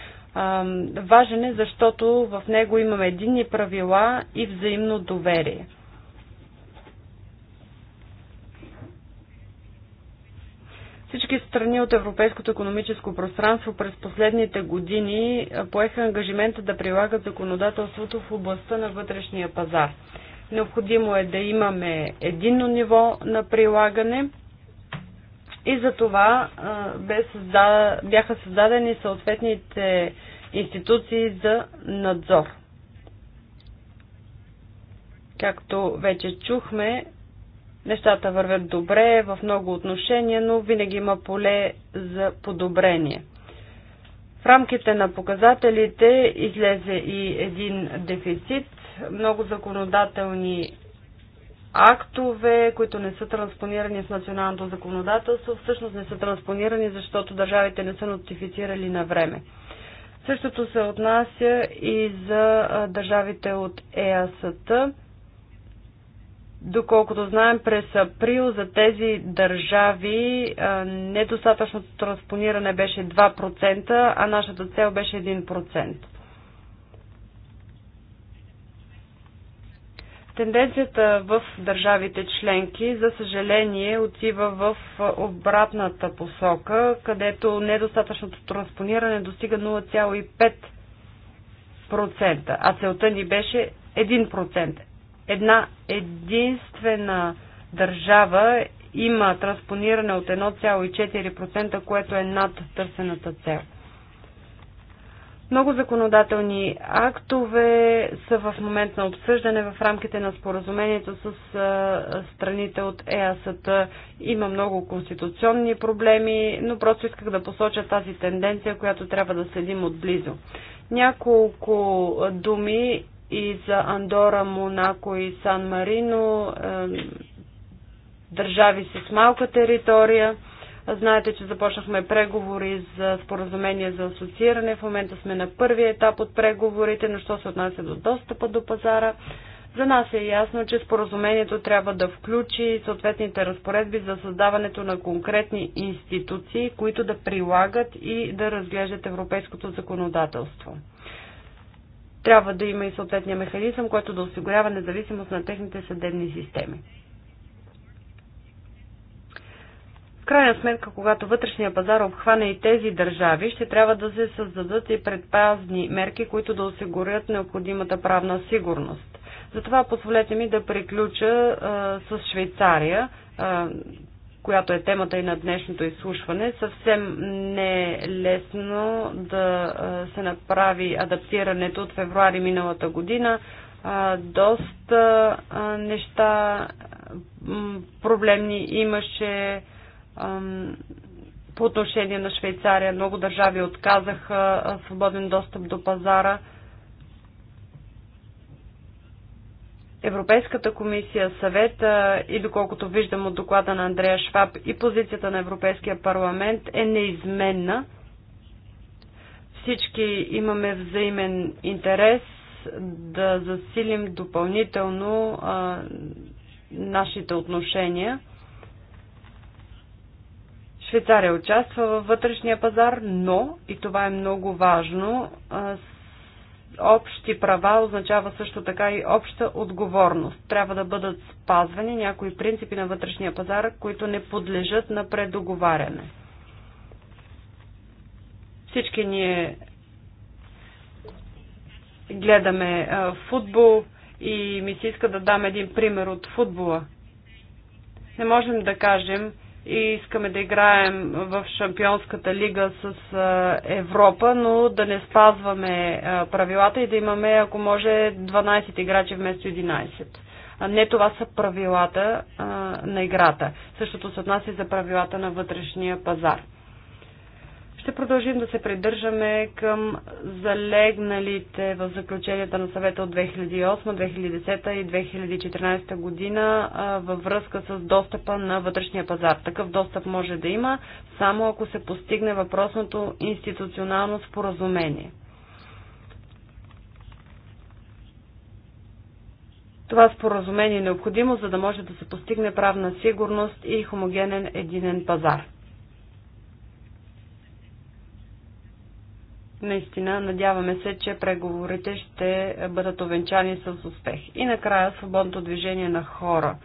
Важен е, защото в него имаме единни правила и взаимно доверие. Всички страни от Европейското економическо пространство през последните години поеха ангажимента да прилагат законодателството в областта на вътрешния пазар. Необходимо е да имаме единно ниво на прилагане и за това бе създад... бяха създадени съответните институции за надзор. Както вече чухме, Нещата вървят добре в много отношения, но винаги има поле за подобрение. В рамките на показателите излезе и един дефицит. Много законодателни актове, които не са транспонирани в националното законодателство, всъщност не са транспонирани, защото държавите не са нотифицирали на време. Същото се отнася и за държавите от ЕАСТ. Доколкото знаем, през април за тези държави недостатъчното транспониране беше 2%, а нашата цел беше 1%. Тенденцията в държавите членки, за съжаление, отива в обратната посока, където недостатъчното транспониране достига 0,5%, а целта ни беше 1% една единствена държава има транспониране от 1,4%, което е над търсената цел. Много законодателни актове са в момент на обсъждане в рамките на споразумението с страните от ЕАСТ. Има много конституционни проблеми, но просто исках да посоча тази тенденция, която трябва да следим отблизо. Няколко думи и за Андора, Монако и Сан Марино, държави с малка територия. Знаете, че започнахме преговори за споразумение за асоцииране. В момента сме на първия етап от преговорите, но що се отнася до достъпа до пазара. За нас е ясно, че споразумението трябва да включи съответните разпоредби за създаването на конкретни институции, които да прилагат и да разглеждат европейското законодателство. Трябва да има и съответния механизъм, който да осигурява независимост на техните съдебни системи. В крайна сметка, когато вътрешния пазар обхване и тези държави, ще трябва да се създадат и предпазни мерки, които да осигурят необходимата правна сигурност. Затова позволете ми да приключа а, с Швейцария. А, която е темата и на днешното изслушване. Съвсем не е лесно да се направи адаптирането от февруари миналата година. Доста неща проблемни имаше по отношение на Швейцария. Много държави отказаха свободен достъп до пазара – Европейската комисия, съвета и доколкото виждам от доклада на Андрея Шваб и позицията на Европейския парламент е неизменна. Всички имаме взаимен интерес да засилим допълнително а, нашите отношения. Швейцария участва във вътрешния пазар, но, и това е много важно, общи права означава също така и обща отговорност. Трябва да бъдат спазвани някои принципи на вътрешния пазар, които не подлежат на предоговаряне. Всички ние гледаме футбол и ми се иска да дам един пример от футбола. Не можем да кажем, и искаме да играем в Шампионската лига с Европа, но да не спазваме правилата и да имаме, ако може, 12 играчи вместо 11. Не това са правилата на играта. Същото се отнася и за правилата на вътрешния пазар ще продължим да се придържаме към залегналите в заключенията на съвета от 2008, 2010 и 2014 година във връзка с достъпа на вътрешния пазар. Такъв достъп може да има само ако се постигне въпросното институционално споразумение. Това споразумение е необходимо, за да може да се постигне правна сигурност и хомогенен единен пазар. наистина надяваме се, че преговорите ще бъдат овенчани с успех. И накрая свободното движение на хора.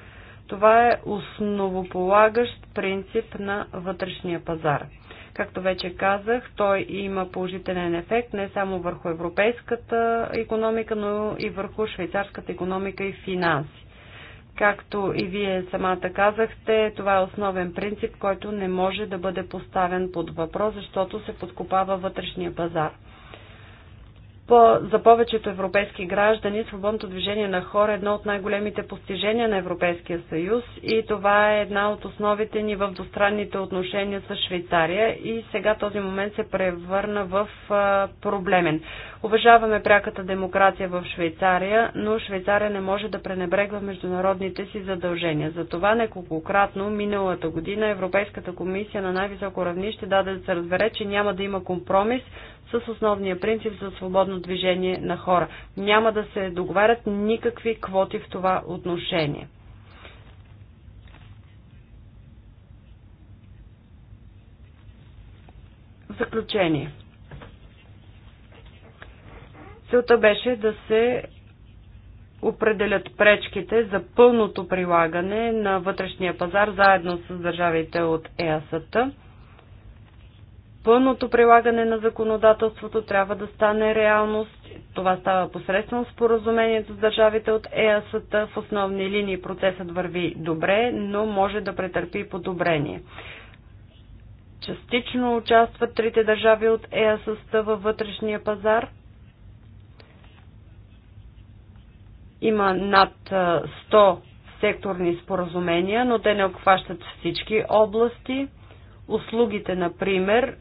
Това е основополагащ принцип на вътрешния пазар. Както вече казах, той има положителен ефект не само върху европейската економика, но и върху швейцарската економика и финанси. Както и вие самата казахте, това е основен принцип, който не може да бъде поставен под въпрос, защото се подкопава вътрешния пазар за повечето европейски граждани свободното движение на хора е едно от най-големите постижения на Европейския съюз и това е една от основите ни в двустранните отношения с Швейцария и сега този момент се превърна в проблемен. Уважаваме пряката демокрация в Швейцария, но Швейцария не може да пренебрегва международните си задължения. Затова неколкократно миналата година Европейската комисия на най-високо равнище даде да се разбере, че няма да има компромис с основния принцип за свободно движение на хора. Няма да се договарят никакви квоти в това отношение. В заключение. Целта беше да се определят пречките за пълното прилагане на вътрешния пазар заедно с държавите от ЕАСАТА пълното прилагане на законодателството трябва да стане реалност. Това става посредством споразумението с държавите от ЕАСТ. В основни линии процесът върви добре, но може да претърпи подобрение. Частично участват трите държави от ЕАСТ във вътрешния пазар. Има над 100 секторни споразумения, но те не обхващат всички области – услугите, например,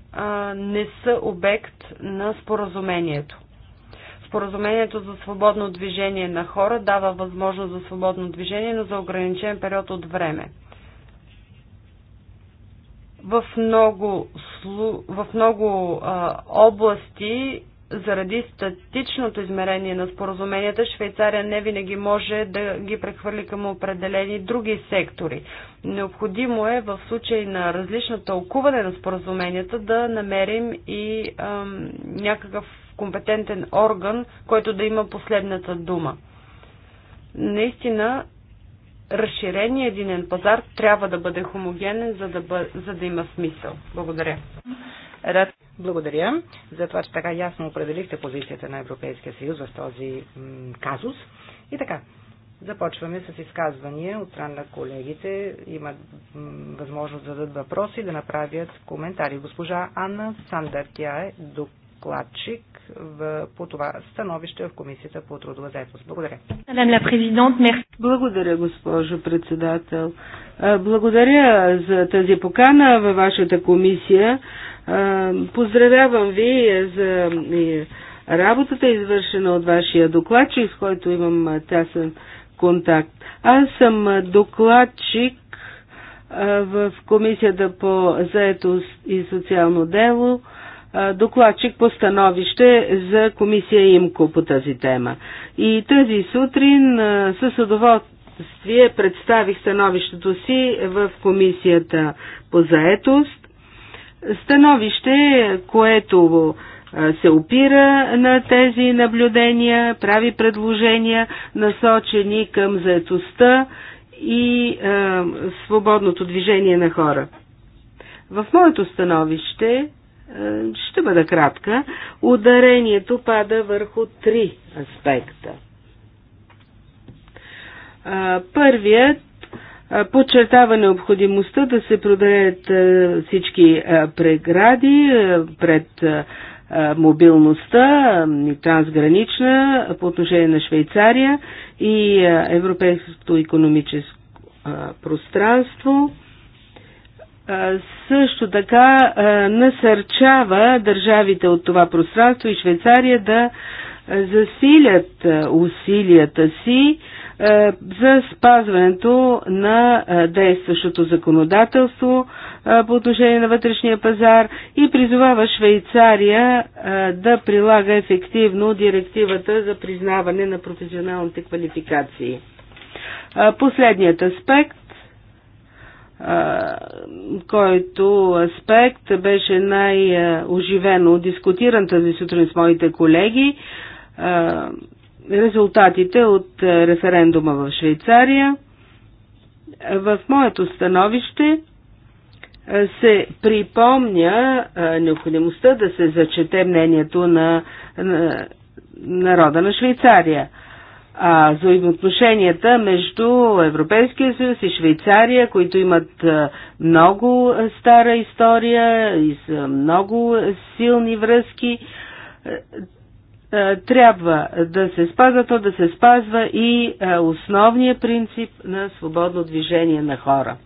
не са обект на споразумението. Споразумението за свободно движение на хора дава възможност за свободно движение, но за ограничен период от време. В много, в много а, области заради статичното измерение на споразуменията, Швейцария не винаги може да ги прехвърли към определени други сектори. Необходимо е в случай на различно тълкуване на споразуменията да намерим и ам, някакъв компетентен орган, който да има последната дума. Наистина, разширение единен пазар трябва да бъде хомогенен, за да, бъ... за да има смисъл. Благодаря. Благодаря за това, че така ясно определихте позицията на Европейския съюз в този казус. И така, започваме с изказвания от страна на колегите. Имат възможност да дадат въпроси, да направят коментари. Госпожа Анна Сандър, тя е докладчик в, по това становище в Комисията по трудова заедност. Благодаря. Благодаря, госпожо председател. Благодаря за тази покана във вашата комисия. Поздравявам ви за работата, извършена от вашия докладчик, с който имам тясен контакт. Аз съм докладчик в Комисията по заетост и социално дело, докладчик по становище за Комисия ИМКО по тази тема. И тази сутрин със удоволствие представих становището си в Комисията по заетост становище, което се опира на тези наблюдения, прави предложения, насочени към заетостта и е, свободното движение на хора. В моето становище, е, ще бъда кратка, ударението пада върху три аспекта. Първият Подчертава необходимостта да се продаят всички прегради пред мобилността и трансгранична по отношение на Швейцария и Европейското економическо пространство. Също така насърчава държавите от това пространство и Швейцария да засилят усилията си е, за спазването на е, действащото законодателство е, по отношение на вътрешния пазар и призовава Швейцария да прилага ефективно директивата за признаване на професионалните квалификации. Последният аспект който аспект беше най-оживено дискутиран тази сутрин с моите колеги резултатите от е, референдума в Швейцария. В моето становище е, се припомня е, необходимостта да се зачете мнението на, народа на Швейцария. А взаимоотношенията между Европейския съюз и Швейцария, които имат много стара история и са много силни връзки, е, трябва да се спазва, то да се спазва и е, основния принцип на свободно движение на хора.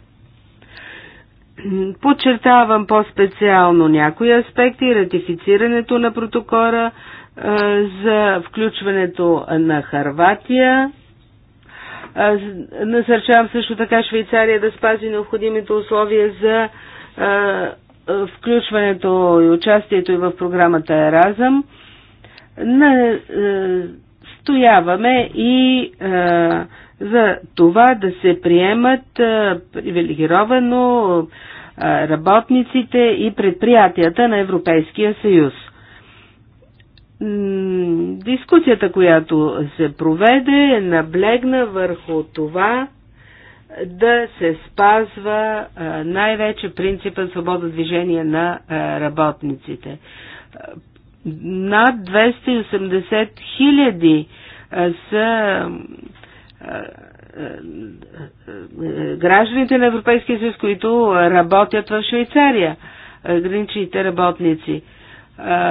Подчертавам по-специално някои аспекти, ратифицирането на протокола е, за включването на Харватия. Насърчавам също така Швейцария да спази необходимите условия за включването и участието и в програмата Еразъм настояваме е, и е, за това да се приемат е, привилегировано работниците и предприятията на Европейския съюз. Дискусията, която се проведе, наблегна върху това да се спазва най-вече принципът свобода движение на работниците. Над 280 хиляди са гражданите на Европейския съюз, които работят в Швейцария, граничните работници.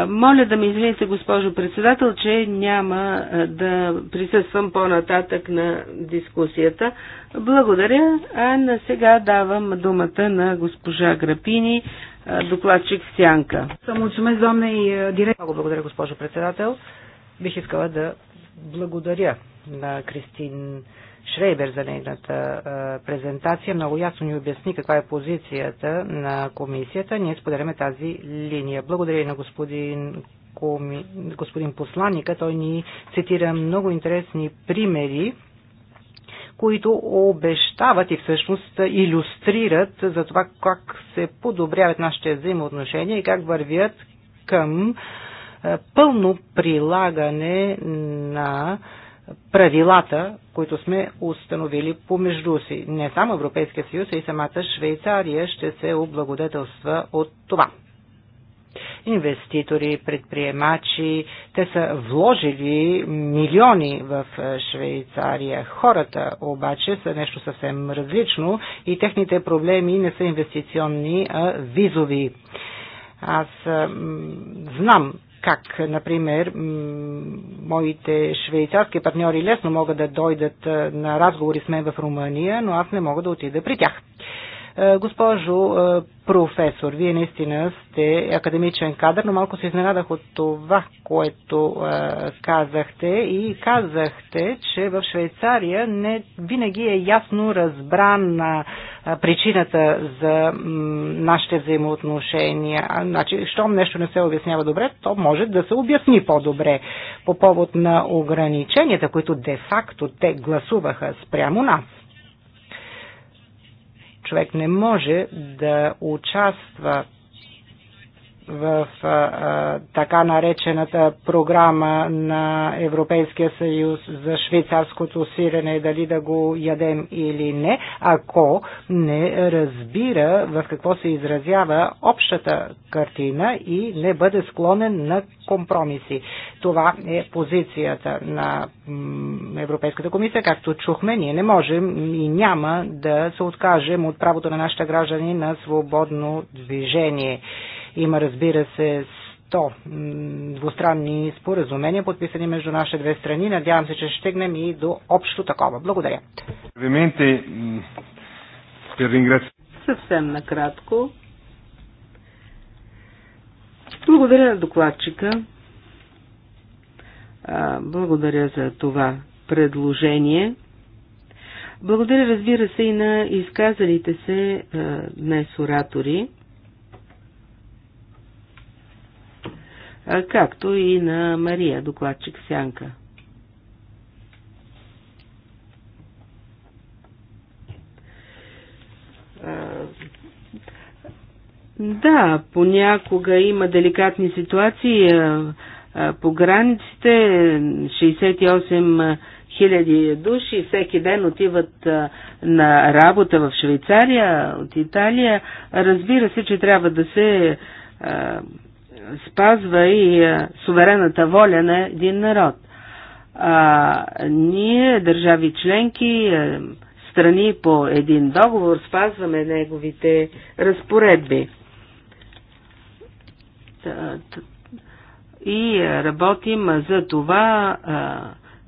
Моля да ми извините, госпожо председател, че няма да присъствам по-нататък на дискусията. Благодаря. А на сега давам думата на госпожа Грапини докладчик Сянка. Самоочуме, домна и директор. Много благодаря, госпожо председател. Бих искала да благодаря на Кристин Шрейбер за нейната презентация. Много ясно ни обясни каква е позицията на комисията. Ние споделяме тази линия. Благодаря и на господин коми... господин посланника. Той ни цитира много интересни примери които обещават и всъщност иллюстрират за това как се подобряват нашите взаимоотношения и как вървят към е, пълно прилагане на правилата, които сме установили помежду си. Не само Европейския съюз, а и самата Швейцария ще се облагодетелства от това инвеститори, предприемачи. Те са вложили милиони в е, Швейцария. Хората обаче са нещо съвсем различно и техните проблеми не са инвестиционни, а визови. Аз е, знам как, например, моите швейцарски партньори лесно могат да дойдат е, на разговори с мен в Румъния, но аз не мога да отида при тях. Е, госпожо е, професор, вие наистина сте академичен кадър, но малко се изненадах от това, което е, казахте и казахте, че в Швейцария не винаги е ясно разбрана причината за нашите взаимоотношения. Значи, щом нещо не се обяснява добре, то може да се обясни по-добре по повод на ограниченията, които де-факто те гласуваха спрямо нас човек не може да участва в а, а, така наречената програма на Европейския съюз за швейцарското сирене, дали да го ядем или не, ако не разбира в какво се изразява общата картина и не бъде склонен на компромиси. Това е позицията на Европейската комисия. Както чухме, ние не можем и няма да се откажем от правото на нашите граждани на свободно движение. Има, разбира се, 100 двустранни споразумения, подписани между наши две страни. Надявам се, че ще стигнем и до общо такова. Благодаря. Съвсем накратко. Благодаря на докладчика. Благодаря за това предложение. Благодаря, разбира се, и на изказалите се днес оратори. както и на Мария, докладчик Сянка. Да, понякога има деликатни ситуации по границите. 68 000 души всеки ден отиват на работа в Швейцария, от Италия. Разбира се, че трябва да се спазва и суверената воля на един народ. А, ние, държави членки, страни по един договор, спазваме неговите разпоредби. И работим за това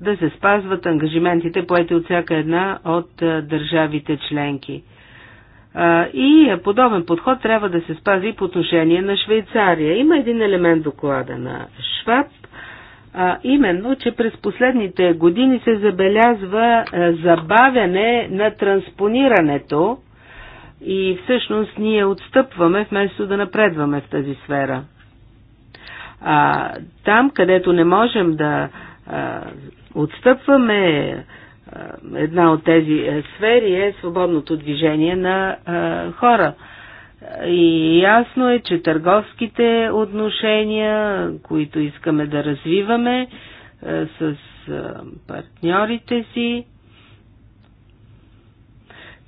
да се спазват ангажиментите, поети от всяка една от държавите членки. И подобен подход трябва да се спази по отношение на Швейцария. Има един елемент доклада на Шваб, именно, че през последните години се забелязва забавяне на транспонирането и всъщност ние отстъпваме вместо да напредваме в тази сфера. А, там, където не можем да а, отстъпваме, е, една от тези е, сфери е свободното движение на е, хора. И ясно е, че търговските отношения, които искаме да развиваме с партньорите си,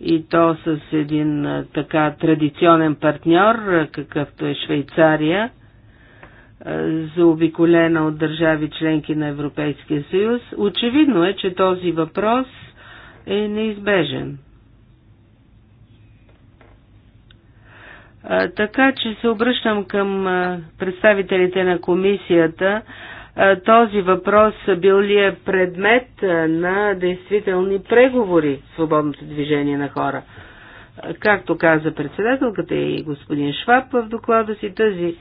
и то с един така традиционен партньор, какъвто е Швейцария, е, заобиколена от държави членки на Европейския съюз, очевидно е, че този въпрос е неизбежен. Е, така че се обръщам към е, представителите на комисията. Този въпрос бил ли е предмет на действителни преговори в свободното движение на хора? Както каза председателката и господин Шваб в доклада си, тази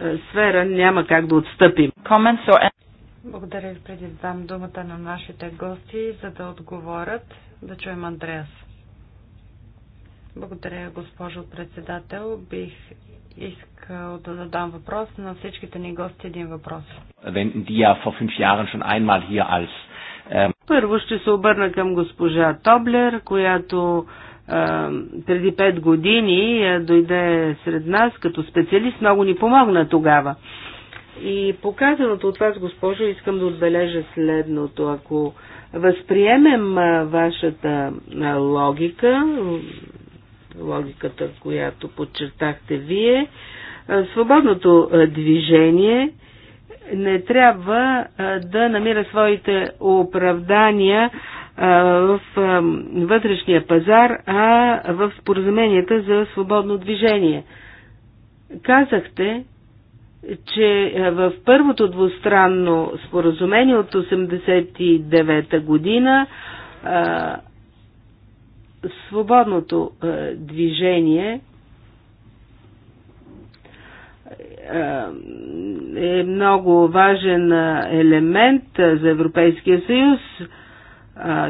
е, сфера няма как да отстъпим. Благодаря ви преди да дам думата на нашите гости, за да отговорят. Да чуем Андреас. Благодаря, госпожо председател. Бих искал да задам въпрос на всичките ни гости един въпрос. Ähm, Първо ще се обърна към госпожа Тоблер, която преди 5 години дойде сред нас като специалист, много ни помогна тогава. И показаното от вас, госпожо, искам да отбележа следното. Ако възприемем вашата логика, логиката, която подчертахте вие, свободното движение не трябва да намира своите оправдания в вътрешния пазар, а в споразуменията за свободно движение. Казахте, че в първото двустранно споразумение от 1989 година свободното движение е много важен елемент за Европейския съюз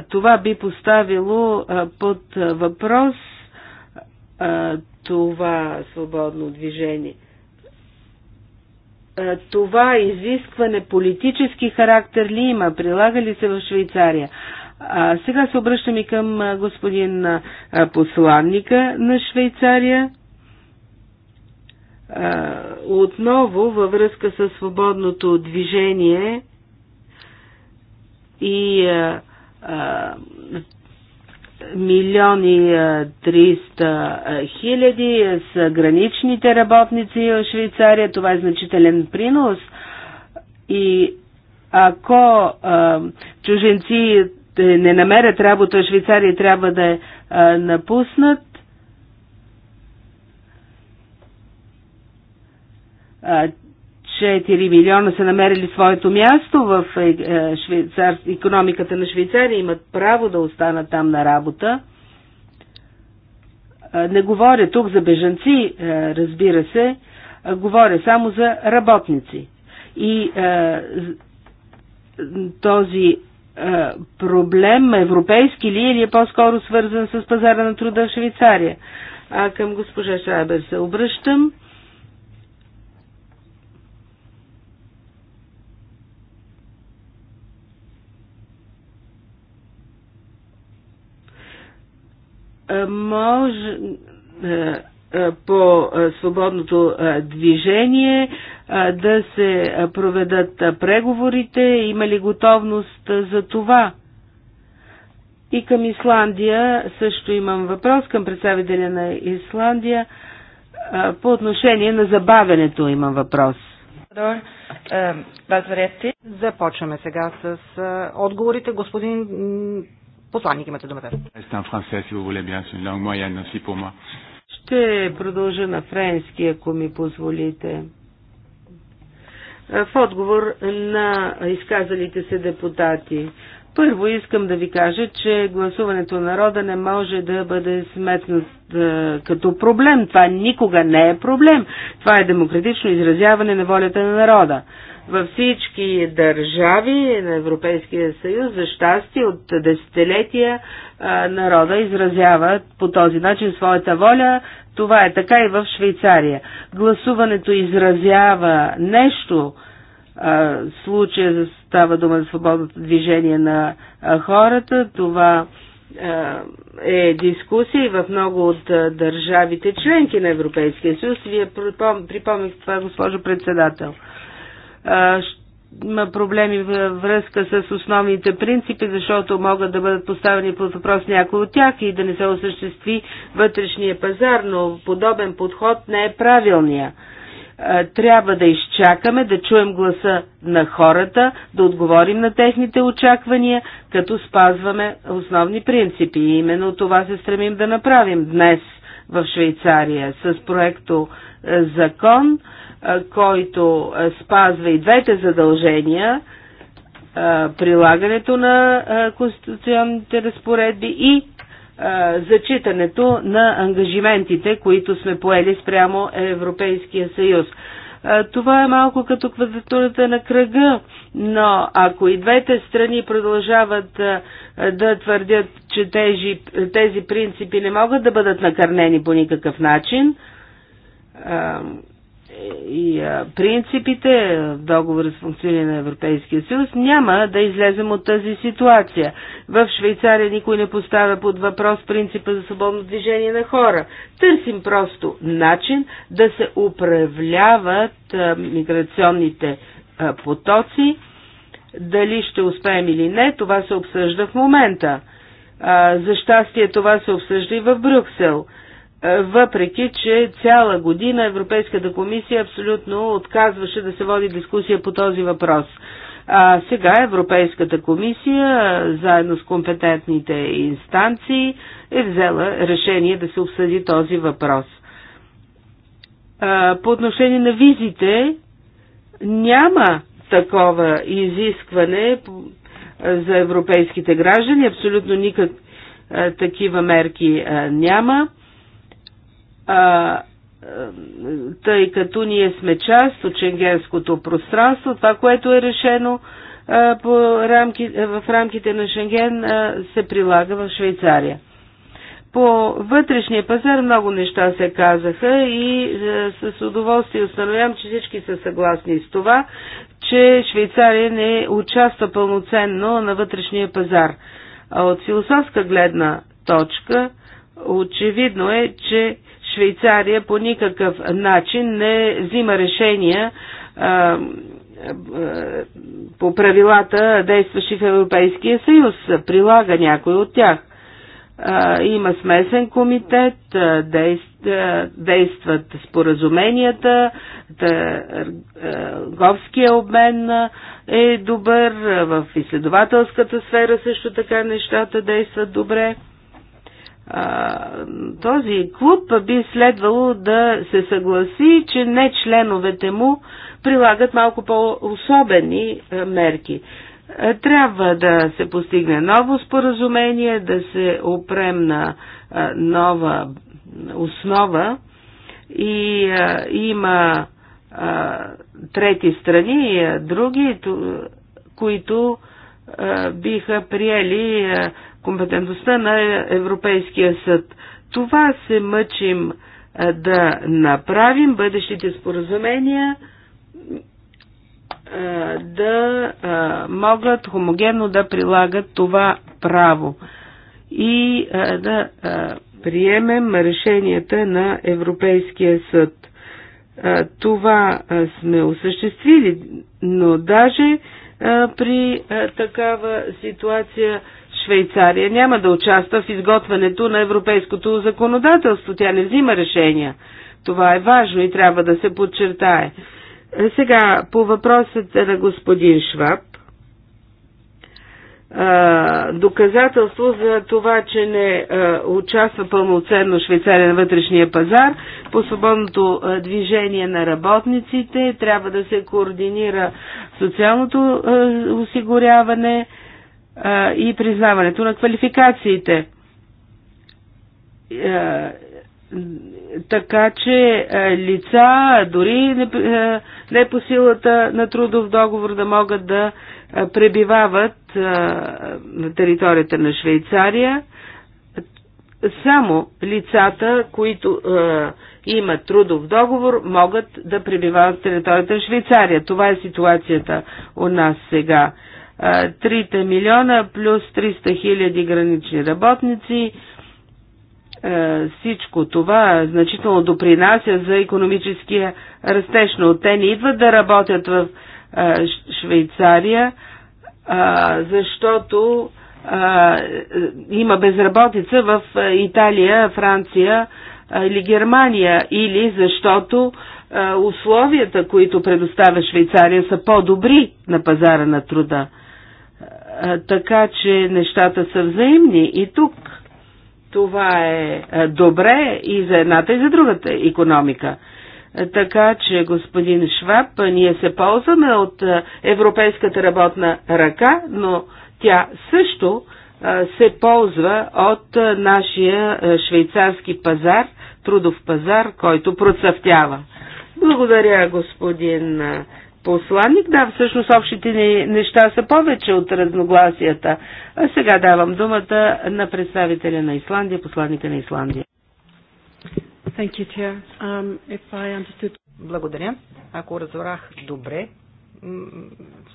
това би поставило под въпрос това свободно движение. Това изискване политически характер ли има? Прилага ли се в Швейцария? А, сега се обръщам и към господин посланника на Швейцария. отново във връзка с свободното движение и а, милиони 300 хиляди са граничните работници в Швейцария. Това е значителен принос. И ако а, чуженци не намерят работа в Швейцария трябва да е напуснат, а, 4 милиона са намерили своето място в е, е, швейцар... економиката на Швейцария, имат право да останат там на работа. Е, не говоря тук за бежанци, разбира се, говоря само за работници. И този проблем европейски ли или е по-скоро свързан с пазара на труда в Швейцария? А към госпожа Шайбер се обръщам. Е, може е, по е, свободното движение, да се проведат преговорите, има ли готовност за това? И към Исландия също имам въпрос към представителя на Исландия. По отношение на забавенето имам въпрос. Започваме сега с отговорите. Господин Посланник, имате думата. Ще продължа на френски, ако ми позволите. Е, в отговор на изказалите се депутати. Първо искам да ви кажа, че гласуването на народа не може да бъде сметнат като проблем. Това никога не е проблем. Това е демократично изразяване на волята на народа. Във всички държави на Европейския съюз, за щастие, от десетилетия народа изразява по този начин своята воля. Това е така и в Швейцария. Гласуването изразява нещо, случая за. Става дума за свободното движение на хората. Това е дискусия и в много от държавите, членки на Европейския съюз. Вие припомнихте това, госпожо председател. Има проблеми във връзка с основните принципи, защото могат да бъдат поставени под въпрос някои от тях и да не се осъществи вътрешния пазар, но подобен подход не е правилния трябва да изчакаме, да чуем гласа на хората, да отговорим на техните очаквания, като спазваме основни принципи. И именно това се стремим да направим днес в Швейцария с проекто е, закон, е, който е, спазва и двете задължения прилагането на конституционните разпоредби и зачитането на ангажиментите, които сме поели спрямо Европейския съюз. Това е малко като квадратурата на кръга, но ако и двете страни продължават да твърдят, че тези, тези принципи не могат да бъдат накърнени по никакъв начин, и принципите в договора с функциониране на Европейския съюз, няма да излезем от тази ситуация. В Швейцария никой не поставя под въпрос принципа за свободно движение на хора. Търсим просто начин да се управляват а, миграционните а, потоци. Дали ще успеем или не, това се обсъжда в момента. А, за щастие това се обсъжда и в Брюксел. Е, въпреки че цяла година Европейската комисия абсолютно отказваше да се води дискусия по този въпрос. А сега Европейската комисия, заедно с компетентните инстанции, е взела решение да се обсъди този въпрос. По отношение на визите, няма такова изискване за европейските граждани, абсолютно никак такива мерки няма а, тъй като ние сме част от шенгенското пространство, това, което е решено а, по рамки, в рамките на Шенген, а, се прилага в Швейцария. По вътрешния пазар много неща се казаха и а, с удоволствие установявам, че всички са съгласни с това, че Швейцария не участва пълноценно на вътрешния пазар. А от философска гледна точка очевидно е, че Швейцария по никакъв начин не взима решения а, по правилата, действащи в Европейския съюз, прилага някой от тях. Има смесен комитет, действат споразуменията, търговския обмен е добър, в изследователската сфера също така нещата действат добре този клуб би следвало да се съгласи, че не членовете му прилагат малко по-особени мерки. Трябва да се постигне ново споразумение, да се опрем на нова основа и има трети страни, и други, които биха приели компетентността на Европейския съд. Това се мъчим да направим бъдещите споразумения да могат хомогенно да прилагат това право и да приемем решенията на Европейския съд. Това сме осъществили, но даже при такава ситуация Швейцария няма да участва в изготвянето на европейското законодателство. Тя не взима решения. Това е важно и трябва да се подчертае. Е, сега, по въпросът на господин Шваб, доказателство за това, че не участва пълноценно Швейцария на вътрешния пазар, по свободното движение на работниците, трябва да се координира социалното осигуряване, и признаването на квалификациите. Така че лица, дори не по силата на трудов договор, да могат да пребивават на територията на Швейцария, само лицата, които имат трудов договор, могат да пребивават на територията на Швейцария. Това е ситуацията у нас сега. 3 милиона плюс 300 хиляди гранични работници. Всичко това значително допринася за економическия растеж, но те не идват да работят в Швейцария, защото има безработица в Италия, Франция или Германия, или защото условията, които предоставя Швейцария, са по-добри на пазара на труда така че нещата са взаимни и тук това е добре и за едната и за другата економика. Така че, господин Шваб, ние се ползваме от европейската работна ръка, но тя също се ползва от нашия швейцарски пазар, трудов пазар, който процъфтява. Благодаря, господин посланник. Да, всъщност общите ни неща са повече от разногласията. А сега давам думата на представителя на Исландия, посланника на Исландия. Thank you, Chair. Um, if I understood... Благодаря. Ако разбрах добре,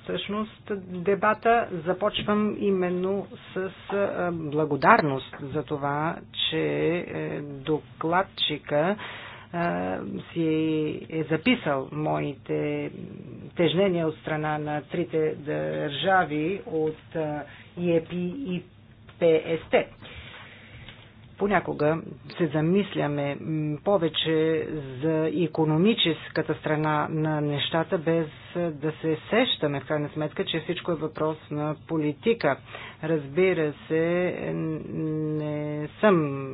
всъщност дебата започвам именно с благодарност за това, че е, докладчика си е записал моите тежнения от страна на трите държави от ИЕП и е ПСТ. Е Понякога се замисляме повече за економическата страна на нещата, без да се сещаме в крайна сметка, че всичко е въпрос на политика. Разбира се, не съм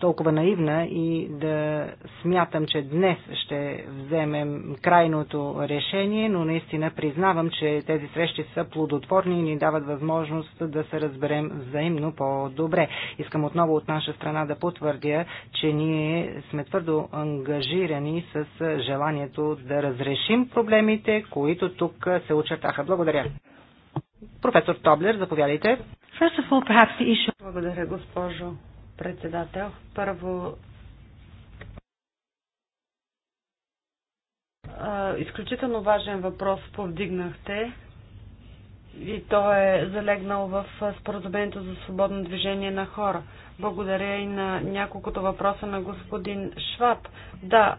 толкова наивна и да смятам, че днес ще вземем крайното решение, но наистина признавам, че тези срещи са плодотворни и ни дават възможност да се разберем взаимно по-добре. Искам отново от наша страна да потвърдя, че ние сме твърдо ангажирани с желанието да разрешим проблемите, които тук се очертаха. Благодаря. Професор Тоблер, заповядайте. All, issue... Благодаря, госпожо председател. Първо, изключително важен въпрос повдигнахте и то е залегнал в споразумението за свободно движение на хора. Благодаря и на няколкото въпроса на господин Шваб. Да,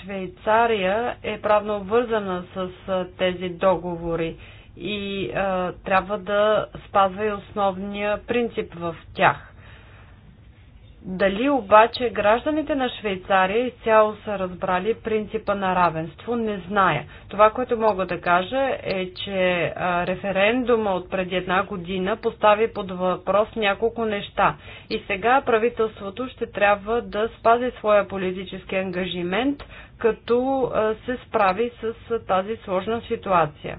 Швейцария е правно вързана с тези договори и а, трябва да спазва и основния принцип в тях. Дали обаче гражданите на Швейцария изцяло са разбрали принципа на равенство, не зная. Това, което мога да кажа е, че референдума от преди една година постави под въпрос няколко неща. И сега правителството ще трябва да спази своя политически ангажимент, като се справи с тази сложна ситуация.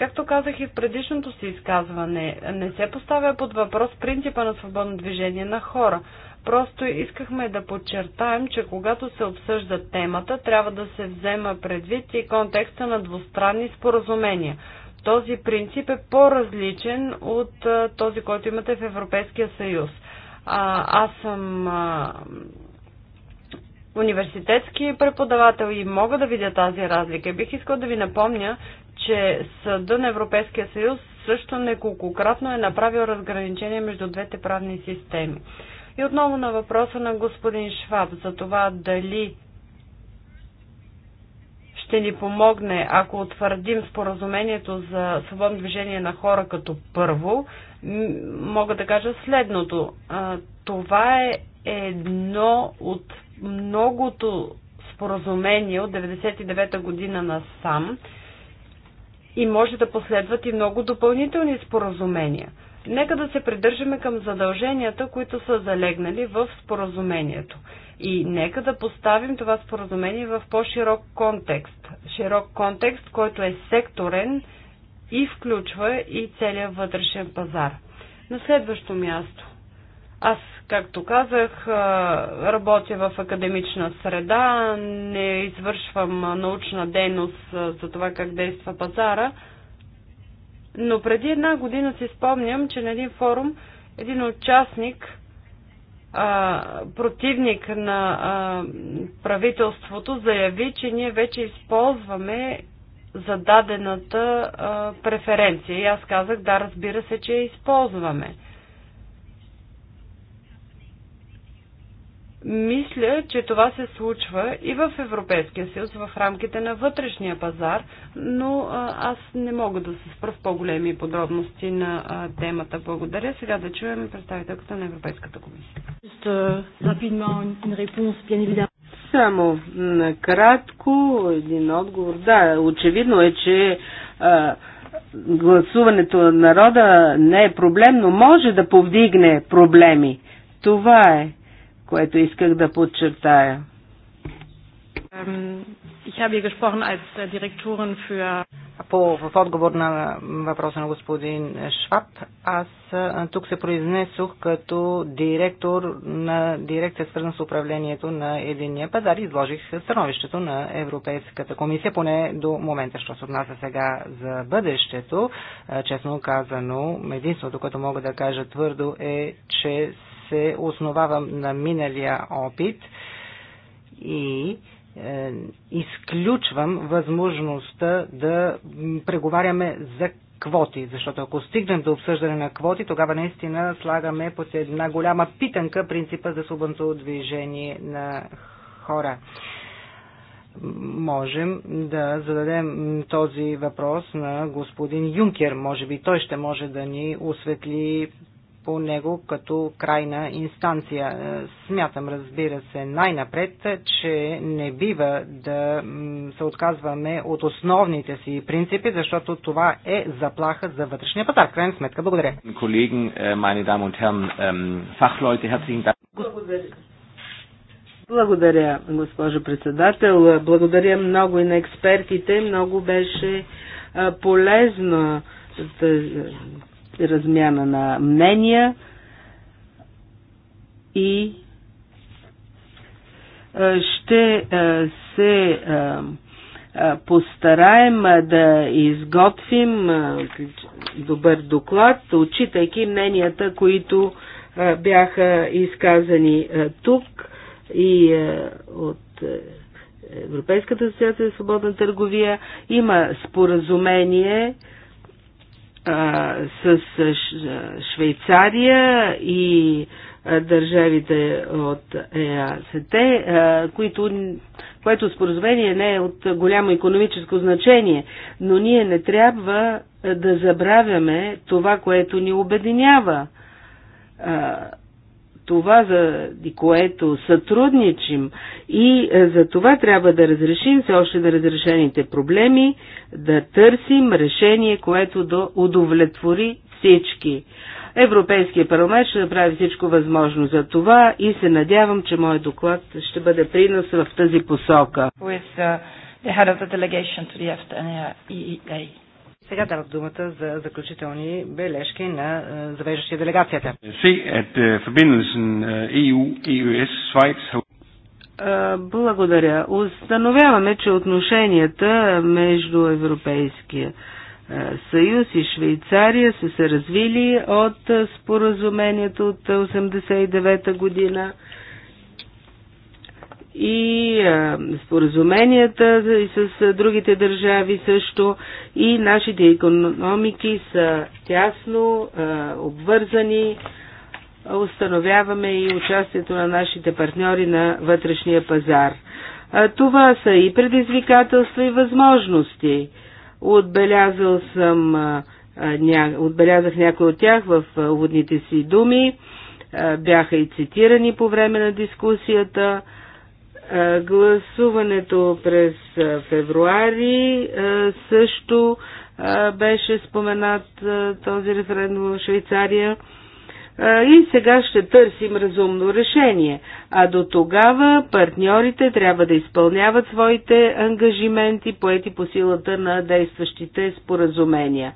Както казах и в предишното си изказване, не се поставя под въпрос принципа на свободно движение на хора. Просто искахме да подчертаем, че когато се обсъжда темата, трябва да се взема предвид и контекста на двустранни споразумения. Този принцип е по-различен от този, който имате в Европейския съюз. А, аз съм а, университетски преподавател и мога да видя тази разлика. Бих искал да ви напомня, че Съда на Европейския съюз също неколкократно е направил разграничение между двете правни системи. И отново на въпроса на господин Шваб за това дали ще ни помогне, ако утвърдим споразумението за свободно движение на хора като първо, мога да кажа следното. Това е едно от многото споразумение от 99-та година на сам, и може да последват и много допълнителни споразумения. Нека да се придържаме към задълженията, които са залегнали в споразумението. И нека да поставим това споразумение в по-широк контекст. Широк контекст, който е секторен и включва и целият вътрешен пазар. На следващо място. Аз, както казах, работя в академична среда, не извършвам научна дейност за това как действа пазара, но преди една година си спомням, че на един форум един участник, противник на правителството, заяви, че ние вече използваме зададената дадената преференция. И аз казах, да, разбира се, че я използваме. Мисля, че това се случва и в Европейския съюз в рамките на вътрешния пазар, но аз не мога да се спра в по-големи подробности на темата. Благодаря. Сега да чуем представителката на Европейската комисия. Само накратко един отговор. Да, очевидно е, че гласуването на народа не е проблем, но може да повдигне проблеми. Това е което исках да подчертая. Ich habe hier gesprochen als Direktorin für по, в отговор на въпроса на господин Шваб, аз тук се произнесох като директор на дирекция свързана с управлението на единния пазар и изложих становището на Европейската комисия, поне до момента, що се отнася сега за бъдещето. Честно казано, единственото, което мога да кажа твърдо е, че се основавам на миналия опит и е, изключвам възможността да преговаряме за квоти, защото ако стигнем до обсъждане на квоти, тогава наистина слагаме под една голяма питанка принципа за свободното движение на хора. Можем да зададем този въпрос на господин Юнкер. Може би той ще може да ни осветли по него като крайна инстанция. Е, смятам, разбира се, най-напред, че не бива да се отказваме от основните си принципи, защото това е заплаха за вътрешния пазар. Крайна сметка, е, благодаря. Благодаря, госпожо председател. Благодаря много и на експертите. Много беше е, полезно размяна на мнения и ще се постараем да изготвим добър доклад, отчитайки мненията, които бяха изказани тук и от Европейската асоциация за свободна търговия. Има споразумение с Швейцария и държавите от ЕАСТ, които, което споразумение не е от голямо економическо значение, но ние не трябва да забравяме това, което ни обединява това, за което сътрудничим и е, за това трябва да разрешим все още разрешените проблеми, да търсим решение, което да удовлетвори всички. Европейския парламент ще направи всичко възможно за това и се надявам, че моят доклад ще бъде принос в тази посока. With, uh, сега дават думата за заключителни бележки на е, завеждащия делегацията. Благодаря. Установяваме, че отношенията между Европейския е, съюз и Швейцария са се развили от е, споразумението от 1989 година и а, споразуменията и с а, другите държави също и нашите економики са тясно а, обвързани. Установяваме и участието на нашите партньори на вътрешния пазар. А, това са и предизвикателства и възможности. Отбелязал съм, а, ня... отбелязах някои от тях в уводните си думи, а, бяха и цитирани по време на дискусията. А, Гласуването през февруари също беше споменат този референдум в Швейцария. И сега ще търсим разумно решение. А до тогава партньорите трябва да изпълняват своите ангажименти, поети по силата на действащите споразумения.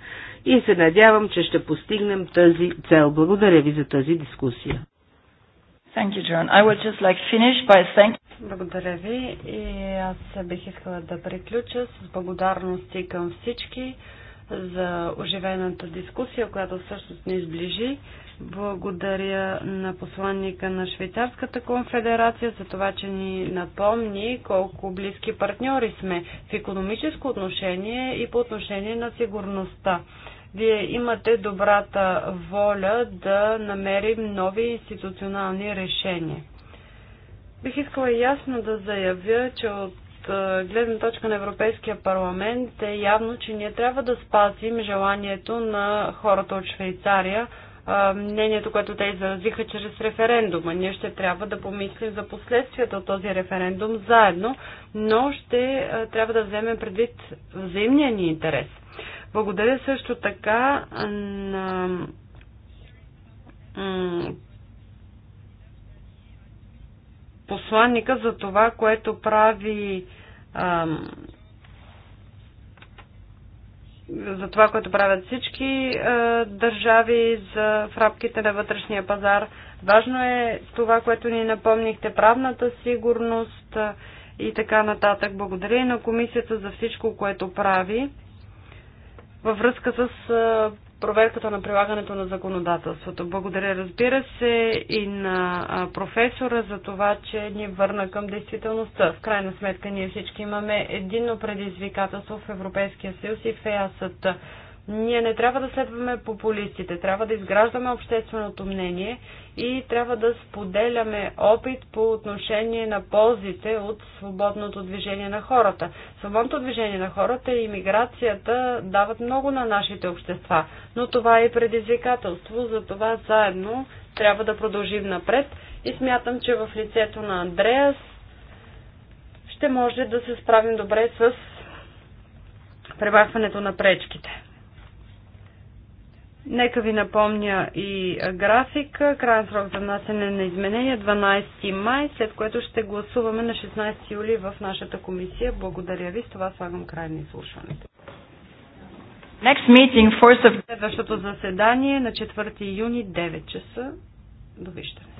И се надявам, че ще постигнем тази цел. Благодаря ви за тази дискусия. Thank you, John. I would just like finish by thank Благодаря ви и аз бих искала да приключа с благодарности към всички за оживената дискусия, която всъщност ни сближи. Благодаря на посланника на Швейцарската конфедерация за това, че ни напомни колко близки партньори сме в економическо отношение и по отношение на сигурността. Вие имате добрата воля да намерим нови институционални решения. Бих искала ясно да заявя, че от гледна точка на Европейския парламент е явно, че ние трябва да спазим желанието на хората от Швейцария, мнението, което те изразиха чрез референдума. Ние ще трябва да помислим за последствията от този референдум заедно, но ще трябва да вземем предвид взаимния ни интерес – благодаря също така на посланника за това, което прави за това, което правят всички държави за, в на вътрешния пазар. Важно е това, което ни напомнихте, правната сигурност и така нататък. Благодаря и на комисията за всичко, което прави във връзка с проверката на прилагането на законодателството. Благодаря, разбира се, и на професора за това, че ни върна към действителността. В крайна сметка ние всички имаме единно предизвикателство в Европейския съюз и в ЕАСът. Ние не трябва да следваме популистите, трябва да изграждаме общественото мнение и трябва да споделяме опит по отношение на ползите от свободното движение на хората. Свободното движение на хората и иммиграцията дават много на нашите общества, но това е предизвикателство, за това заедно трябва да продължим напред и смятам, че в лицето на Андреас ще може да се справим добре с премахването на пречките. Нека ви напомня и графика. Крайен срок за внасяне на изменения 12 е май, след което ще гласуваме на 16 юли в нашата комисия. Благодаря ви. С това слагам край на изслушването. Next meeting, of... Следващото заседание е на 4 юни, 9 часа. Довиждане.